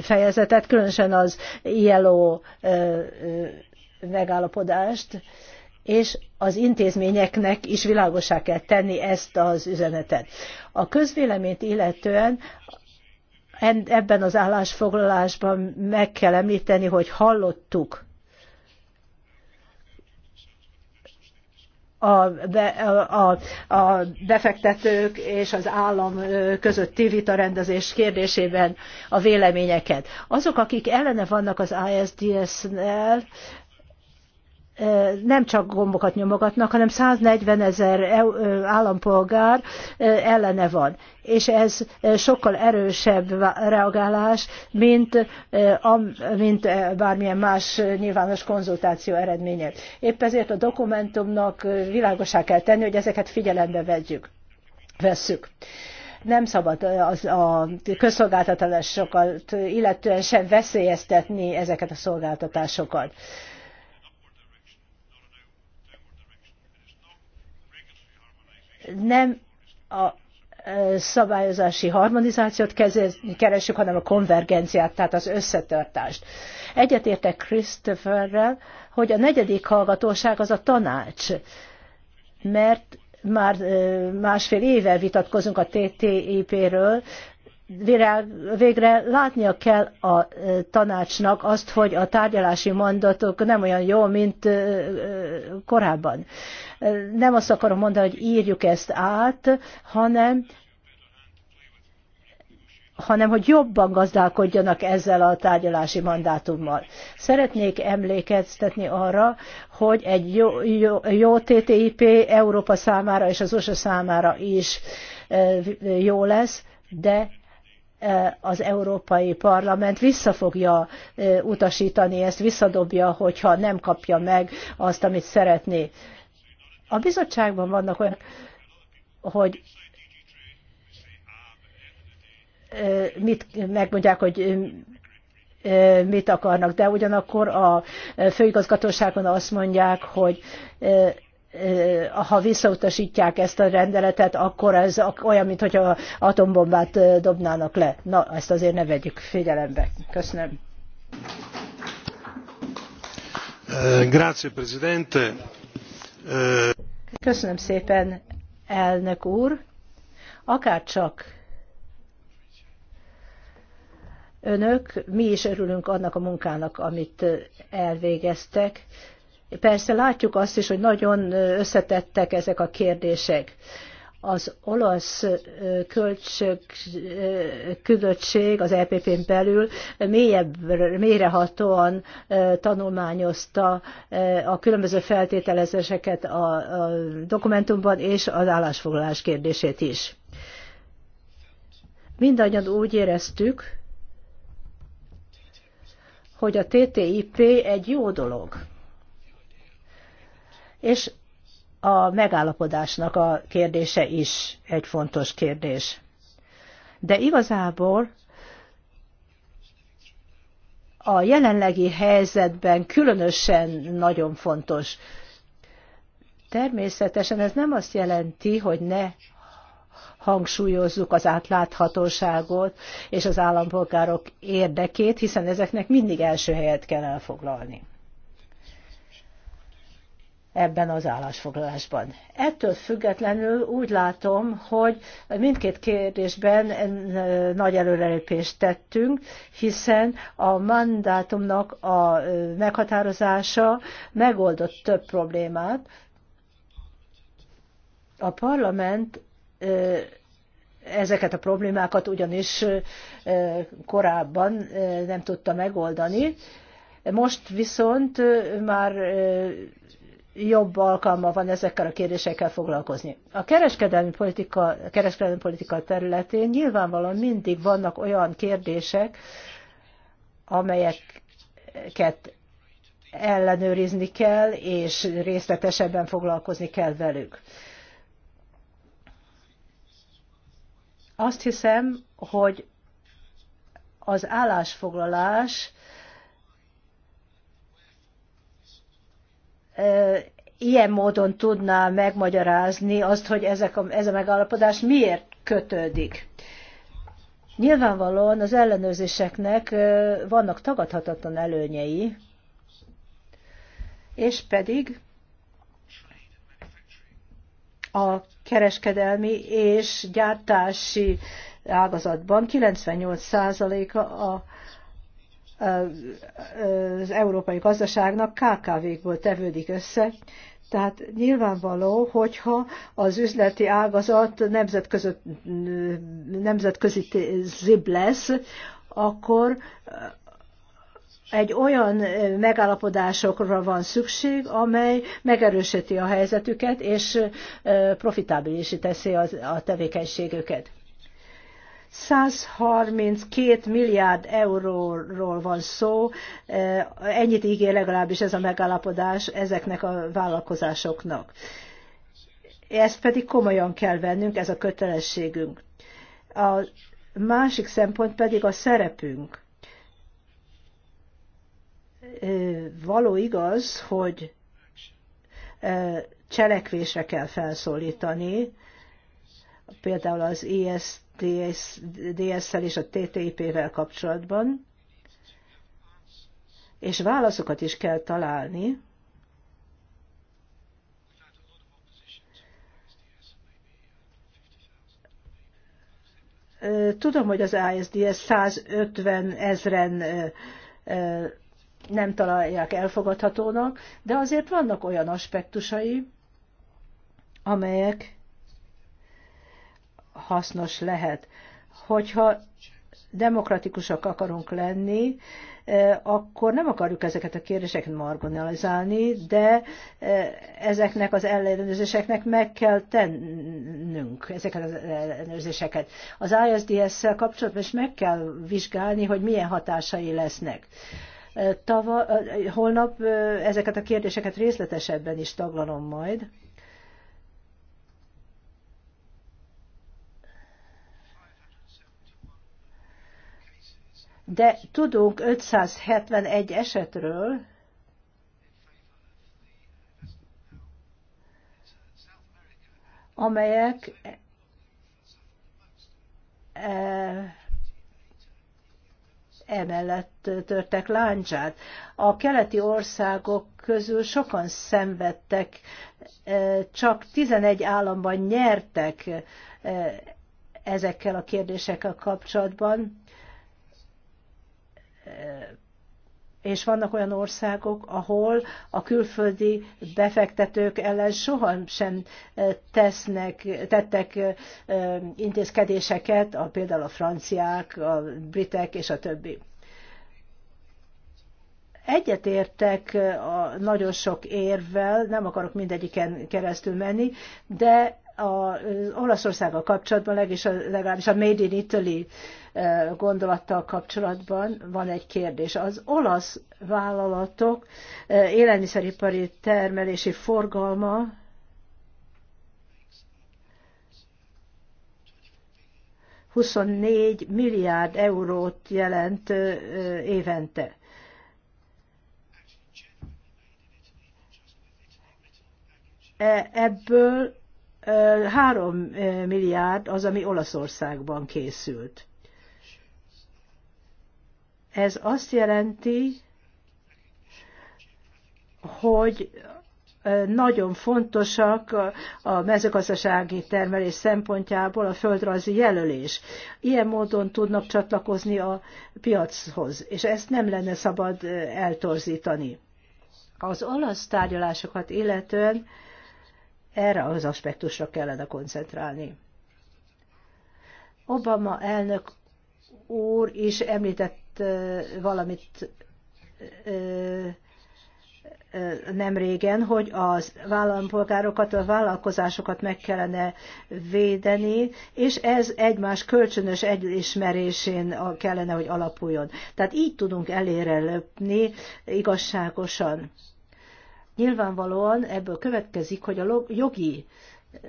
fejezetet, különösen az ILO megállapodást és az intézményeknek is világosá kell tenni ezt az üzenetet. A közvéleményt illetően ebben az állásfoglalásban meg kell említeni, hogy hallottuk a, be, a, a befektetők és az állam közötti vitarendezés kérdésében a véleményeket. Azok, akik ellene vannak az ISDS-nel, nem csak gombokat nyomogatnak, hanem 140 ezer állampolgár ellene van. És ez sokkal erősebb reagálás, mint, mint bármilyen más nyilvános konzultáció eredménye. Épp ezért a dokumentumnak világosá kell tenni, hogy ezeket figyelembe vegyük, vesszük nem szabad az, a közszolgáltatásokat, illetően sem veszélyeztetni ezeket a szolgáltatásokat. nem a szabályozási harmonizációt keresünk, hanem a konvergenciát, tehát az összetartást. Egyetértek Christopherrel, hogy a negyedik hallgatóság az a tanács, mert már másfél éve vitatkozunk a TTIP-ről, végre látnia kell a e, tanácsnak azt, hogy a tárgyalási mandatok nem olyan jó, mint e, korábban. E, nem azt akarom mondani, hogy írjuk ezt át, hanem hanem hogy jobban gazdálkodjanak ezzel a tárgyalási mandátummal. Szeretnék emlékeztetni arra, hogy egy jó, jó, jó TTIP Európa számára és az USA számára is jó lesz, de Eh, az Európai Parlament vissza fogja eh, utasítani ezt, visszadobja, hogyha nem kapja meg azt, amit szeretné. A bizottságban vannak olyan, hogy eh, mit megmondják, hogy mit akarnak, de ugyanakkor a főigazgatóságon azt mondják, hogy ha visszautasítják ezt a rendeletet, akkor ez olyan, mintha atombombát dobnának le. Na, ezt azért ne vegyük figyelembe. Köszönöm. Eh, Presidente. Eh, Köszönöm szépen, elnök úr. Akárcsak önök, mi is örülünk annak a munkának, amit elvégeztek Persze látjuk azt is, hogy nagyon összetettek ezek a kérdések. Az olasz költség, küldöttség az EPP-n belül mélyebb, mélyrehatóan tanulmányozta a különböző feltételezéseket a, a dokumentumban és az állásfoglalás kérdését is. Mindannyian úgy éreztük, hogy a TTIP egy jó dolog és a megállapodásnak a kérdése is egy fontos kérdés. De igazából a jelenlegi helyzetben különösen nagyon fontos. Természetesen ez nem azt jelenti, hogy ne hangsúlyozzuk az átláthatóságot és az állampolgárok érdekét, hiszen ezeknek mindig első helyet kell elfoglalni ebben az állásfoglalásban. Ettől függetlenül úgy látom, hogy mindkét kérdésben eh, nagy előrelépést tettünk, hiszen a mandátumnak a eh, meghatározása megoldott több problémát. A parlament eh, ezeket a problémákat ugyanis korábban nem tudta megoldani, most viszont már jobb alkalma van ezekkel a kérdésekkel foglalkozni. A kereskedelmi politika, kereskedelmi politika területén nyilvánvalóan mindig vannak olyan kérdések, amelyeket ellenőrizni kell, és részletesebben foglalkozni kell velük. Azt hiszem, hogy az állásfoglalás ilyen módon tudná megmagyarázni azt, hogy ezek a, ez a megállapodás miért kötődik. Nyilvánvalóan az ellenőrzéseknek vannak tagadhatatlan előnyei, és pedig a kereskedelmi és gyártási ágazatban 98%-a a az európai gazdaságnak KKV-kból tevődik össze, tehát nyilvánvaló, hogyha az üzleti ágazat nemzetközi, zib lesz, akkor egy olyan megállapodásokra van szükség, amely megerősíti a helyzetüket, és profitábilisíti teszi a tevékenységüket. 132 milliárd euróról van szó, e, ennyit ígér legalábbis ez a megállapodás ezeknek a vállalkozásoknak. Ezt pedig komolyan kell vennünk, ez a kötelességünk. A másik szempont pedig a szerepünk. E, való igaz, hogy e, cselekvésre kell felszólítani, például az EST DS-szel és a TTIP-vel kapcsolatban, és válaszokat is kell találni, Tudom, hogy az ISDS 150 ezren nem találják elfogadhatónak, de azért vannak olyan aspektusai, amelyek hasznos lehet. Hogyha demokratikusak akarunk lenni, eh, akkor nem akarjuk ezeket a kérdéseket marginalizálni, de eh, ezeknek az ellenőrzéseknek meg kell tennünk ezeket az ellenőrzéseket. Az ISDS-szel kapcsolatban is meg kell vizsgálni, hogy milyen hatásai lesznek. Eh, tava, holnap ezeket a kérdéseket részletesebben is taglalom majd de tudunk 571 esetről, amelyek e, emellett törtek láncsát. A keleti országok közül sokan szenvedtek, e, csak 11 államban nyertek e, ezekkel a kérdésekkel kapcsolatban, és vannak olyan országok, ahol a külföldi befektetők ellen soha sem eh, tesznek, tettek eh, intézkedéseket, a, például a franciák, a britek és a többi. Egyetértek eh, a nagyon sok érvel, nem akarok mindegyiken keresztül menni, de az Olaszországgal kapcsolatban, legis, legalábbis a Made in Italy e, gondolattal kapcsolatban van egy kérdés. Az olasz vállalatok e, élelmiszeripari termelési forgalma ...24 milliárd eurót jelent e, évente. Ebből 3 milliárd az, ami Olaszországban készült. Ez azt jelenti, hogy nagyon fontosak a mezőgazdasági termelés szempontjából a földrajzi jelölés. Ilyen módon tudnak csatlakozni a piachoz, és ezt nem lenne szabad eltorzítani. Az olasz tárgyalásokat illetően erre az aspektusra kellene koncentrálni. Obama elnök úr is említett valamit nem régen, hogy az vállalampolgárokat, a vállalkozásokat meg kellene védeni, és ez egymás kölcsönös egyismerésén kellene, hogy alapuljon. Tehát így tudunk előre löpni igazságosan. Nyilvánvalóan ebből következik, hogy a jogi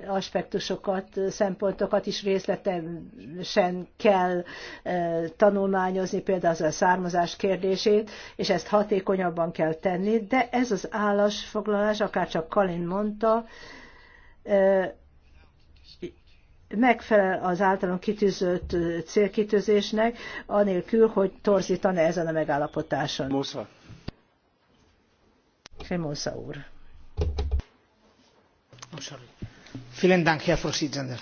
aspektusokat, szempontokat is részletesen kell e, tanulmányozni, például a származás kérdését, és ezt hatékonyabban kell tenni, de ez az állásfoglalás, akár csak Kalin mondta, e, megfelel az általunk kitűzött e, célkitűzésnek, anélkül, hogy torzítana ezen a megállapotáson. Femóza úr. Oh, Vielen Dank, Herr Vorsitzender.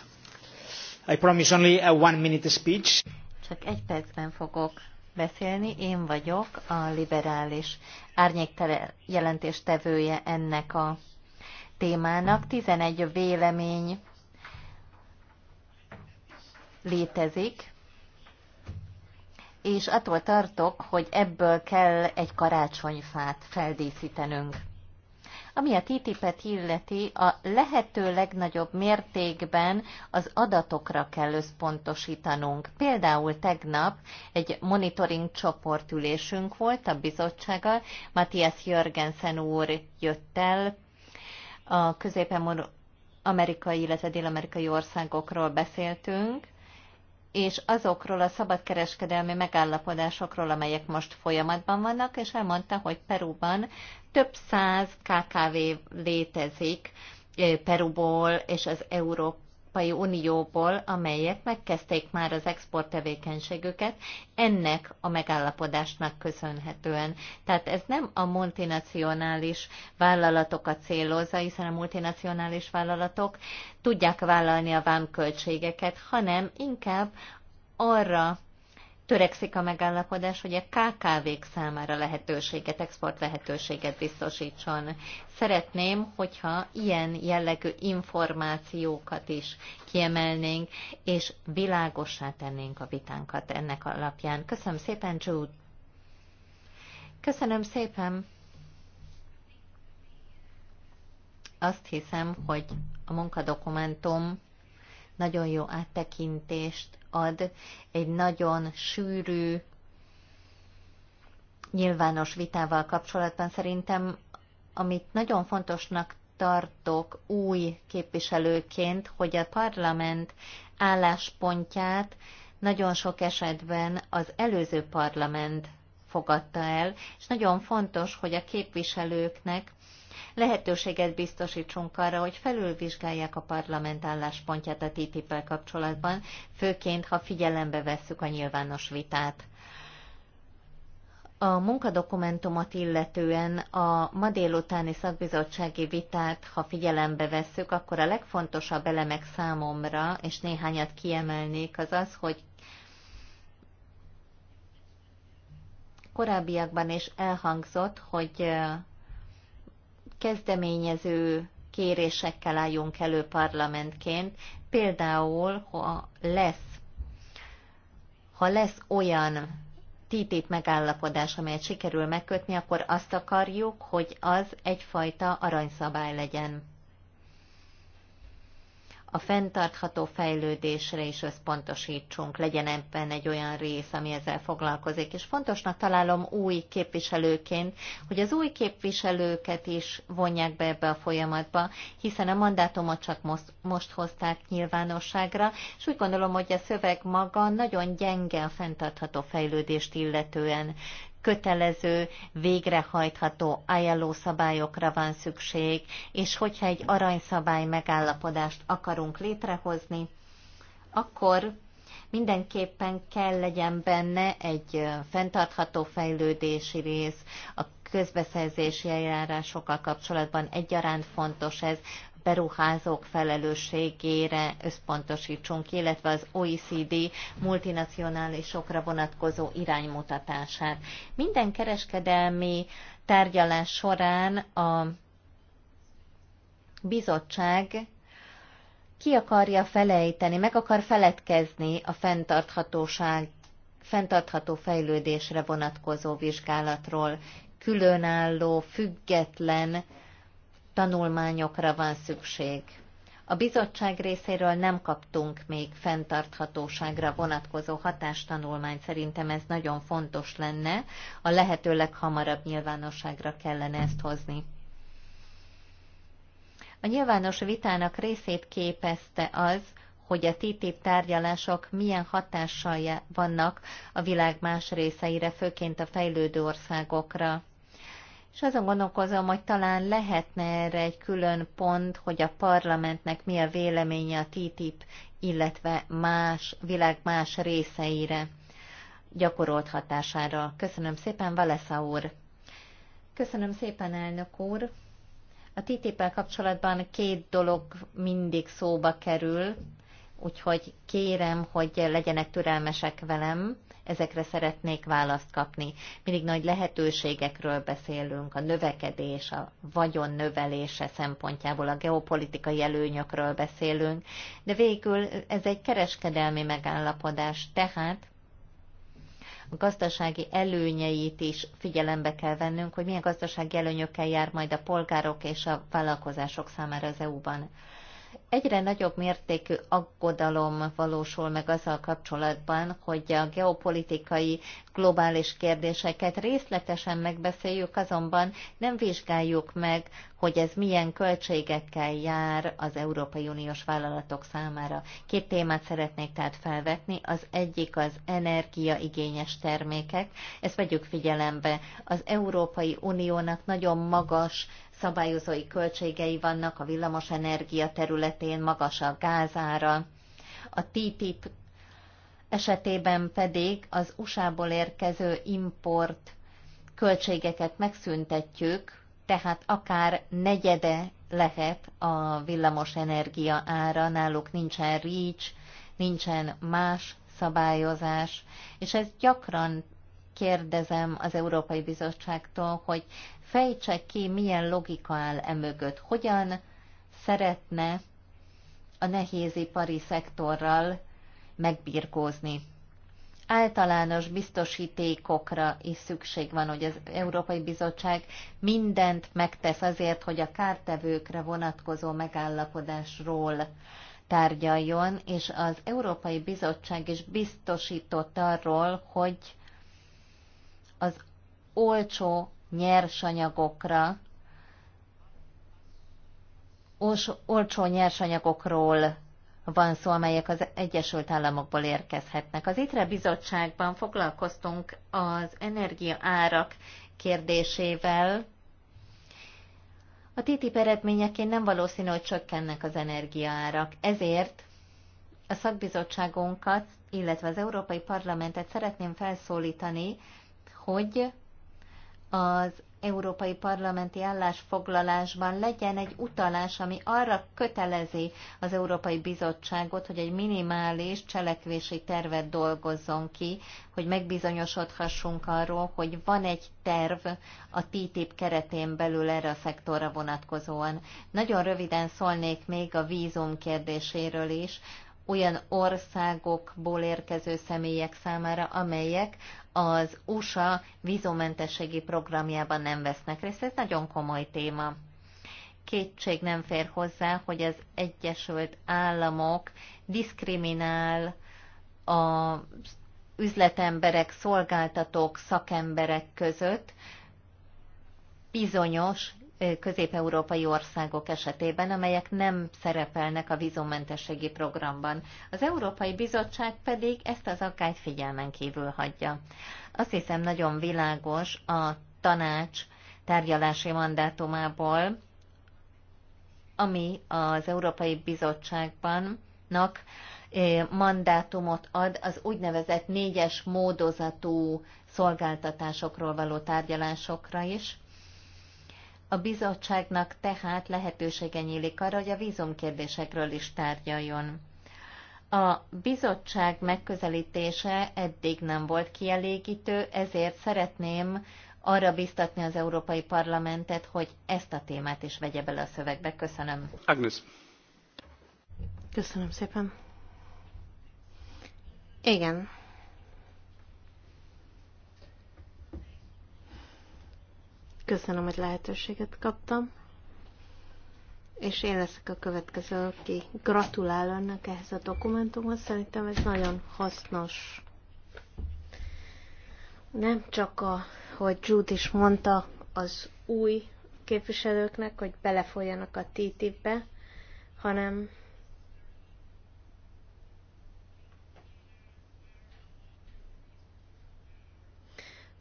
I promise only a one minute speech. Csak egy percben fogok beszélni. Én vagyok a liberális árnyéktele jelentéstevője ennek a témának. 11 vélemény létezik és attól tartok, hogy ebből kell egy karácsonyfát feldíszítenünk. Ami a TTIP-et illeti, a lehető legnagyobb mértékben az adatokra kell összpontosítanunk. Például tegnap egy monitoring csoportülésünk volt a bizottsággal, Matthias Jörgensen úr jött el, a közép-amerikai, illetve dél-amerikai országokról beszéltünk, és azokról a szabadkereskedelmi megállapodásokról, amelyek most folyamatban vannak, és elmondta, hogy Perúban több száz KKV létezik eh, Perúból és az Európa Európai Unióból, amelyek megkezdték már az export tevékenységüket, ennek a megállapodásnak köszönhetően. Tehát ez nem a multinacionális vállalatokat célozza, hiszen a multinacionális vállalatok tudják vállalni a vámköltségeket, hanem inkább arra törekszik a megállapodás, hogy a KKV-k számára lehetőséget, export lehetőséget biztosítson. Szeretném, hogyha ilyen jellegű információkat is kiemelnénk, és világossá tennénk a vitánkat ennek alapján. Köszönöm szépen, Jude! Köszönöm szépen! Azt hiszem, hogy a munkadokumentum nagyon jó áttekintést ad egy nagyon sűrű, nyilvános vitával kapcsolatban. Szerintem, amit nagyon fontosnak tartok új képviselőként, hogy a parlament álláspontját nagyon sok esetben az előző parlament fogadta el, és nagyon fontos, hogy a képviselőknek lehetőséget biztosítsunk arra, hogy felülvizsgálják a parlament álláspontját a TTIP-el kapcsolatban, főként, ha figyelembe vesszük a nyilvános vitát. A munkadokumentumot illetően a ma délutáni szakbizottsági vitát, ha figyelembe vesszük, akkor a legfontosabb elemek számomra, és néhányat kiemelnék, az az, hogy korábbiakban is elhangzott, hogy kezdeményező kérésekkel álljunk elő parlamentként, például ha lesz, ha lesz olyan TTIP megállapodás, amelyet sikerül megkötni, akkor azt akarjuk, hogy az egyfajta aranyszabály legyen a fenntartható fejlődésre is összpontosítsunk, legyen ebben egy olyan rész, ami ezzel foglalkozik. És fontosnak találom új képviselőként, hogy az új képviselőket is vonják be ebbe a folyamatba, hiszen a mandátumot csak most, most hozták nyilvánosságra, és úgy gondolom, hogy a szöveg maga nagyon gyenge a fenntartható fejlődést illetően kötelező, végrehajtható ajánló szabályokra van szükség, és hogyha egy aranyszabály megállapodást akarunk létrehozni, akkor mindenképpen kell legyen benne egy fenntartható fejlődési rész, a közbeszerzési eljárásokkal kapcsolatban egyaránt fontos ez, beruházók felelősségére összpontosítsunk, illetve az OECD multinacionálisokra vonatkozó iránymutatását. Minden kereskedelmi tárgyalás során a bizottság ki akarja felejteni, meg akar feledkezni a fenntarthatóság, fenntartható fejlődésre vonatkozó vizsgálatról, különálló, független tanulmányokra van szükség. A bizottság részéről nem kaptunk még fenntarthatóságra vonatkozó hatástanulmányt, szerintem ez nagyon fontos lenne, a lehető leghamarabb nyilvánosságra kellene ezt hozni. A nyilvános vitának részét képezte az, hogy a TTIP tárgyalások milyen hatással vannak a világ más részeire, főként a fejlődő országokra és azon gondolkozom, hogy talán lehetne erre egy külön pont, hogy a parlamentnek mi a véleménye a TTIP, illetve más, világ más részeire gyakorolt hatására. Köszönöm szépen, Valesza úr! Köszönöm szépen, elnök úr! A ttip kapcsolatban két dolog mindig szóba kerül, úgyhogy kérem, hogy legyenek türelmesek velem ezekre szeretnék választ kapni. Mindig nagy lehetőségekről beszélünk, a növekedés, a vagyon növelése szempontjából, a geopolitikai előnyökről beszélünk, de végül ez egy kereskedelmi megállapodás, tehát a gazdasági előnyeit is figyelembe kell vennünk, hogy milyen gazdasági előnyökkel jár majd a polgárok és a vállalkozások számára az EU-ban egyre nagyobb mértékű aggodalom valósul meg azzal kapcsolatban, hogy a geopolitikai, globális kérdéseket részletesen megbeszéljük, azonban nem vizsgáljuk meg, hogy ez milyen költségekkel jár az Európai Uniós vállalatok számára. Két témát szeretnék tehát felvetni. Az egyik az energiaigényes termékek. Ezt vegyük figyelembe. Az Európai Uniónak nagyon magas szabályozói költségei vannak a villamosenergia területén, magas a gázára. A TTIP esetében pedig az USA-ból érkező import költségeket megszüntetjük, tehát akár negyede lehet a villamosenergia ára, náluk nincsen REACH, nincsen más szabályozás, és ezt gyakran kérdezem az Európai Bizottságtól, hogy fejtse ki, milyen logika áll emögött, hogyan szeretne a nehézipari szektorral megbirkózni. Általános biztosítékokra is szükség van, hogy az Európai Bizottság mindent megtesz azért, hogy a kártevőkre vonatkozó megállapodásról tárgyaljon, és az Európai Bizottság is biztosított arról, hogy az olcsó nyersanyagokra, olcsó nyersanyagokról van szó, amelyek az Egyesült Államokból érkezhetnek. Az ITRE bizottságban foglalkoztunk az energiaárak kérdésével. A TTIP eredményeként nem valószínű, hogy csökkennek az energiaárak. Ezért a szakbizottságunkat, illetve az Európai Parlamentet szeretném felszólítani, hogy az Európai Parlamenti állásfoglalásban legyen egy utalás, ami arra kötelezi az Európai Bizottságot, hogy egy minimális cselekvési tervet dolgozzon ki, hogy megbizonyosodhassunk arról, hogy van egy terv a TTIP keretén belül erre a szektorra vonatkozóan. Nagyon röviden szólnék még a vízum kérdéséről is, olyan országokból érkező személyek számára, amelyek az USA vízumentességi programjában nem vesznek részt. Ez nagyon komoly téma. Kétség nem fér hozzá, hogy az Egyesült Államok diszkriminál a üzletemberek, szolgáltatók, szakemberek között bizonyos közép-európai országok esetében, amelyek nem szerepelnek a vízummentességi programban. Az Európai Bizottság pedig ezt az aggályt figyelmen kívül hagyja. Azt hiszem nagyon világos a tanács tárgyalási mandátumából, ami az Európai bizottságbannak eh, mandátumot ad az úgynevezett négyes módozatú szolgáltatásokról való tárgyalásokra is. A bizottságnak tehát lehetősége nyílik arra, hogy a vízumkérdésekről is tárgyaljon. A bizottság megközelítése eddig nem volt kielégítő, ezért szeretném arra biztatni az Európai Parlamentet, hogy ezt a témát is vegye bele a szövegbe. Köszönöm. Agnes. Köszönöm szépen. Igen, Köszönöm, hogy lehetőséget kaptam. És én leszek a következő, aki gratulál önnek ehhez a dokumentumhoz. Szerintem ez nagyon hasznos. Nem csak a, hogy Jude is mondta, az új képviselőknek, hogy belefoljanak a TTIP-be, hanem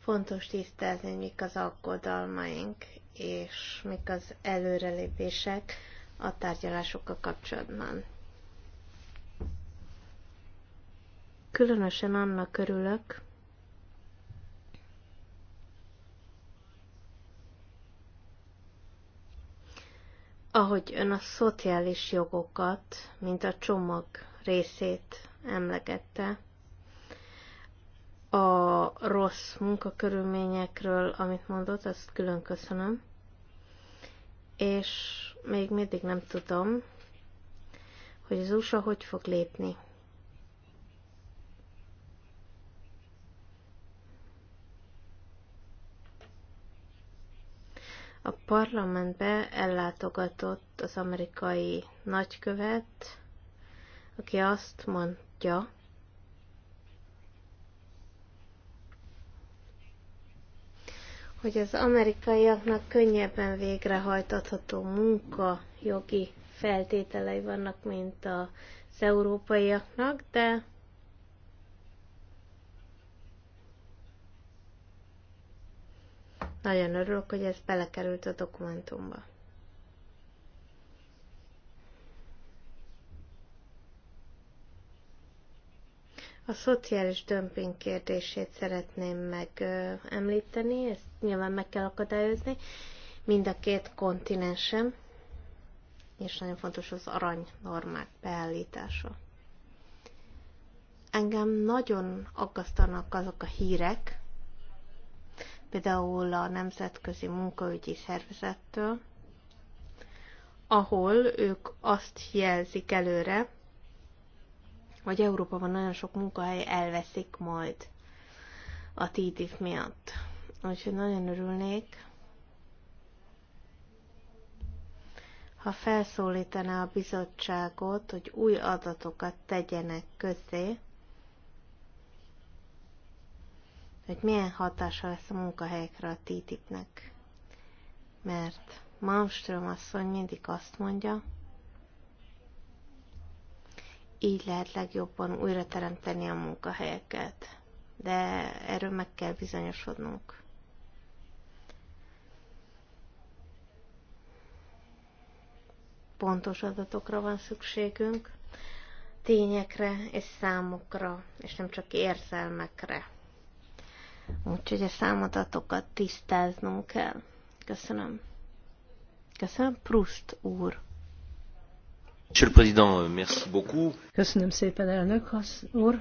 Fontos tisztázni, hogy mik az aggodalmaink, és mik az előrelépések a tárgyalásokkal kapcsolatban. Különösen annak örülök, ahogy ön a szociális jogokat, mint a csomag részét emlegette, a rossz munkakörülményekről, amit mondott, azt külön köszönöm. És még mindig nem tudom, hogy az USA hogy fog lépni. A parlamentbe ellátogatott az amerikai nagykövet, aki azt mondja, hogy az amerikaiaknak könnyebben végrehajtatható munka jogi feltételei vannak, mint az európaiaknak, de nagyon örülök, hogy ez belekerült a dokumentumba. A szociális dömping kérdését szeretném megemlíteni, ezt nyilván meg kell akadályozni, mind a két kontinensen, és nagyon fontos az arany normák beállítása. Engem nagyon aggasztanak azok a hírek, például a Nemzetközi Munkaügyi Szervezettől, ahol ők azt jelzik előre, hogy Európában nagyon sok munkahely elveszik majd a TTIP miatt. Úgyhogy nagyon örülnék, ha felszólítaná a bizottságot, hogy új adatokat tegyenek közé, hogy milyen hatása lesz a munkahelyekre a TTIP-nek. Mert Malmström asszony mindig azt mondja, így lehet legjobban újra teremteni a munkahelyeket. De erről meg kell bizonyosodnunk. Pontos adatokra van szükségünk, tényekre és számokra, és nem csak érzelmekre. Úgyhogy a számadatokat tisztáznunk kell. Köszönöm. Köszönöm, Prust úr. Euh, Köszönöm szépen, elnök úr.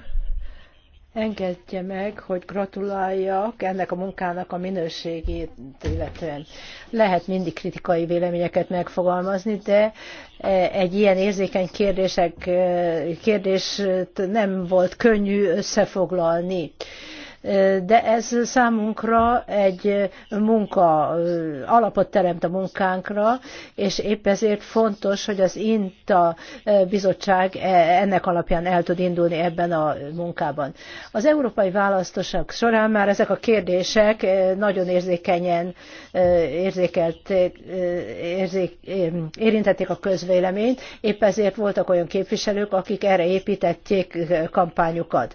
Engedje meg, hogy gratuláljak ennek a munkának a minőségét illetően. Lehet mindig kritikai véleményeket megfogalmazni, de e, egy ilyen érzékeny kérdések, e, kérdést nem volt könnyű összefoglalni de ez számunkra egy munka, alapot teremt a munkánkra, és épp ezért fontos, hogy az INTA bizottság e, ennek alapján el tud indulni ebben a munkában. Az európai választások során már ezek a kérdések e, nagyon érzékenyen e, érzékelt, érzék, érintették a közvéleményt, épp ezért voltak olyan képviselők, akik erre építették kampányukat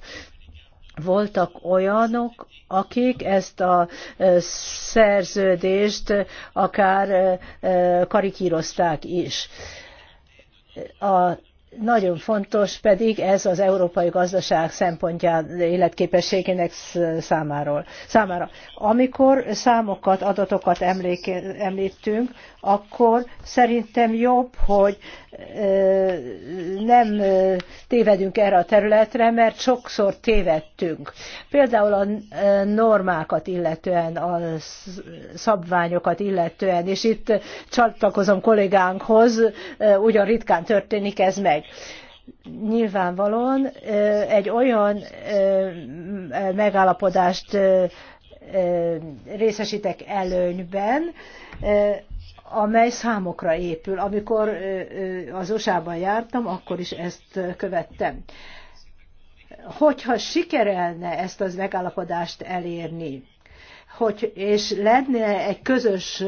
voltak olyanok, akik ezt a e, szerződést akár e, e, karikírozták is. A nagyon fontos pedig ez az európai gazdaság szempontjá életképességének számáról, számára. Amikor számokat, adatokat említünk, akkor szerintem jobb, hogy nem tévedünk erre a területre, mert sokszor tévedtünk. Például a normákat illetően, a szabványokat illetően, és itt csatlakozom kollégánkhoz, ugyan ritkán történik ez meg nyilvánvalóan egy olyan megállapodást részesítek előnyben, amely számokra épül. Amikor az USA-ban jártam, akkor is ezt követtem. Hogyha sikerelne ezt az megállapodást elérni, hogy, és lenne egy közös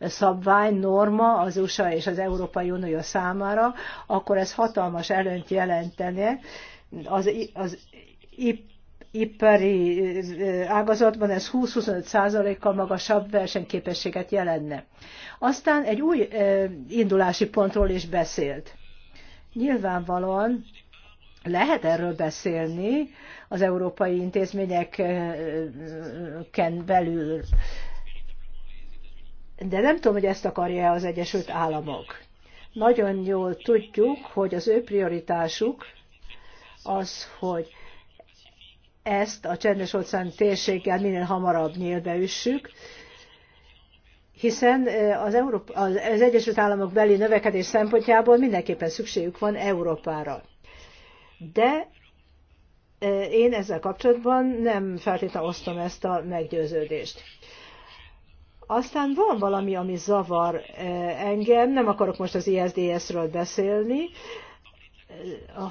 szabvány, norma az USA és az Európai Unió számára, akkor ez hatalmas előnyt jelentene az, az ipari ágazatban ez 20-25 százalékkal magasabb versenyképességet jelenne. Aztán egy új indulási pontról is beszélt. Nyilvánvalóan lehet erről beszélni az európai intézményeken belül, de nem tudom, hogy ezt akarja az Egyesült Államok. Nagyon jól tudjuk, hogy az ő prioritásuk az, hogy ezt a csendes óceán térséggel minél hamarabb nyílbeüssük, hiszen az, Európa, az Egyesült Államok beli növekedés szempontjából mindenképpen szükségük van Európára. De én ezzel kapcsolatban nem feltétlenül osztom ezt a meggyőződést. Aztán van valami, ami zavar engem, nem akarok most az ISDS-ről beszélni,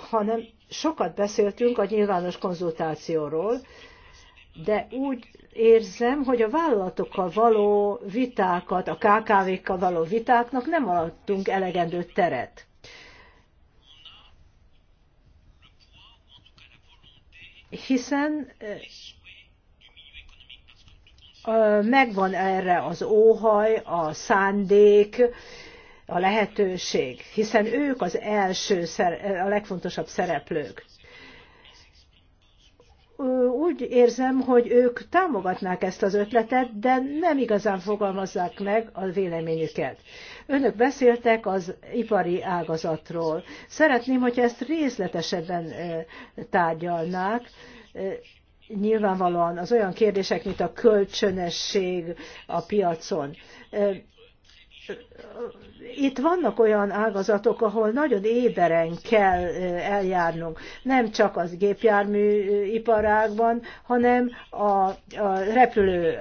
hanem sokat beszéltünk a nyilvános konzultációról, de úgy érzem, hogy a vállalatokkal való vitákat, a KKV-kkal való vitáknak nem adtunk elegendő teret. Hiszen megvan erre az óhaj, a szándék, a lehetőség, hiszen ők az első, a legfontosabb szereplők úgy érzem, hogy ők támogatnák ezt az ötletet, de nem igazán fogalmazzák meg a véleményüket. Önök beszéltek az ipari ágazatról. Szeretném, hogy ezt részletesebben tárgyalnák. Nyilvánvalóan az olyan kérdések, mint a kölcsönesség a piacon itt vannak olyan ágazatok, ahol nagyon éberen kell eljárnunk, nem csak az gépjárműiparágban, hanem a, a repülő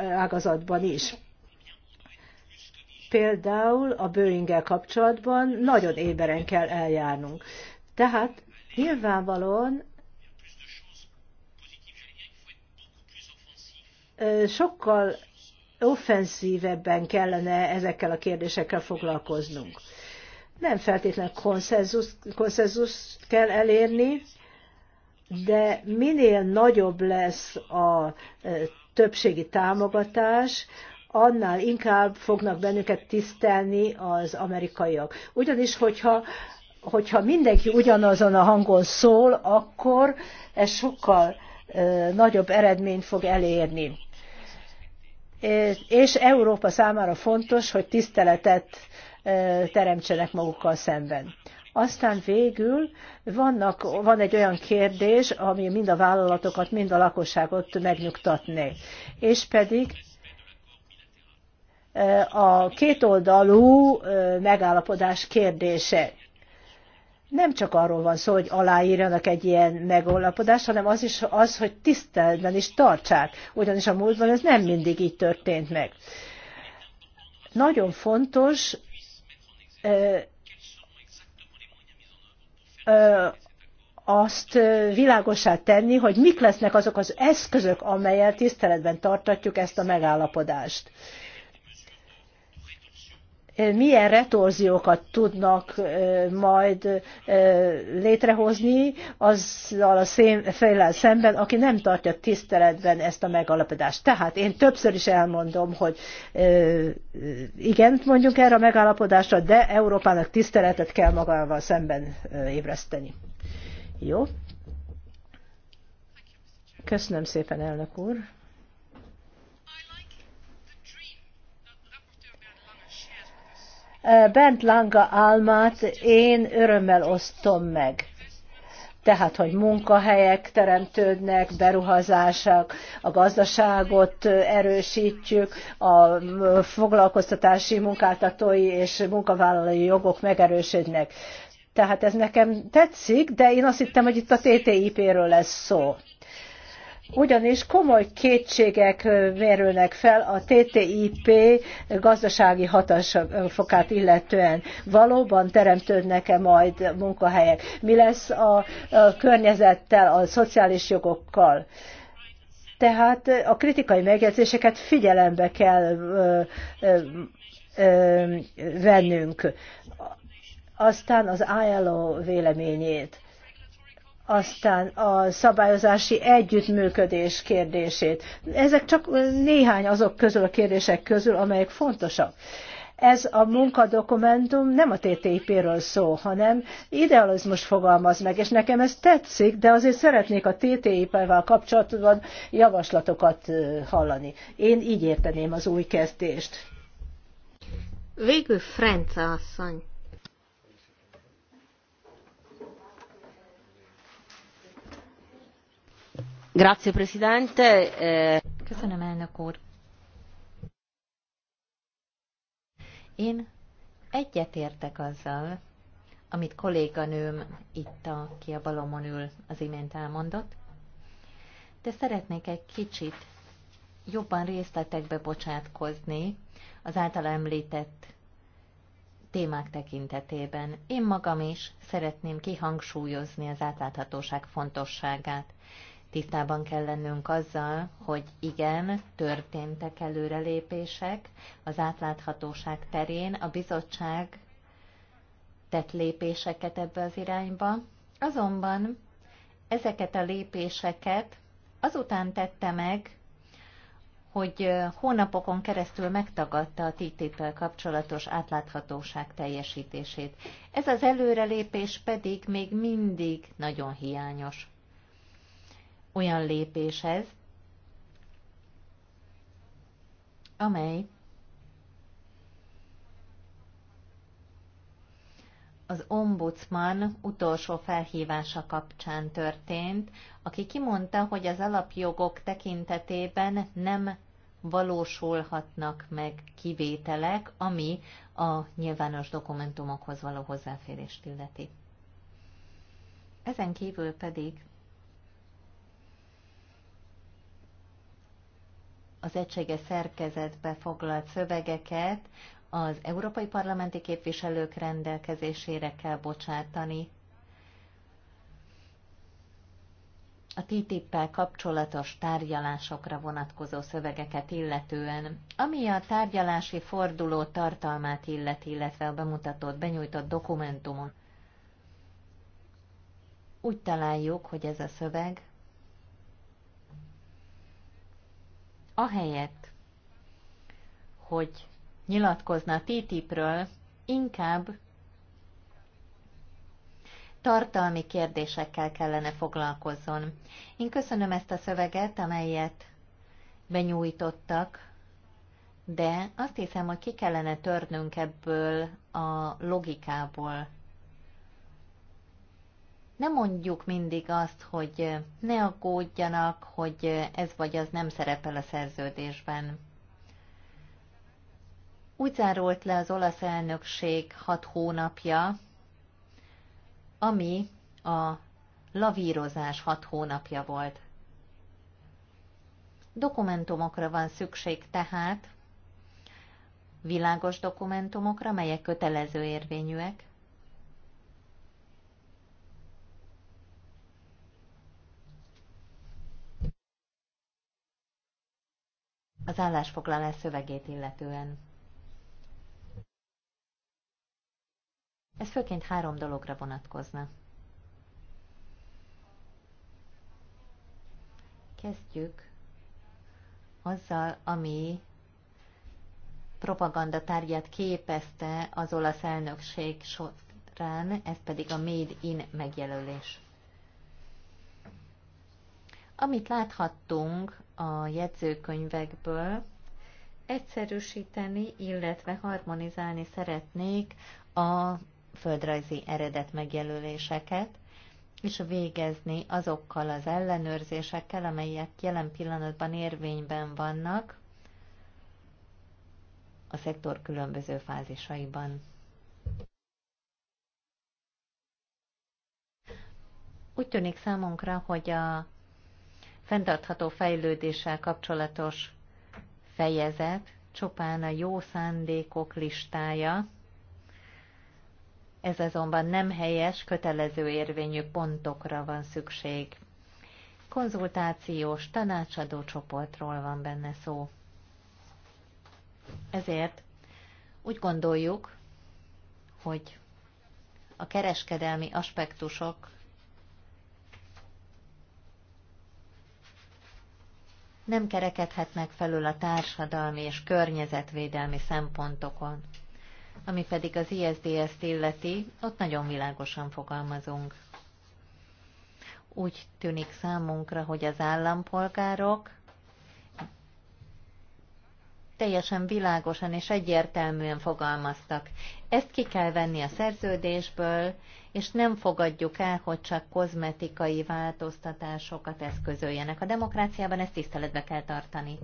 ágazatban is. Például a boeing kapcsolatban nagyon éberen kell eljárnunk. Tehát nyilvánvalóan sokkal offenszívebben kellene ezekkel a kérdésekkel foglalkoznunk. Nem feltétlenül konszenzus, konszenzus kell elérni, de minél nagyobb lesz a e, többségi támogatás, annál inkább fognak bennünket tisztelni az amerikaiak. Ugyanis, hogyha, hogyha mindenki ugyanazon a hangon szól, akkor ez sokkal e, nagyobb eredményt fog elérni és Európa számára fontos, hogy tiszteletet teremtsenek magukkal szemben. Aztán végül vannak, van egy olyan kérdés, ami mind a vállalatokat, mind a lakosságot megnyugtatné. És pedig a kétoldalú megállapodás kérdése nem csak arról van szó, hogy aláírjanak egy ilyen megállapodást, hanem az is az, hogy tiszteletben is tartsák, ugyanis a múltban ez nem mindig így történt meg. Nagyon fontos azt világosá tenni, hogy mik lesznek azok az eszközök, amelyel tiszteletben tartatjuk ezt a megállapodást milyen retorziókat tudnak majd létrehozni azzal a fejlel szemben, aki nem tartja tiszteletben ezt a megállapodást. Tehát én többször is elmondom, hogy igen, mondjuk erre a megalapodásra, de Európának tiszteletet kell magával szemben ébreszteni. Jó? Köszönöm szépen, elnök úr. Bent Langa álmát én örömmel osztom meg. Tehát, hogy munkahelyek teremtődnek, beruházások, a gazdaságot erősítjük, a foglalkoztatási munkáltatói és munkavállalói jogok megerősödnek. Tehát ez nekem tetszik, de én azt hittem, hogy itt a TTIP-ről lesz szó. Ugyanis komoly kétségek merülnek fel a TTIP gazdasági hatásfokát illetően. Valóban teremtődnek-e majd munkahelyek? Mi lesz a környezettel, a szociális jogokkal? Tehát a kritikai megjegyzéseket figyelembe kell vennünk. Aztán az ILO véleményét aztán a szabályozási együttműködés kérdését. Ezek csak néhány azok közül a kérdések közül, amelyek fontosak. Ez a munkadokumentum nem a TTIP-ről szó, hanem idealizmus fogalmaz meg, és nekem ez tetszik, de azért szeretnék a TTIP-vel kapcsolatban javaslatokat hallani. Én így érteném az új kezdést. Végül Frenca asszony. Eh, Én egyetértek azzal, amit kolléganőm itt, aki a balomon ül, az imént elmondott, de szeretnék egy kicsit jobban részletekbe bocsátkozni az által említett témák tekintetében. Én magam is szeretném kihangsúlyozni az átláthatóság fontosságát tisztában kell lennünk azzal, hogy igen, történtek előrelépések az átláthatóság terén, a bizottság tett lépéseket ebbe az irányba, azonban ezeket a lépéseket azután tette meg, hogy hónapokon keresztül megtagadta a ttip el kapcsolatos átláthatóság teljesítését. Ez az előrelépés pedig még mindig nagyon hiányos olyan lépéshez, amely az ombudsman utolsó felhívása kapcsán történt, aki kimondta, hogy az alapjogok tekintetében nem valósulhatnak meg kivételek, ami a nyilvános dokumentumokhoz való hozzáférést illeti. Ezen kívül pedig az egységes szerkezetbe foglalt szövegeket az európai parlamenti képviselők rendelkezésére kell bocsátani. a TTIP-pel kapcsolatos tárgyalásokra vonatkozó szövegeket illetően, ami a tárgyalási forduló tartalmát illeti, illetve a bemutatott, benyújtott dokumentumot. Úgy találjuk, hogy ez a szöveg ahelyett, hogy nyilatkozna a TTIP-ről, inkább tartalmi kérdésekkel kellene foglalkozzon. Én köszönöm ezt a szöveget, amelyet benyújtottak, de azt hiszem, hogy ki kellene törnünk ebből a logikából ne mondjuk mindig azt, hogy ne aggódjanak, hogy ez vagy az nem szerepel a szerződésben. Úgy zárult le az olasz elnökség hat hónapja, ami a lavírozás hat hónapja volt. Dokumentumokra van szükség tehát, világos dokumentumokra, melyek kötelező érvényűek, az állásfoglalás szövegét illetően. Ez főként három dologra vonatkozna. Kezdjük azzal, ami propaganda tárgyát képezte az olasz elnökség során, ez pedig a Made in megjelölés. Amit láthattunk a jegyzőkönyvekből, egyszerűsíteni, illetve harmonizálni szeretnék a földrajzi eredet megjelöléseket, és végezni azokkal az ellenőrzésekkel, amelyek jelen pillanatban érvényben vannak a szektor különböző fázisaiban. Úgy tűnik számunkra, hogy a fenntartható fejlődéssel kapcsolatos fejezet csupán a jó szándékok listája, ez azonban nem helyes, kötelező érvényű pontokra van szükség. Konzultációs tanácsadó csoportról van benne szó. Ezért úgy gondoljuk, hogy a kereskedelmi aspektusok nem kerekedhetnek felül a társadalmi és környezetvédelmi szempontokon. Ami pedig az ISDS-t illeti, ott nagyon világosan fogalmazunk. Úgy tűnik számunkra, hogy az állampolgárok teljesen világosan és egyértelműen fogalmaztak. Ezt ki kell venni a szerződésből, és nem fogadjuk el, hogy csak kozmetikai változtatásokat eszközöljenek. A demokráciában ezt tiszteletbe kell tartani.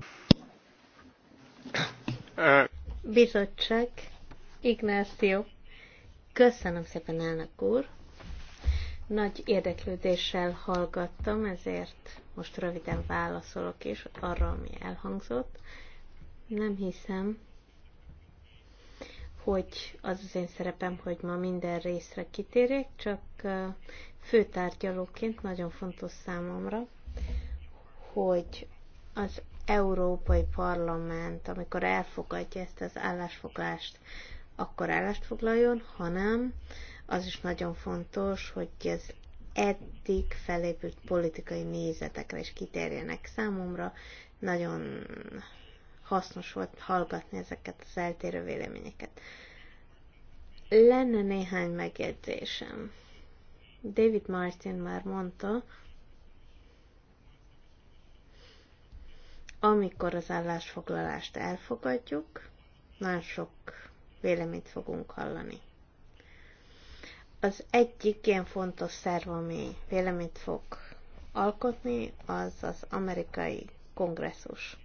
Bizottság, Ignácio. Köszönöm szépen, elnök úr. Nagy érdeklődéssel hallgattam, ezért most röviden válaszolok is arra, ami elhangzott. Nem hiszem, hogy az az én szerepem, hogy ma minden részre kitérjek, csak főtárgyalóként nagyon fontos számomra, hogy az Európai Parlament, amikor elfogadja ezt az állásfoglást, akkor állást foglaljon, hanem az is nagyon fontos, hogy az eddig felépült politikai nézetekre is kitérjenek számomra. Nagyon hasznos volt hallgatni ezeket az eltérő véleményeket. Lenne néhány megjegyzésem. David Martin már mondta, amikor az állásfoglalást elfogadjuk, nagyon sok véleményt fogunk hallani. Az egyik ilyen fontos szerv, ami véleményt fog alkotni, az az amerikai kongresszus.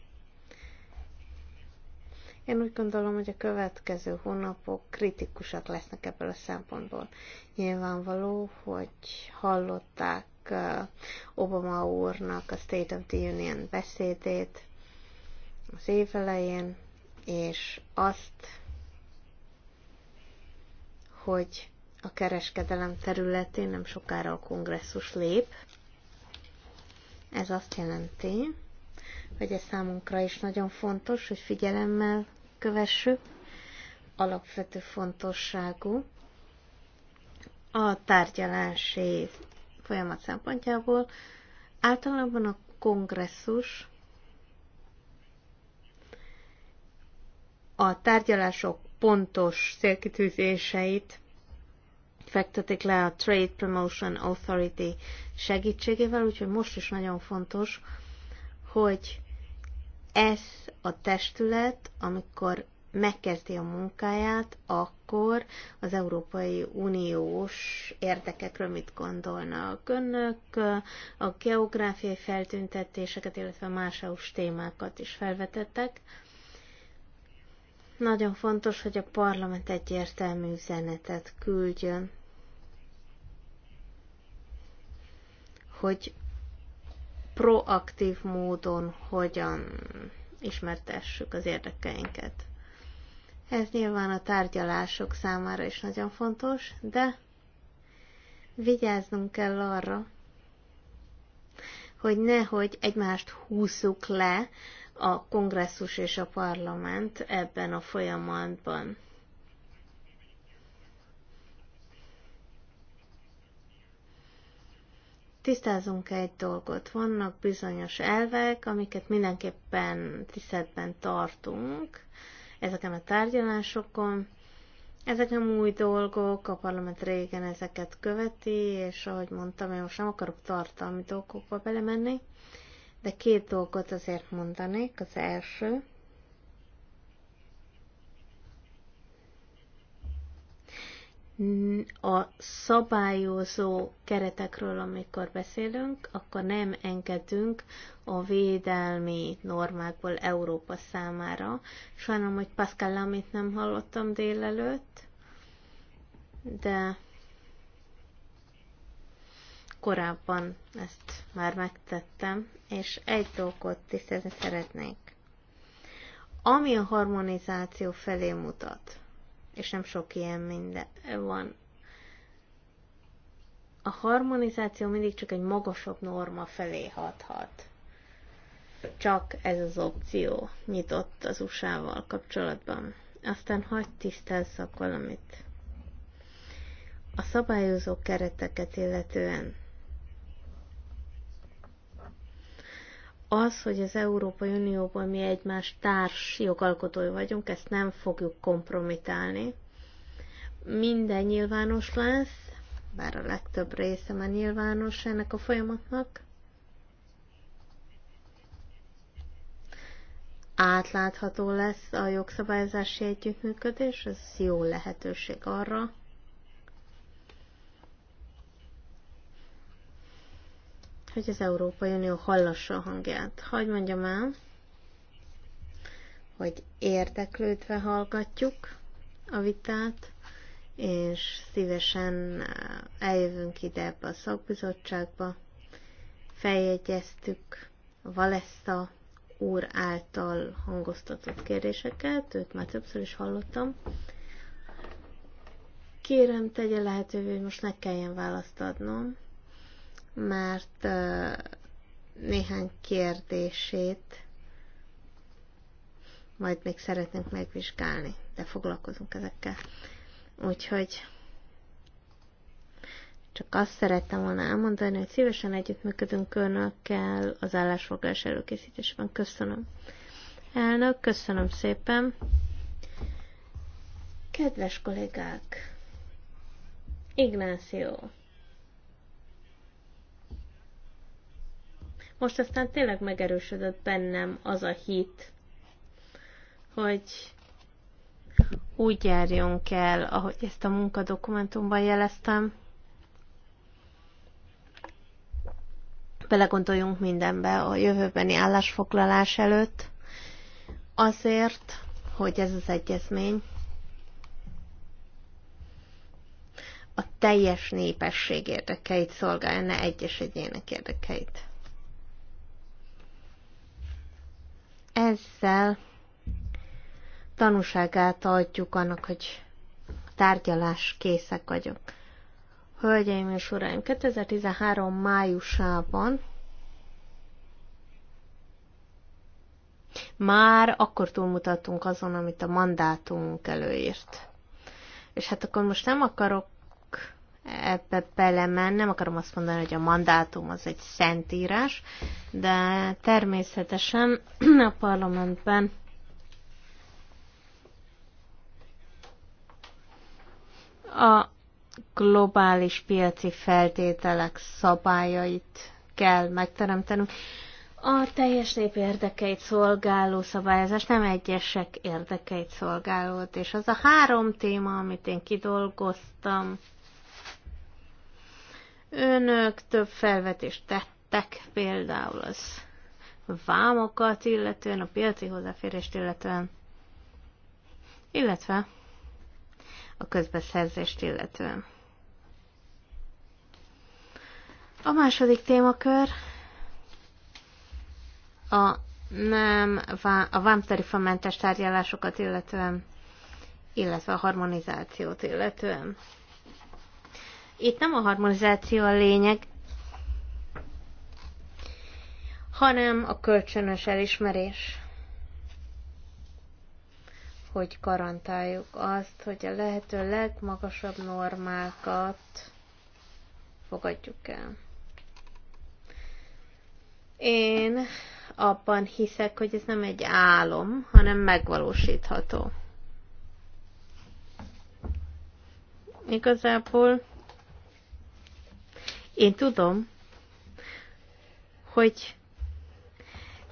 Én úgy gondolom, hogy a következő hónapok kritikusak lesznek ebből a szempontból. Nyilvánvaló, hogy hallották uh, Obama úrnak a State of the Union beszédét az év elején, és azt, hogy a kereskedelem területén nem sokára a kongresszus lép. Ez azt jelenti, hogy ez számunkra is nagyon fontos, hogy figyelemmel kövessük, alapvető fontosságú a tárgyalási folyamat szempontjából. Általában a kongresszus a tárgyalások pontos célkitűzéseit fektetik le a Trade Promotion Authority segítségével, úgyhogy most is nagyon fontos, hogy ez a testület, amikor megkezdi a munkáját, akkor az Európai Uniós érdekekről mit gondolnak önök, a geográfiai feltüntetéseket, illetve más eu témákat is felvetettek. Nagyon fontos, hogy a parlament egyértelmű üzenetet küldjön, hogy proaktív módon hogyan ismertessük az érdekeinket. Ez nyilván a tárgyalások számára is nagyon fontos, de vigyáznunk kell arra, hogy nehogy egymást húzzuk le a kongresszus és a parlament ebben a folyamatban. tisztázunk egy dolgot. Vannak bizonyos elvek, amiket mindenképpen tiszteletben tartunk ezeken a tárgyalásokon. Ezek nem új dolgok, a parlament régen ezeket követi, és ahogy mondtam, én most nem akarok tartalmi dolgokba belemenni, de két dolgot azért mondanék. Az első, a szabályozó keretekről, amikor beszélünk, akkor nem engedünk a védelmi normákból Európa számára. Sajnálom, hogy Pascal Lamit nem hallottam délelőtt, de korábban ezt már megtettem, és egy dolgot tisztelni szeretnék. Ami a harmonizáció felé mutat, és nem sok ilyen minden van. A harmonizáció mindig csak egy magasabb norma felé hathat. Csak ez az opció nyitott az USA-val kapcsolatban. Aztán hagyd tisztázzak valamit. A szabályozó kereteket illetően az, hogy az Európai Unióban mi egymás társ jogalkotói vagyunk, ezt nem fogjuk kompromitálni. Minden nyilvános lesz, bár a legtöbb része már nyilvános ennek a folyamatnak. Átlátható lesz a jogszabályozási együttműködés, ez jó lehetőség arra, hogy az Európai Unió hallassa a hangját. Hagy mondjam el, hogy érdeklődve hallgatjuk a vitát, és szívesen eh, eljövünk ide ebbe a szakbizottságba. Feljegyeztük Valessa úr által hangoztatott kérdéseket, őt már többször is hallottam. Kérem, tegye lehetővé, hogy most ne kelljen választ adnom mert néhány kérdését majd még szeretnénk megvizsgálni, de foglalkozunk ezekkel. Úgyhogy csak azt szerettem volna elmondani, hogy szívesen együttműködünk önökkel az állásfoglalás előkészítésben. Köszönöm. Elnök, köszönöm szépen. Kedves kollégák! Ignácio! Most aztán tényleg megerősödött bennem az a hit, hogy úgy járjon kell, ahogy ezt a munkadokumentumban jeleztem. Belegondoljunk mindenbe a jövőbeni állásfoglalás előtt, azért, hogy ez az egyezmény a teljes népesség érdekeit szolgálja, ne egyes egyének érdekeit. Ezzel tanúságát adjuk annak, hogy tárgyalás készek vagyok. Hölgyeim és uraim, 2013 májusában már akkor túlmutattunk azon, amit a mandátumunk előírt. És hát akkor most nem akarok ebbe belemen. Nem akarom azt mondani, hogy a mandátum az egy szentírás, de természetesen a parlamentben a globális piaci feltételek szabályait kell megteremtenünk. A teljes nép érdekeit szolgáló szabályozás nem egyesek érdekeit szolgáló, és az a három téma, amit én kidolgoztam, Önök több felvetést tettek, például az vámokat illetően, a piaci hozzáférést illetően, illetve a közbeszerzést illetően. A második témakör a nem a vámtarifamentes tárgyalásokat illetően, illetve a harmonizációt illetően. Itt nem a harmonizáció a lényeg, hanem a kölcsönös elismerés. Hogy garantáljuk azt, hogy a lehető legmagasabb normákat fogadjuk el. Én abban hiszek, hogy ez nem egy álom, hanem megvalósítható. Igazából én tudom, hogy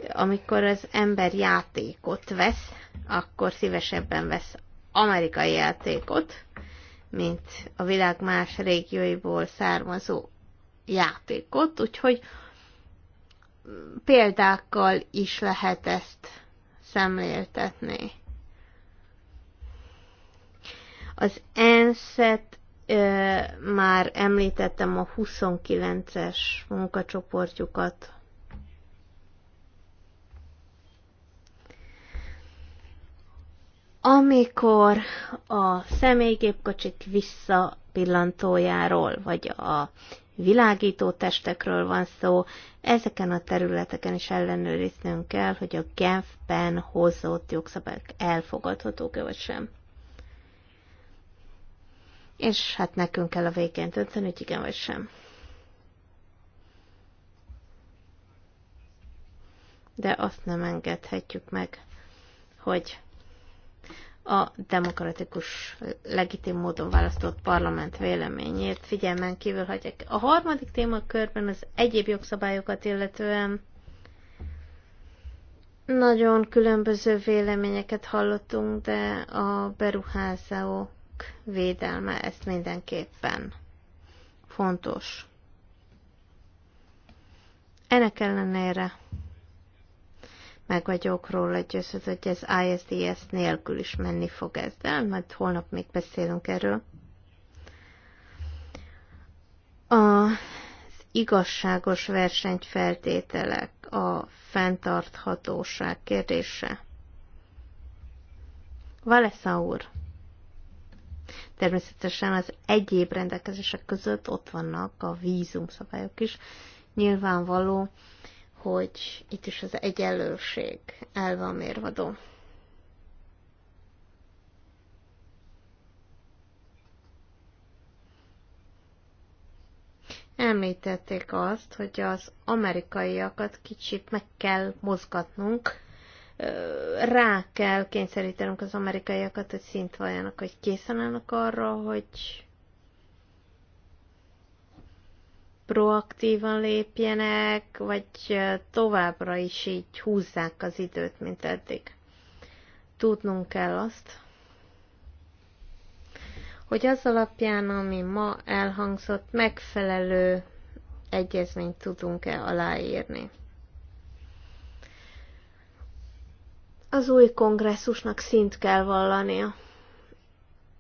amikor az ember játékot vesz, akkor szívesebben vesz amerikai játékot, mint a világ más régióiból származó játékot, úgyhogy példákkal is lehet ezt szemléltetni. Az ENSZ-et már említettem a 29-es munkacsoportjukat. Amikor a személygépkocsik visszapillantójáról, vagy a világító testekről van szó, ezeken a területeken is ellenőriznünk kell, hogy a Genfben hozott jogszabályok elfogadhatók-e vagy sem és hát nekünk kell a végén dönteni, hogy igen vagy sem. De azt nem engedhetjük meg, hogy a demokratikus, legitim módon választott parlament véleményét figyelmen kívül hagyják. A harmadik témakörben az egyéb jogszabályokat illetően nagyon különböző véleményeket hallottunk, de a beruházó védelme, ez mindenképpen fontos. Ennek ellenére meg vagyok róla győződve, hogy ez ISDS nélkül is menni fog ez, de majd holnap még beszélünk erről. Az igazságos versenyfeltételek, a fenntarthatóság kérdése. Valesza úr! Természetesen az egyéb rendelkezések között ott vannak a vízumszabályok is. Nyilvánvaló, hogy itt is az egyenlőség el van mérvadó. Említették azt, hogy az amerikaiakat kicsit meg kell mozgatnunk, rá kell kényszerítenünk az amerikaiakat, hogy szint valljanak, hogy készen állnak arra, hogy proaktívan lépjenek, vagy továbbra is így húzzák az időt, mint eddig. Tudnunk kell azt, hogy az alapján, ami ma elhangzott, megfelelő egyezményt tudunk-e aláírni. Az új kongresszusnak szint kell vallania,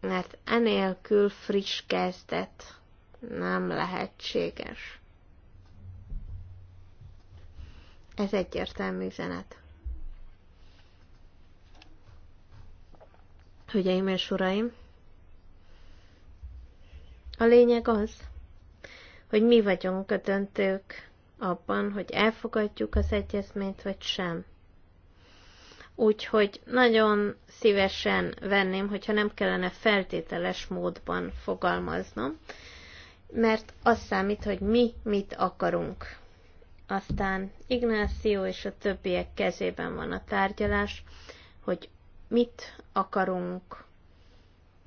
mert enélkül friss kezdet nem lehetséges. Ez egyértelmű üzenet. Hölgyeim és uraim, a lényeg az, hogy mi vagyunk a döntők abban, hogy elfogadjuk az egyezményt, vagy sem. Úgyhogy nagyon szívesen venném, hogyha nem kellene feltételes módban fogalmaznom, mert az számít, hogy mi mit akarunk. Aztán Ignáció és a többiek kezében van a tárgyalás, hogy mit akarunk.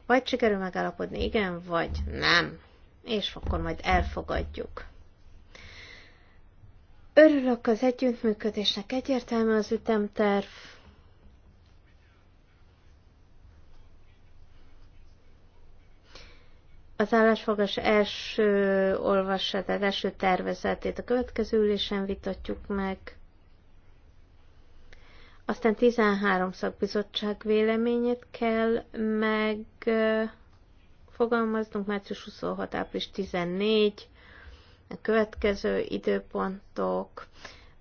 Vagy sikerül megállapodni, igen, vagy nem. És akkor majd elfogadjuk. Örülök az együttműködésnek, egyértelmű az ütemterv, az állásfogás első olvasatát, első tervezetét a következő ülésen vitatjuk meg. Aztán 13 szakbizottság véleményét kell meg fogalmaznunk, március 26, április 14, a következő időpontok,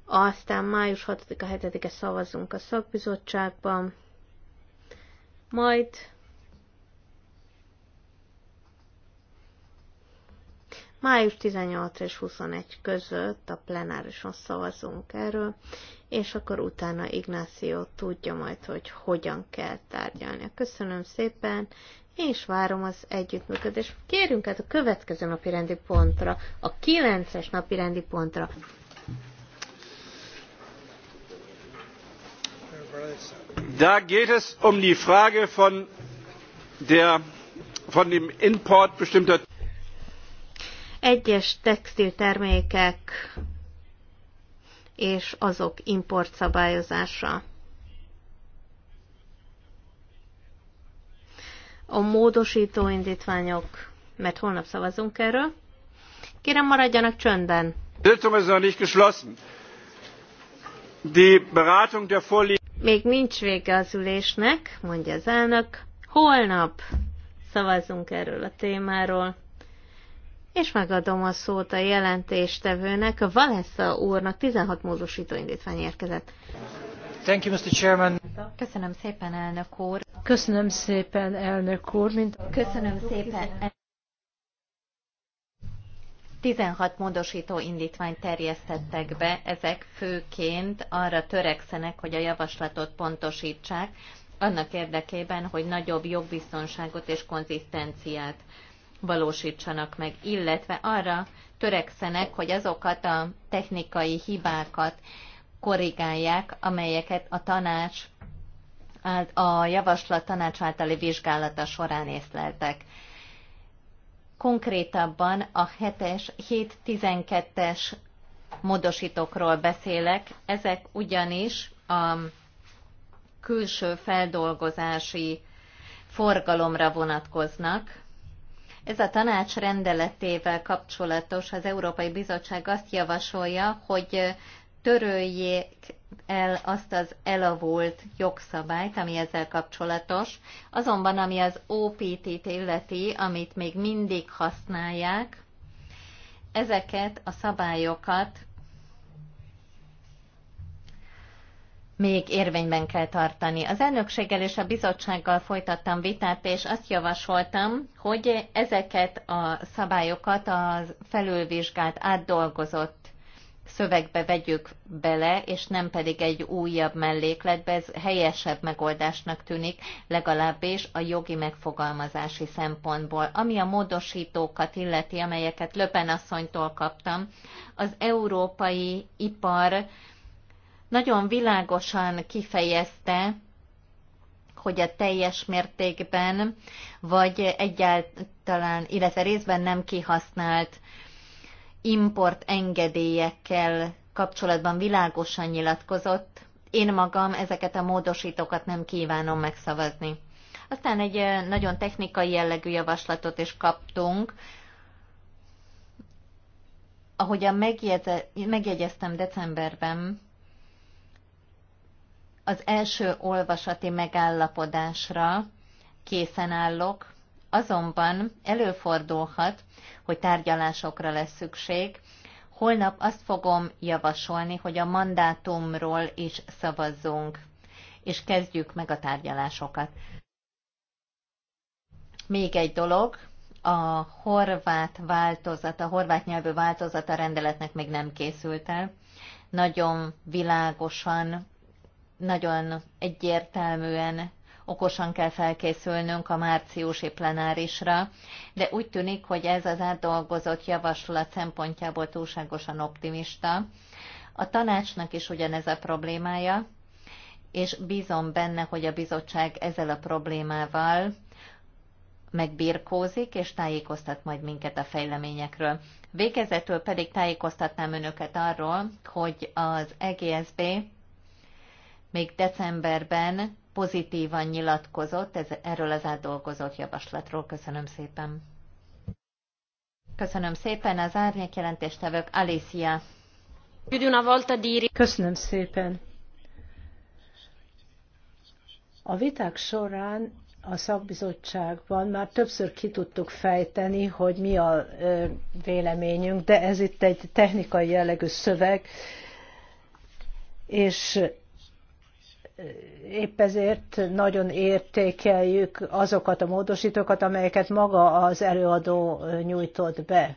aztán május 6-a, 7-e szavazunk a szakbizottságban, majd Május 18 és 21 között a plenárison szavazunk erről, és akkor utána Ignáció tudja majd, hogy hogyan kell tárgyalni. Köszönöm szépen, és várom az együttműködést. Kérjünk át a következő napi rendi pontra, a 9-es napi rendi pontra. Da geht es um die Frage von, der, von dem Import bestimmter egyes textiltermékek és azok importszabályozása. A módosító indítványok, mert holnap szavazunk erről. Kérem, maradjanak csöndben. Még nincs vége az ülésnek, mondja az elnök. Holnap szavazunk erről a témáról és megadom a szót a jelentéstevőnek, a Valessa úrnak 16 módosító indítvány érkezett. Thank you, Mr. Chairman. Köszönöm szépen, elnök úr. Köszönöm szépen, elnök úr. Mint... Köszönöm szépen. 16 módosító indítványt terjesztettek be, ezek főként arra törekszenek, hogy a javaslatot pontosítsák, annak érdekében, hogy nagyobb jogbiztonságot és konzisztenciát valósítsanak meg, illetve arra törekszenek, hogy azokat a technikai hibákat korrigálják, amelyeket a tanács hát a javaslat tanács általi vizsgálata során észleltek. Konkrétabban a 7-es, 7-12-es módosítókról beszélek, ezek ugyanis a külső feldolgozási forgalomra vonatkoznak, ez a tanács rendeletével kapcsolatos. Az Európai Bizottság azt javasolja, hogy töröljék el azt az elavult jogszabályt, ami ezzel kapcsolatos. Azonban, ami az OPT-t illeti, amit még mindig használják, ezeket a szabályokat még érvényben kell tartani. Az elnökséggel és a bizottsággal folytattam vitát, és azt javasoltam, hogy ezeket a szabályokat a felülvizsgált, átdolgozott szövegbe vegyük bele, és nem pedig egy újabb mellékletbe, ez helyesebb megoldásnak tűnik, legalábbis a jogi megfogalmazási szempontból. Ami a módosítókat illeti, amelyeket Löpen asszonytól kaptam, az európai ipar nagyon világosan kifejezte, hogy a teljes mértékben, vagy egyáltalán, illetve részben nem kihasznált import engedélyekkel kapcsolatban világosan nyilatkozott. Én magam ezeket a módosítókat nem kívánom megszavazni. Aztán egy nagyon technikai jellegű javaslatot is kaptunk. Ahogyan megjegyeztem decemberben, az első olvasati megállapodásra készen állok, azonban előfordulhat, hogy tárgyalásokra lesz szükség. Holnap azt fogom javasolni, hogy a mandátumról is szavazzunk, és kezdjük meg a tárgyalásokat. Még egy dolog, a horvát változat, a horvát nyelvű változat a rendeletnek még nem készült el. Nagyon világosan nagyon egyértelműen okosan kell felkészülnünk a márciusi plenárisra, de úgy tűnik, hogy ez az átdolgozott javaslat szempontjából túlságosan optimista. A tanácsnak is ugyanez a problémája, és bízom benne, hogy a bizottság ezzel a problémával megbirkózik, és tájékoztat majd minket a fejleményekről. Végezetül pedig tájékoztatnám önöket arról, hogy az EGSB még decemberben pozitívan nyilatkozott ez, erről az átdolgozott javaslatról. Köszönöm szépen. Köszönöm szépen az árnyék jelentéstevők. Alicia. Köszönöm szépen. A viták során a szakbizottságban már többször ki tudtuk fejteni, hogy mi a véleményünk, de ez itt egy technikai jellegű szöveg, és épp ezért nagyon értékeljük azokat a módosítókat, amelyeket maga az előadó nyújtott be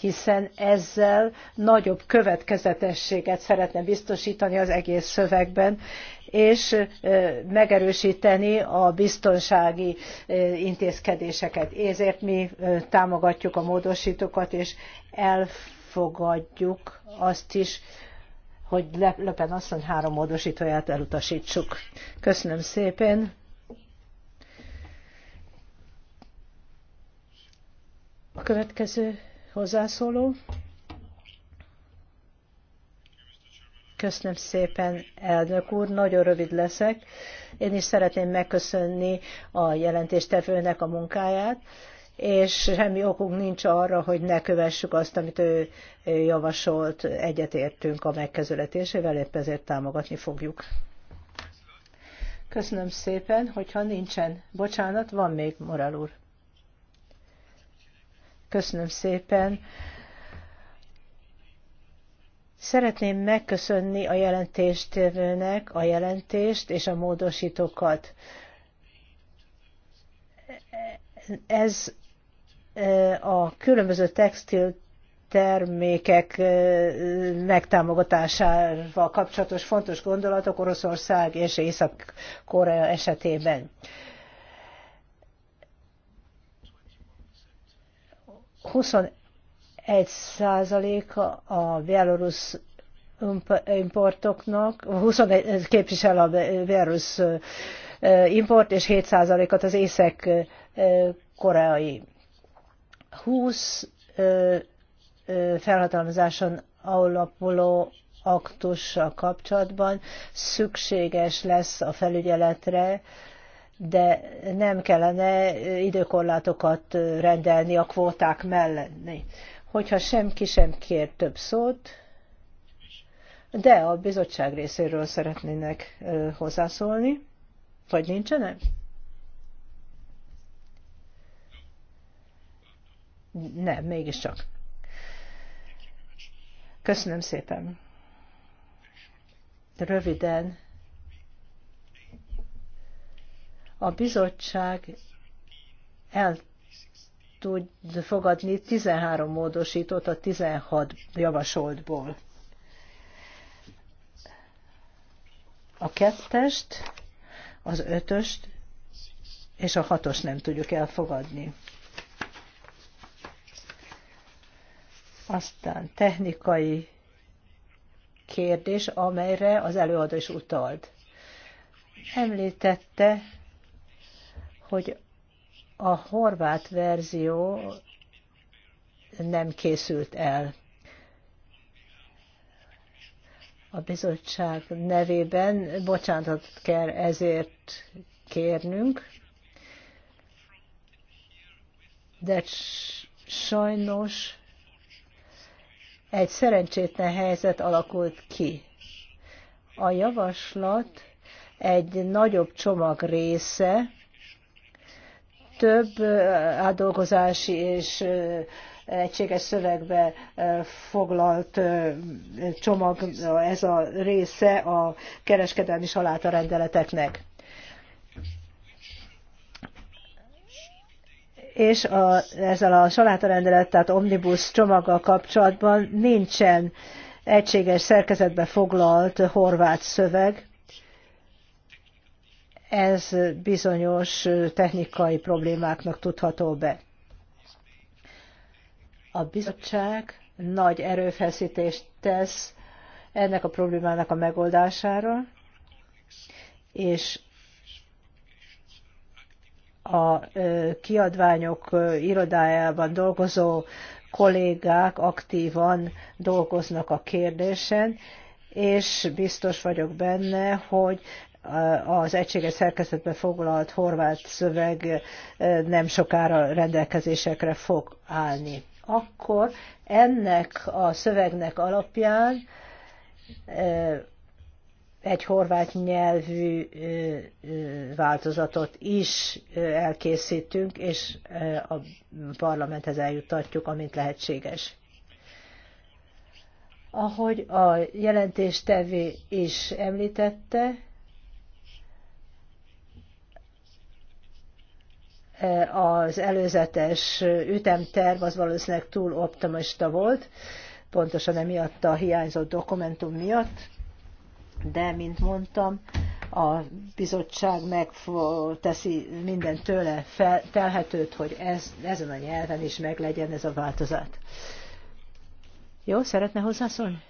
hiszen ezzel nagyobb következetességet szeretne biztosítani az egész szövegben, és megerősíteni a biztonsági intézkedéseket. Ezért mi támogatjuk a módosítókat, és elfogadjuk azt is, hogy Löpen asszony három módosítóját elutasítsuk. Köszönöm szépen. A következő hozzászóló. Köszönöm szépen, elnök úr, nagyon rövid leszek. Én is szeretném megköszönni a jelentéstevőnek a munkáját és semmi okunk nincs arra, hogy ne kövessük azt, amit ő javasolt, egyetértünk a megkezületésével, épp ezért támogatni fogjuk. Köszönöm szépen, hogyha nincsen. Bocsánat, van még, Morál úr. Köszönöm szépen. Szeretném megköszönni a jelentéstevőnek a jelentést és a módosítókat. Ez a különböző textil termékek megtámogatásával kapcsolatos fontos gondolatok Oroszország és Észak-Korea esetében. Huszon egy százaléka a belorusz importoknak, 21 képvisel a belorusz import, és 7 százalékat az észak-koreai. 20 felhatalmazáson alapuló aktussal kapcsolatban szükséges lesz a felügyeletre, de nem kellene időkorlátokat rendelni a kvóták mellenni. Hogyha semki sem kér több szót, de a bizottság részéről szeretnének hozzászólni, vagy nincsenek? Nem, mégiscsak. Köszönöm szépen. Röviden. A bizottság el tud fogadni 13 módosítót a 16 javasoltból. A kettest, az ötöst és a hatos nem tudjuk elfogadni. Aztán technikai kérdés, amelyre az előadó is utalt. Említette, hogy a horvát verzió nem készült el. A bizottság nevében bocsánatot kell ezért kérnünk, de sajnos egy szerencsétlen helyzet alakult ki. A javaslat egy nagyobb csomag része, több átdolgozási és egységes szövegbe foglalt csomag ez a része a kereskedelmi saláta rendeleteknek. és a, ezzel a salátarendelet, tehát omnibus csomaggal kapcsolatban nincsen egységes szerkezetbe foglalt horvát szöveg. Ez bizonyos technikai problémáknak tudható be. A bizottság nagy erőfeszítést tesz ennek a problémának a megoldására, és a kiadványok irodájában dolgozó kollégák aktívan dolgoznak a kérdésen, és biztos vagyok benne, hogy az egységes szerkezetbe foglalt horvát szöveg nem sokára rendelkezésekre fog állni. Akkor ennek a szövegnek alapján egy horvát nyelvű változatot is elkészítünk, és a parlamenthez eljutatjuk, amint lehetséges. Ahogy a jelentéstevő is említette, az előzetes ütemterv az valószínűleg túl optimista volt, pontosan emiatt a hiányzott dokumentum miatt de, mint mondtam, a bizottság megteszi minden tőle fel, telhetőt, hogy ez, ezen a nyelven is meglegyen ez a változat. Jó, szeretne hozzászólni?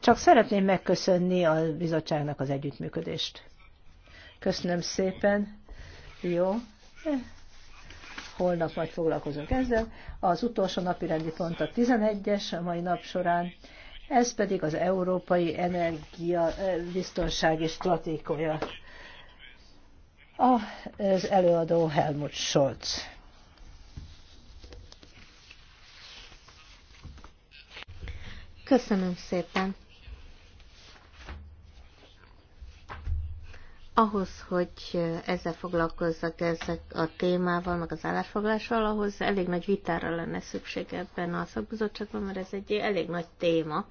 Csak szeretném megköszönni a bizottságnak az együttműködést. Köszönöm szépen. Jó. Holnap majd foglalkozunk ezzel. Az utolsó napi rendi pont a 11-es a mai nap során ez pedig az Európai Energia eh, Biztonsági Stratégia. Az ah, előadó Helmut Scholz. Köszönöm szépen. ahhoz, hogy ezzel foglalkozzak ezek a témával, meg az állásfoglással, ahhoz elég nagy vitára lenne szükség ebben a szakbizottságban, mert ez egy elég nagy téma.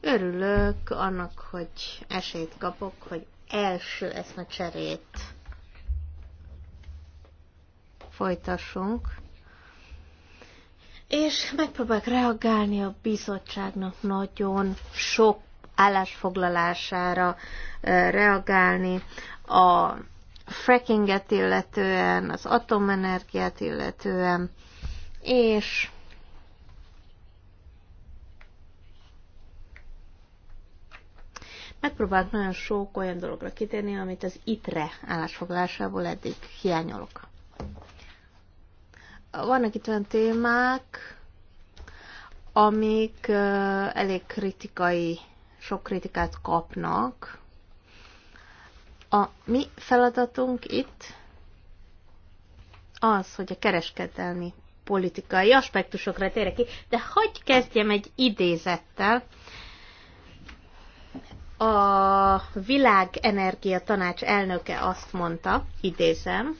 Örülök annak, hogy esélyt kapok, hogy első eszmecserét folytassunk és megpróbálok reagálni a bizottságnak nagyon sok állásfoglalására reagálni, a frackinget illetően, az atomenergiát illetően, és megpróbálok nagyon sok olyan dologra kitérni, amit az ITRE állásfoglalásából eddig hiányolok vannak itt olyan témák, amik elég kritikai, sok kritikát kapnak. A mi feladatunk itt az, hogy a kereskedelmi politikai aspektusokra térek ki, de hagyj kezdjem egy idézettel. A világenergia tanács elnöke azt mondta, idézem,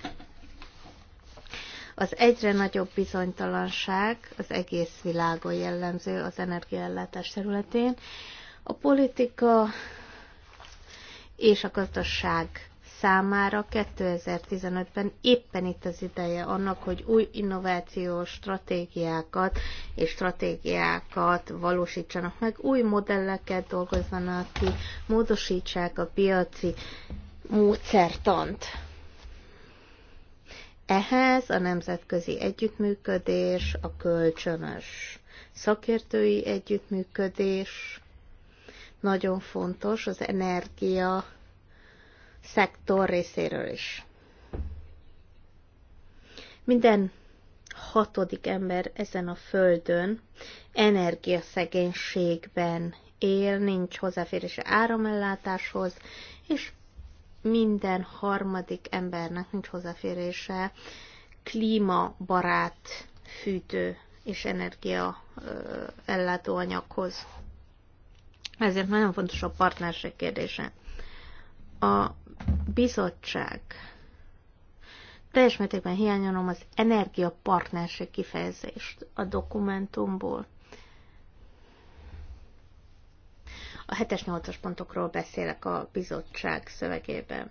az egyre nagyobb bizonytalanság az egész világon jellemző az energiaellátás területén. A politika és a gazdaság számára 2015-ben éppen itt az ideje annak, hogy új innovációs stratégiákat és stratégiákat valósítsanak meg, új modelleket dolgozzanak ki, módosítsák a piaci módszertant. Ehhez a nemzetközi együttműködés, a kölcsönös szakértői együttműködés nagyon fontos az energia szektor részéről is. Minden hatodik ember ezen a földön energiaszegénységben él, nincs hozzáférés áramellátáshoz, és minden harmadik embernek nincs hozzáférése klímabarát fűtő és energia ellátó anyaghoz. Ezért nagyon fontos a partnerség kérdése. A bizottság teljes mértékben hiányolom az energiapartnerség kifejezést a dokumentumból. A 7-es, 8-as pontokról beszélek a bizottság szövegében.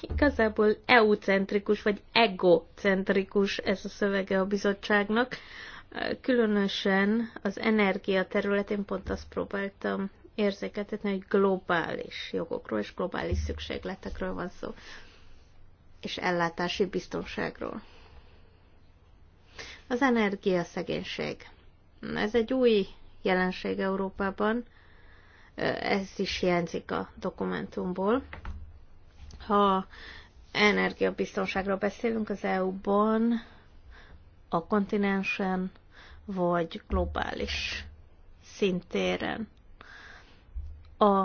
Igazából EU-centrikus vagy egocentrikus ez a szövege a bizottságnak. Különösen az energia területén pont azt próbáltam érzéketetni, hogy globális jogokról és globális szükségletekről van szó, és ellátási biztonságról. Az szegénység. Ez egy új jelenség Európában. Ez is hiányzik a dokumentumból. Ha energiabiztonságról beszélünk az EU-ban, a kontinensen, vagy globális szintéren. A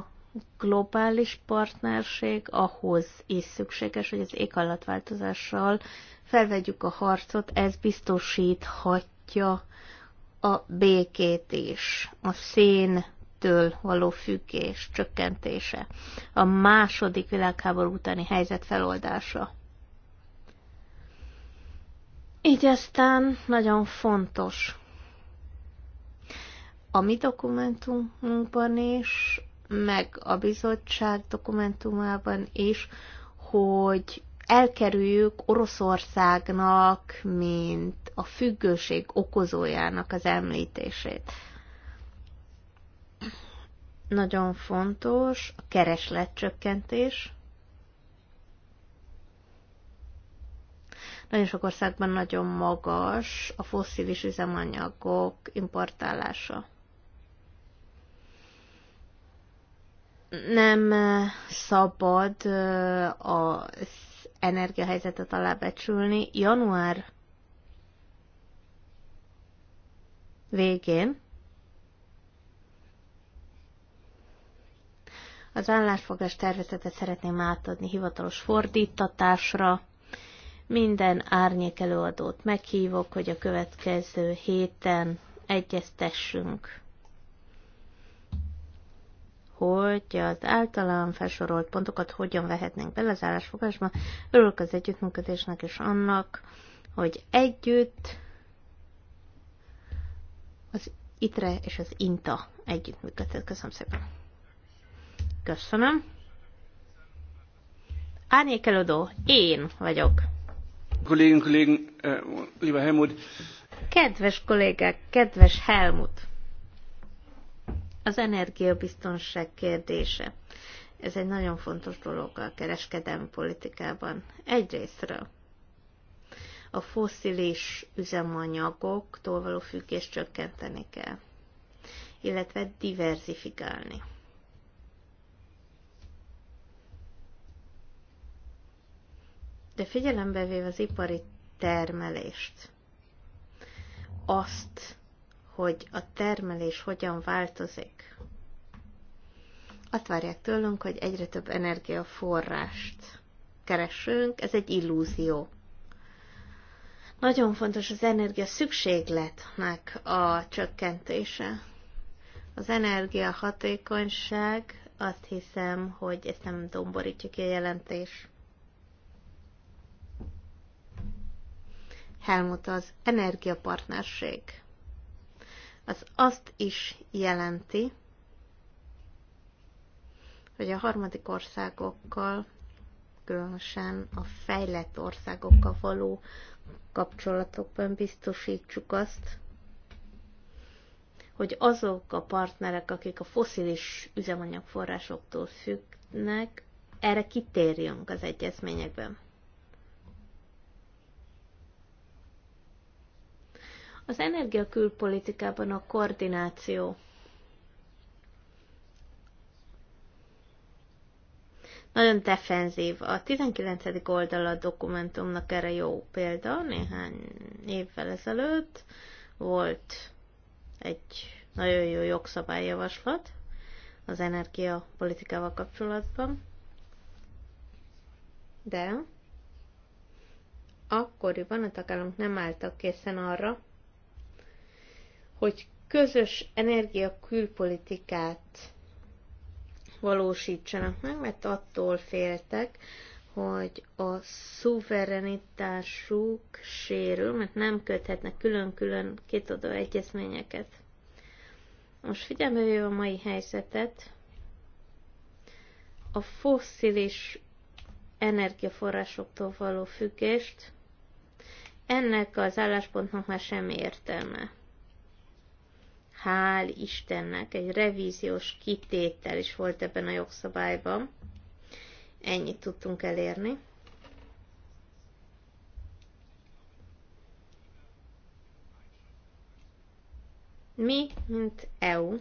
globális partnerség ahhoz is szükséges, hogy az éghajlatváltozással felvegyük a harcot, ez biztosíthatja a békét is, a szén től való függés csökkentése, a második világháború utáni helyzet feloldása. Így aztán nagyon fontos a mi dokumentumunkban is, meg a bizottság dokumentumában is, hogy elkerüljük Oroszországnak, mint a függőség okozójának az említését. Nagyon fontos a keresletcsökkentés. Nagyon sok országban nagyon magas a fosszilis üzemanyagok importálása. nem eh, szabad eh, az energiahelyzetet alábecsülni. Január végén az állásfoglás tervezetet szeretném átadni hivatalos fordítatásra. Minden árnyék előadót meghívok, hogy a következő héten egyeztessünk, hogy az általán felsorolt pontokat hogyan vehetnénk bele az állásfogásba. Örülök az együttműködésnek és annak, hogy együtt ITRE és az INTA együttműködött. Köszönöm szépen. Köszönöm. Árnyékelődő, én vagyok. Kollégünk, kollégünk, uh, lieber Helmut. Kedves kollégák, kedves Helmut. Az energiabiztonság kérdése. Ez egy nagyon fontos dolog a kereskedelmi politikában. Egyrésztről a foszilis üzemanyagoktól való függést csökkenteni kell, illetve diversifikálni. De figyelembe véve az ipari termelést, azt, hogy a termelés hogyan változik, azt várják tőlünk, hogy egyre több energiaforrást keresünk, ez egy illúzió. Nagyon fontos az energia szükségletnek a csökkentése. Az energia hatékonyság, azt hiszem, hogy ezt nem domborítja ki a jelentés. Helmut az energiapartnerség. Az azt is jelenti, hogy a harmadik országokkal, különösen a fejlett országokkal való kapcsolatokban biztosítsuk azt, hogy azok a partnerek, akik a foszilis üzemanyagforrásoktól függnek, erre kitérjünk az egyezményekben. Az energiakülpolitikában a koordináció Nagyon defenzív. A 19. oldal a dokumentumnak erre jó példa. Néhány évvel ezelőtt volt egy nagyon jó jogszabályjavaslat az energiapolitikával kapcsolatban. De akkoriban a tagállamok nem álltak készen arra, hogy közös energia külpolitikát valósítsanak meg, mert attól féltek, hogy a szuverenitásuk sérül, mert nem köthetnek külön-külön két oda egyezményeket. Most figyelme véve a mai helyzetet, a fosszilis energiaforrásoktól való függést, ennek az álláspontnak már semmi értelme hál' Istennek, egy revíziós kitétel is volt ebben a jogszabályban. Ennyit tudtunk elérni. Mi, mint EU,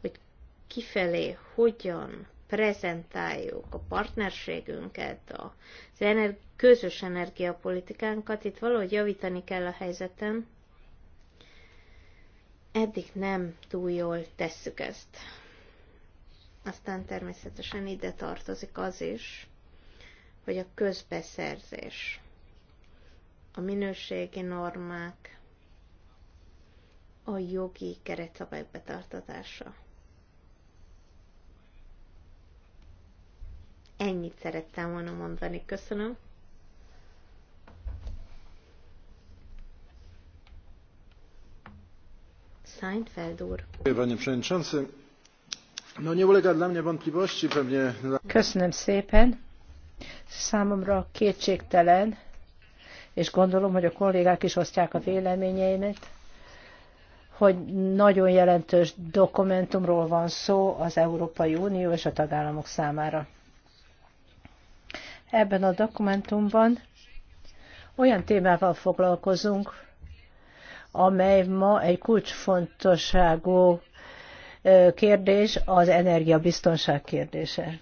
hogy kifelé hogyan prezentáljuk a partnerségünket, a, az közös energiapolitikánkat, itt valahogy javítani kell a helyzeten, eddig nem túl jól tesszük ezt. Aztán természetesen ide tartozik az is, hogy a közbeszerzés, a minőségi normák, a jogi keretszabályok betartatása. Ennyit szerettem volna mondani. Köszönöm. Seinfeld úr. Köszönöm szépen. Számomra kétségtelen, és gondolom, hogy a kollégák is osztják a véleményeimet, hogy nagyon jelentős dokumentumról van szó az Európai Unió és a tagállamok számára. Ebben a dokumentumban olyan témával foglalkozunk, amely ma egy kulcsfontosságú kérdés az energiabiztonság kérdése.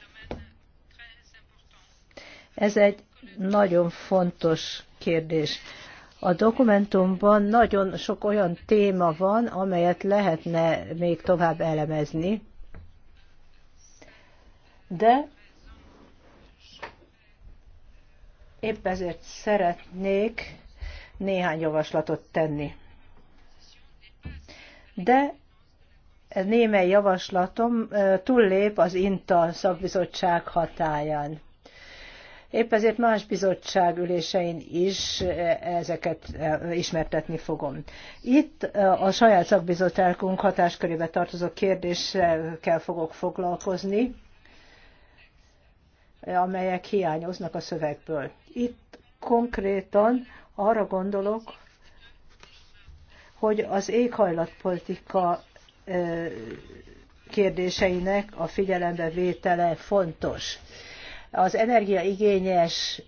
Ez egy nagyon fontos kérdés. A dokumentumban nagyon sok olyan téma van, amelyet lehetne még tovább elemezni, de épp ezért szeretnék néhány javaslatot tenni de némely javaslatom túllép az INTA szakbizottság hatáján. Épp ezért más bizottság ülésein is ezeket ismertetni fogom. Itt a saját szakbizottságunk hatáskörébe tartozó kérdésekkel fogok foglalkozni, amelyek hiányoznak a szövegből. Itt konkrétan arra gondolok, hogy az éghajlatpolitika kérdéseinek a figyelembe vétele fontos. Az energiaigényes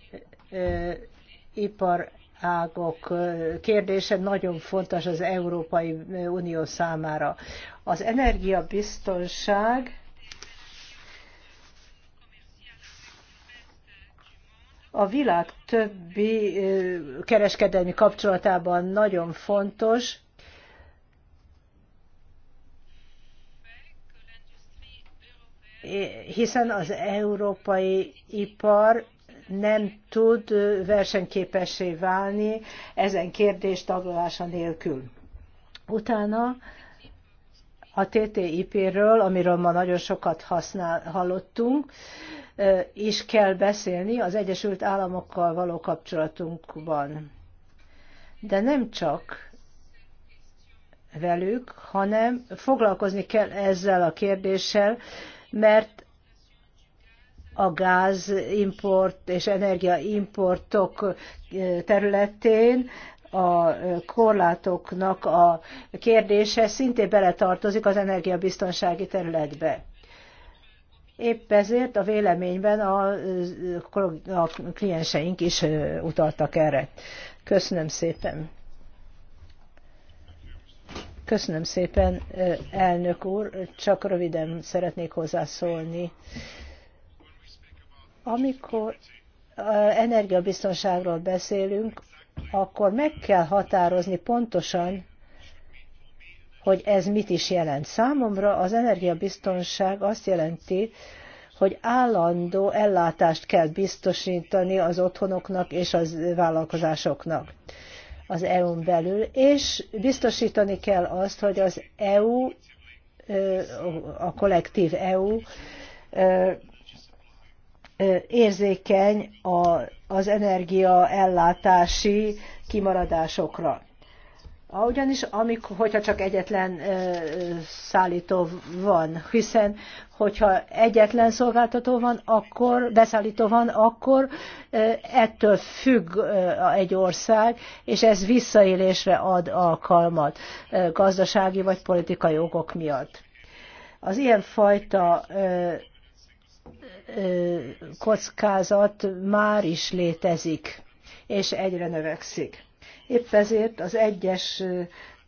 iparágok kérdése nagyon fontos az Európai Unió számára. Az energiabiztonság a világ többi kereskedelmi kapcsolatában nagyon fontos, hiszen az európai ipar nem tud versenyképessé válni ezen kérdés taglalása nélkül. Utána a TTIP-ről, amiről ma nagyon sokat használ, hallottunk, is kell beszélni az Egyesült Államokkal való kapcsolatunkban. De nem csak velük, hanem foglalkozni kell ezzel a kérdéssel, mert a gázimport és energiaimportok eh, területén a korlátoknak a kérdése szintén beletartozik az energiabiztonsági területbe. Épp ezért a véleményben a, eh, a klienseink is eh, utaltak erre. Köszönöm szépen. Köszönöm szépen, elnök úr. Csak röviden szeretnék hozzászólni. Amikor energiabiztonságról beszélünk, akkor meg kell határozni pontosan, hogy ez mit is jelent. Számomra az energiabiztonság azt jelenti, hogy állandó ellátást kell biztosítani az otthonoknak és az vállalkozásoknak az EU-n belül, és biztosítani kell azt, hogy az EU, a kollektív EU érzékeny az energiaellátási kimaradásokra. Ugyanis, amikor, hogyha csak egyetlen ö, szállító van, hiszen hogyha egyetlen szolgáltató van, akkor, beszállító van, akkor ö, ettől függ ö, egy ország, és ez visszaélésre ad alkalmat ö, gazdasági vagy politikai okok miatt. Az ilyenfajta ö, ö, kockázat már is létezik, és egyre növekszik Épp ezért az egyes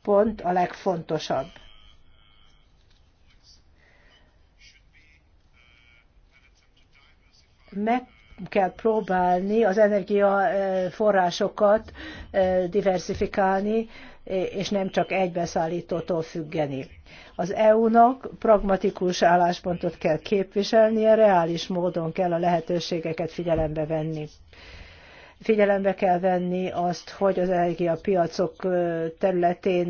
pont a legfontosabb. Meg kell próbálni az energiaforrásokat diversifikálni, és nem csak egy beszállítótól függeni. Az EU-nak pragmatikus álláspontot kell képviselnie, reális módon kell a lehetőségeket figyelembe venni figyelembe kell venni azt, hogy az energiapiacok területén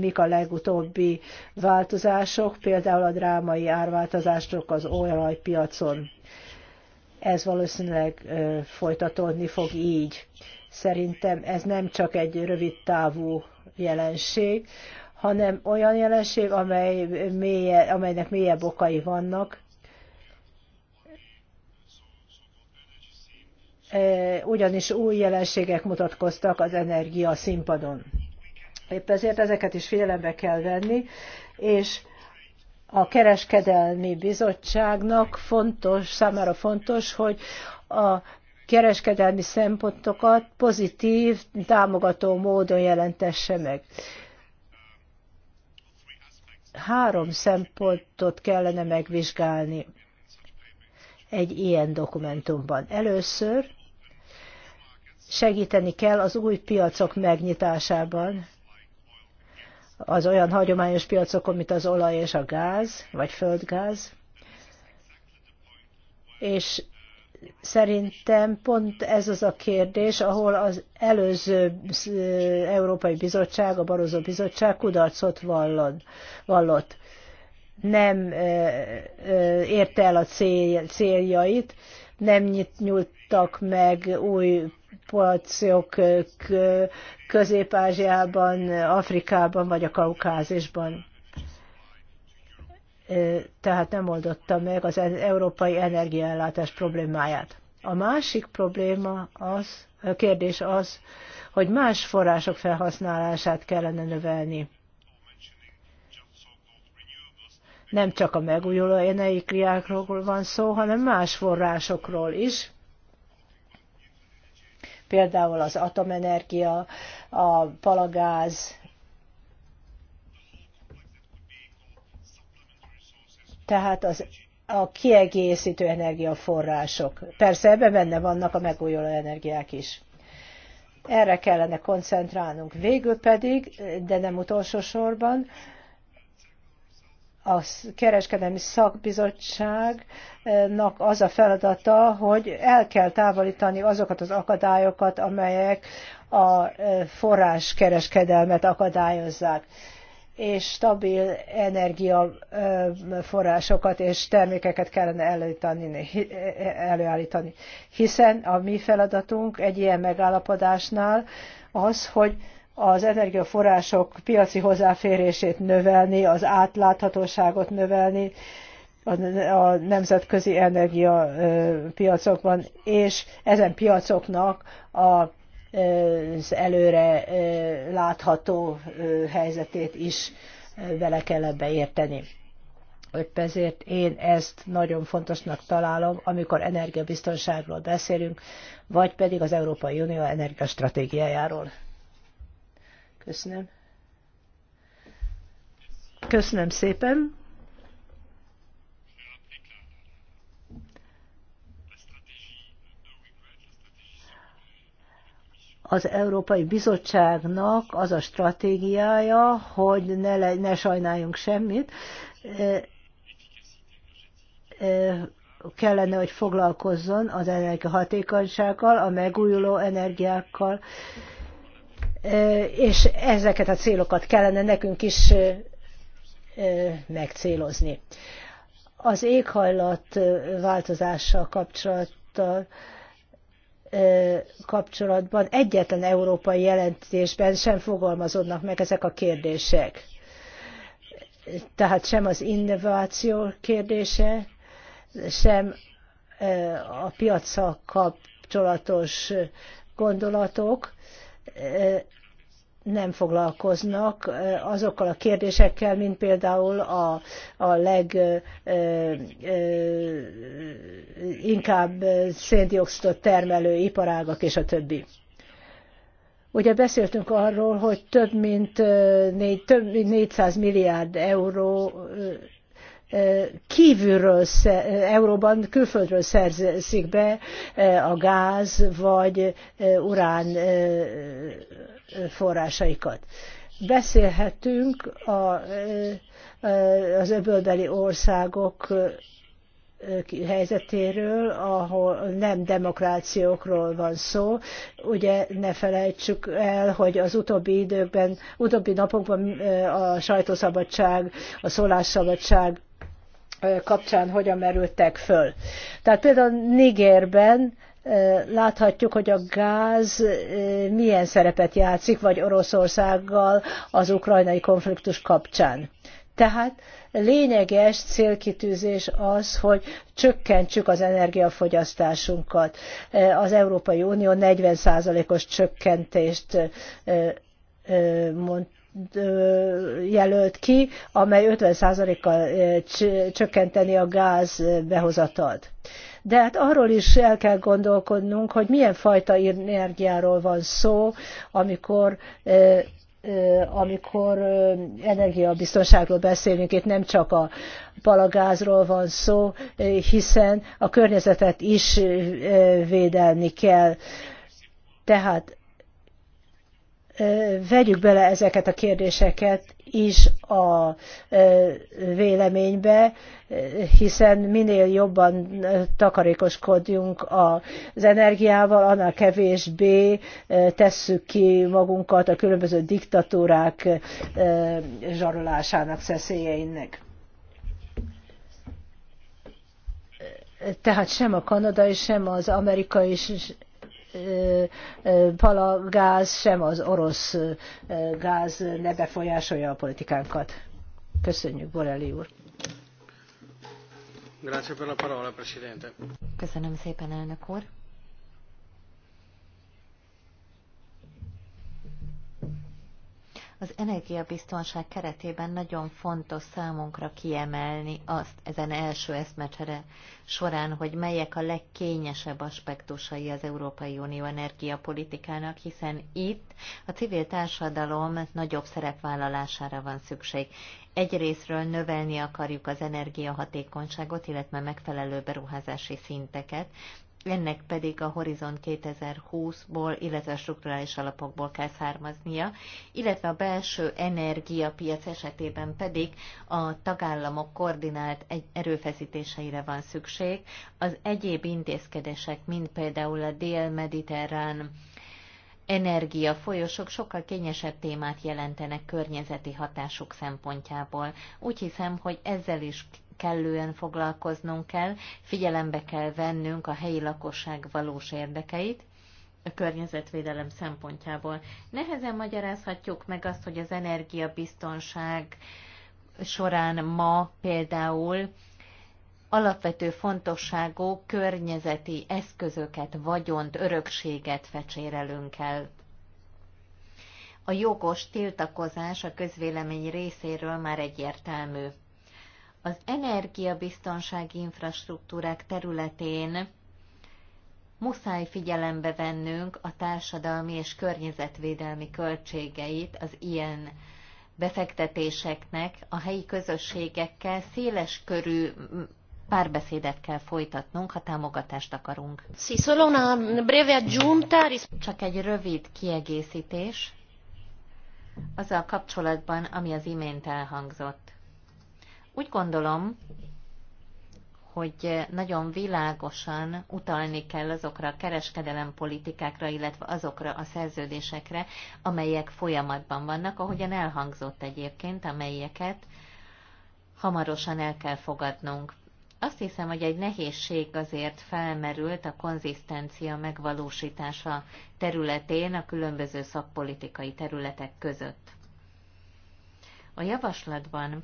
mik a legutóbbi változások, például a drámai árváltozások az olajpiacon. Ez valószínűleg folytatódni fog így. Szerintem ez nem csak egy rövid távú jelenség, hanem olyan jelenség, amely mélye, amelynek mélyebb okai vannak, E, ugyanis új jelenségek mutatkoztak az energia színpadon. Épp ezért ezeket is figyelembe kell venni, és a kereskedelmi bizottságnak fontos, számára fontos, hogy a kereskedelmi szempontokat pozitív, támogató módon jelentesse meg. Három szempontot kellene megvizsgálni egy ilyen dokumentumban. Először segíteni kell az új piacok megnyitásában, az olyan hagyományos piacokon, mint az olaj és a gáz, vagy földgáz. És szerintem pont ez az a kérdés, ahol az előző eh, Európai Bizottság, a Barozó Bizottság kudarcot vallott. Nem eh, eh, érte el a céljait, nem nyúltak meg új populációk Közép-Ázsiában, Afrikában vagy a Kaukázisban. Tehát nem oldotta meg az európai energiaellátás problémáját. A másik probléma az, a kérdés az, hogy más források felhasználását kellene növelni. Nem csak a megújuló energiákról van szó, hanem más forrásokról is, például az atomenergia, a palagáz, tehát az, a kiegészítő energiaforrások. Persze ebben benne vannak a megújuló energiák is. Erre kellene koncentrálnunk. Végül pedig, de nem utolsó sorban, a kereskedelmi szakbizottságnak az a feladata, hogy el kell távolítani azokat az akadályokat, amelyek a e, forráskereskedelmet akadályozzák és stabil energiaforrásokat e, és termékeket kellene e, előállítani. Hiszen a mi feladatunk egy ilyen megállapodásnál az, hogy az energiaforrások piaci hozzáférését növelni, az átláthatóságot növelni a nemzetközi energiapiacokban, és ezen piacoknak az előre látható helyzetét is bele kell ebbe érteni. Öt ezért én ezt nagyon fontosnak találom, amikor energiabiztonságról beszélünk, vagy pedig az Európai Unió energiastratégiájáról. Köszönöm. Köszönöm szépen. az Európai Bizottságnak az a stratégiája, hogy ne, le, ne sajnáljunk semmit, kellene, hogy foglalkozzon az energiahatékonysággal, a megújuló energiákkal, és ezeket a célokat kellene nekünk is megcélozni. Az éghajlat változással kapcsolattal kapcsolatban egyetlen európai jelentésben sem fogalmazódnak meg ezek a kérdések. Tehát sem az innováció kérdése, sem a piacsal kapcsolatos gondolatok, nem foglalkoznak azokkal a kérdésekkel, mint például a, a leginkább széndiokszidot termelő iparágak és a többi. Ugye beszéltünk arról, hogy több mint, négy, több mint 400 milliárd euró kívülről, euróban külföldről szerzik be a gáz vagy urán forrásaikat. Beszélhetünk a, az öbölbeli országok helyzetéről, ahol nem demokrációkról van szó. Ugye ne felejtsük el, hogy az utóbbi időkben, utóbbi napokban a sajtószabadság, a szólásszabadság kapcsán hogyan merültek föl. Tehát például Nigerben láthatjuk, hogy a gáz milyen szerepet játszik, vagy Oroszországgal az ukrajnai konfliktus kapcsán. Tehát lényeges célkitűzés az, hogy csökkentsük az energiafogyasztásunkat. Az Európai Unió 40%-os csökkentést mond, jelölt ki, amely 50%-kal csökkenteni a gáz behozatalt. De hát arról is el kell gondolkodnunk, hogy milyen fajta energiáról van szó, amikor amikor energiabiztonságról beszélünk, itt nem csak a palagázról van szó, hiszen a környezetet is védelni kell. Tehát vegyük bele ezeket a kérdéseket is a véleménybe, hiszen minél jobban takarékoskodjunk az energiával, annál kevésbé tesszük ki magunkat a különböző diktatúrák zsarolásának szeszélyeinek. Tehát sem a kanadai, sem az amerikai, palagáz, sem az orosz gáz ne befolyásolja a politikánkat. Köszönjük, Borelli úr. Grazie per la parola, Presidente. Köszönöm szépen, elnök úr. Az energiabiztonság keretében nagyon fontos számunkra kiemelni azt ezen első eszmecsere során, hogy melyek a legkényesebb aspektusai az Európai Unió energiapolitikának, hiszen itt a civil társadalom nagyobb szerepvállalására van szükség. Egyrésztről növelni akarjuk az energiahatékonyságot, illetve megfelelő beruházási szinteket, ennek pedig a Horizon 2020-ból, illetve a strukturális alapokból kell származnia, illetve a belső energiapiac esetében pedig a tagállamok koordinált erőfeszítéseire van szükség. Az egyéb intézkedések, mint például a dél-mediterrán energia folyosok sokkal kényesebb témát jelentenek környezeti hatásuk szempontjából. Úgy hiszem, hogy ezzel is kellően foglalkoznunk kell, figyelembe kell vennünk a helyi lakosság valós érdekeit, a környezetvédelem szempontjából. Nehezen magyarázhatjuk meg azt, hogy az energiabiztonság során ma például alapvető fontosságú környezeti eszközöket, vagyont, örökséget fecsérelünk el. A jogos tiltakozás a közvélemény részéről már egyértelmű az energiabiztonsági infrastruktúrák területén muszáj figyelembe vennünk a társadalmi és környezetvédelmi költségeit az ilyen befektetéseknek, a helyi közösségekkel széles körű párbeszédet kell folytatnunk, ha támogatást akarunk. Csak egy rövid kiegészítés azzal kapcsolatban, ami az imént elhangzott. Úgy gondolom, hogy nagyon világosan utalni kell azokra a kereskedelempolitikákra, illetve azokra a szerződésekre, amelyek folyamatban vannak, ahogyan elhangzott egyébként, amelyeket hamarosan el kell fogadnunk. Azt hiszem, hogy egy nehézség azért felmerült a konzisztencia megvalósítása területén a különböző szakpolitikai területek között. A javaslatban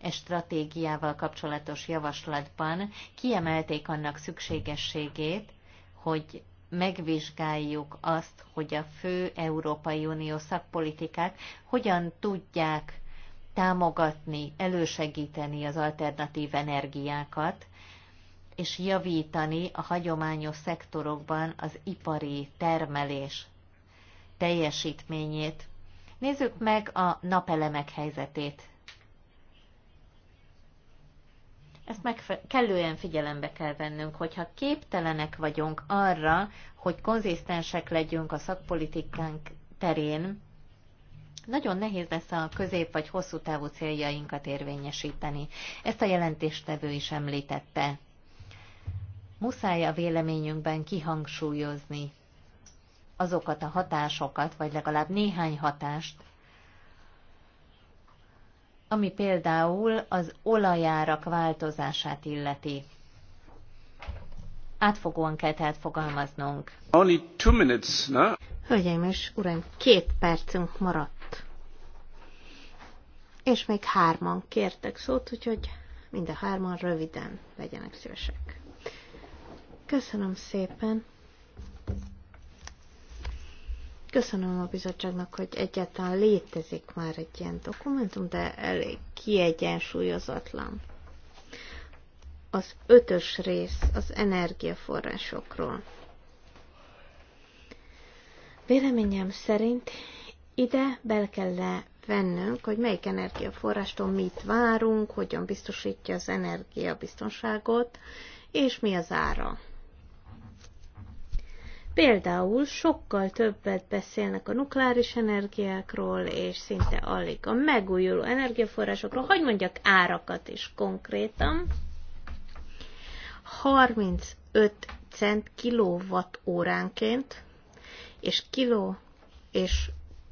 e stratégiával kapcsolatos javaslatban kiemelték annak szükségességét, hogy megvizsgáljuk azt, hogy a fő Európai Unió szakpolitikák hogyan tudják támogatni, elősegíteni az alternatív energiákat, és javítani a hagyományos szektorokban az ipari termelés teljesítményét. Nézzük meg a napelemek helyzetét. ezt meg kellően figyelembe kell vennünk, hogyha képtelenek vagyunk arra, hogy konzisztensek legyünk a szakpolitikánk terén, nagyon nehéz lesz a közép vagy hosszú távú céljainkat érvényesíteni. Ezt a jelentéstevő is említette. Muszáj a véleményünkben kihangsúlyozni azokat a hatásokat, vagy legalább néhány hatást, ami például az olajárak változását illeti. Átfogóan kell tehát fogalmaznunk. Only two minutes, no? Hölgyeim és uraim, két percünk maradt. És még hárman kértek szót, úgyhogy mind a hárman röviden legyenek szívesek. Köszönöm szépen. Köszönöm a bizottságnak, hogy egyáltalán létezik már egy ilyen dokumentum, de elég kiegyensúlyozatlan. Az ötös rész az energiaforrásokról. Véleményem szerint ide be kell -e vennünk, hogy melyik energiaforrástól mit várunk, hogyan biztosítja az energiabiztonságot, és mi az ára. Például sokkal többet beszélnek a nukleáris energiákról, és szinte alig a megújuló energiaforrásokról, hogy mondjak árakat is konkrétan. 35 cent kilowatt óránként, és kiló és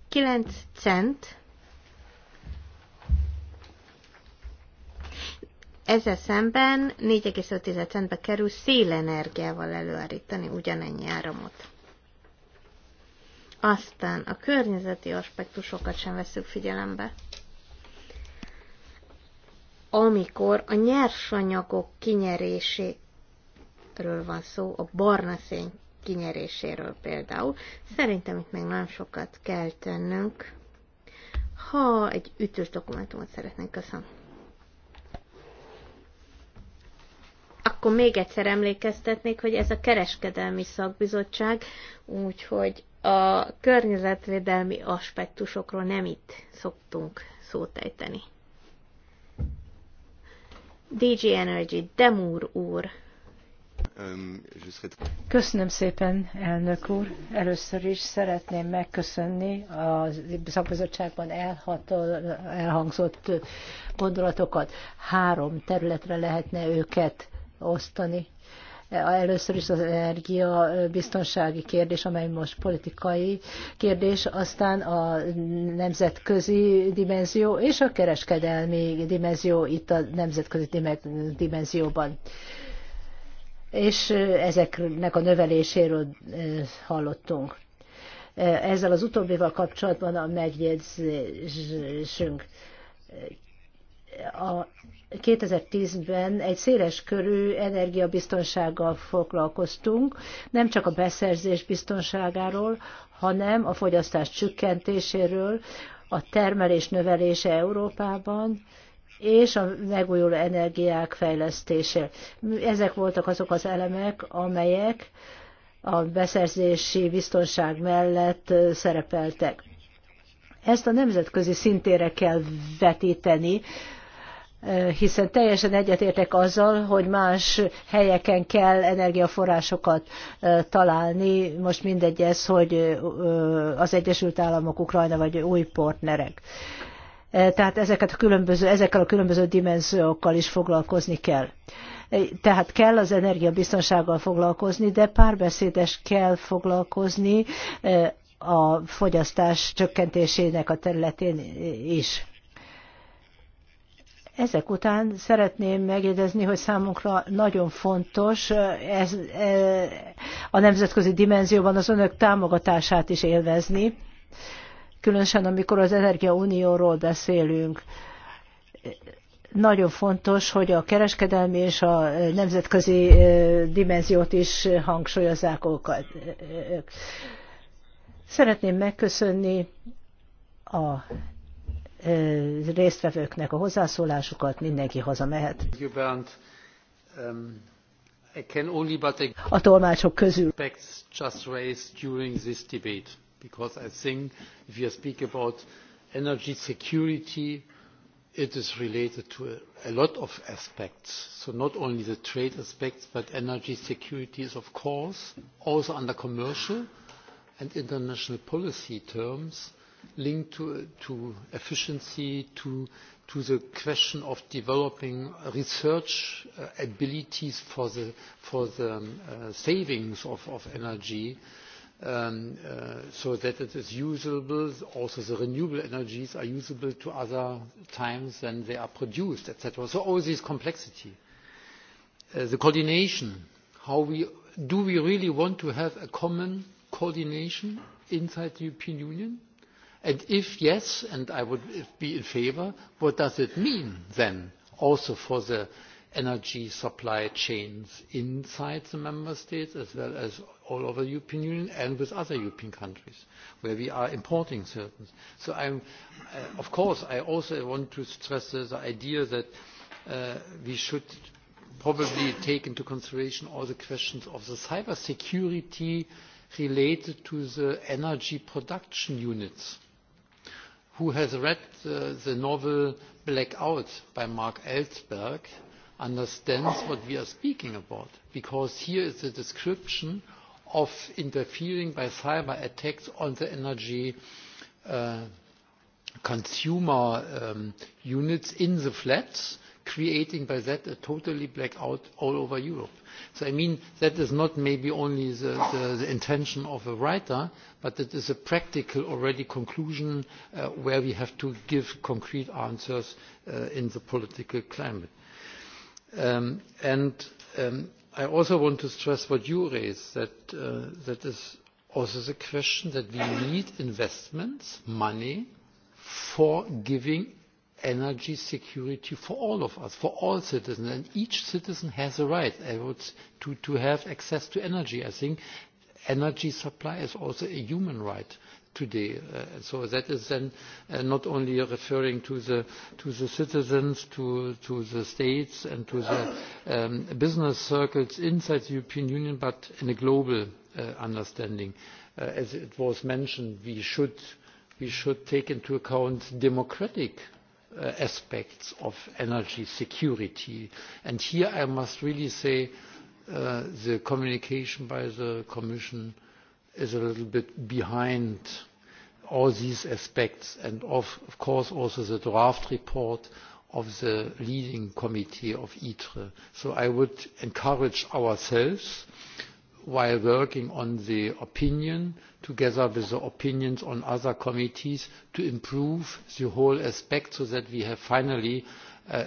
9 cent Ezzel szemben 4,5 centbe kerül szélenergiával előállítani ugyanennyi áramot. Aztán a környezeti aspektusokat sem veszük figyelembe. Amikor a nyersanyagok kinyeréséről van szó, a barna szény kinyeréséről például, szerintem itt még nagyon sokat kell tennünk, ha egy ütős dokumentumot szeretnénk. Köszönöm. akkor még egyszer emlékeztetnék, hogy ez a kereskedelmi szakbizottság, úgyhogy a környezetvédelmi aspektusokról nem itt szoktunk szót ejteni. DG Energy, Demur úr. Köszönöm szépen, elnök úr. Először is szeretném megköszönni a szakbizottságban elhangzott eh, gondolatokat. Három területre lehetne őket osztani. Először is az energia biztonsági kérdés, amely most politikai kérdés, aztán a nemzetközi dimenzió és a kereskedelmi dimenzió itt a nemzetközi dimenzióban és ezeknek a növeléséről eh, hallottunk. Eh, ezzel az utóbbival kapcsolatban a megjegyzésünk. A, 2010-ben egy széles körű energiabiztonsággal foglalkoztunk, nem csak a beszerzés biztonságáról, hanem a fogyasztás csökkentéséről, a termelés növelése Európában, és a megújuló energiák fejlesztése. Ezek voltak azok az elemek, amelyek a beszerzési biztonság mellett szerepeltek. Ezt a nemzetközi szintére kell vetíteni, hiszen teljesen egyetértek azzal, hogy más helyeken kell energiaforrásokat találni, most mindegy ez, hogy az Egyesült Államok, Ukrajna vagy új partnerek. Tehát ezeket a különböző, ezekkel a különböző dimenziókkal is foglalkozni kell. Tehát kell az energiabiztonsággal foglalkozni, de párbeszédes kell foglalkozni a fogyasztás csökkentésének a területén is ezek után szeretném megjegyezni, hogy számunkra nagyon fontos eh, ez, eh, a nemzetközi dimenzióban az önök támogatását is élvezni, különösen amikor az Energiaunióról beszélünk nagyon fontos, hogy a kereskedelmi és a nemzetközi eh, dimenziót is hangsúlyozzák őket. Szeretném megköszönni a résztvevőknek a hozzászólásukat, mindenki hazamehet. Um, a tolmácsok közül. it is related to a, lot of aspects. So not only the trade aspects, but energy security is of course also under commercial and international policy terms linked to, to efficiency, to, to the question of developing research uh, abilities for the, for the um, uh, savings of, of energy. Um, uh, so that it is usable. Also, the renewable energies are usable to other times than they are produced, etc. So all this complexity, uh, the coordination. How we do we really want to have a common coordination inside the European Union? and if yes and i would be in favour what does it mean then also for the energy supply chains inside the member states as well as all over the european union and with other european countries where we are importing certain things. Uh, of course i also want to stress the idea that uh, we should probably take into consideration all the questions of cyber security related to the energy production units who has read uh, the novel blackout by mark ellsberg understands what we are speaking about because here is a description of interfering by cyber attacks on the energy uh, consumer um, units in the flats creating by that a totally blackout all over Europe. So I mean, that is not maybe only the, intention of the writer, but it is a practical already conclusion uh, where we have to give concrete answers uh, in the political climate. Um, and um, I also want to stress what you raised, that, uh, that is also the question that we need investments, money, for giving energy security for all of us, for all citizens, and each citizen has a right uh, to, to have access to energy. I think energy supply is also a human right today. Uh, so that is then uh, not only referring to the, to the citizens, to, to the states and to the um, business circles inside the European Union, but in a global uh, understanding. Uh, as it was mentioned, we should, we should take into account democratic Uh, aspects of energy security. And here I must really say uh, the communication by the Commission is a little bit behind all these aspects and of, of course also the draft report of the leading committee of ITRE. So I would encourage ourselves while working on the opinion together with the opinions on other committees to improve the whole aspect so that we have finally uh, uh,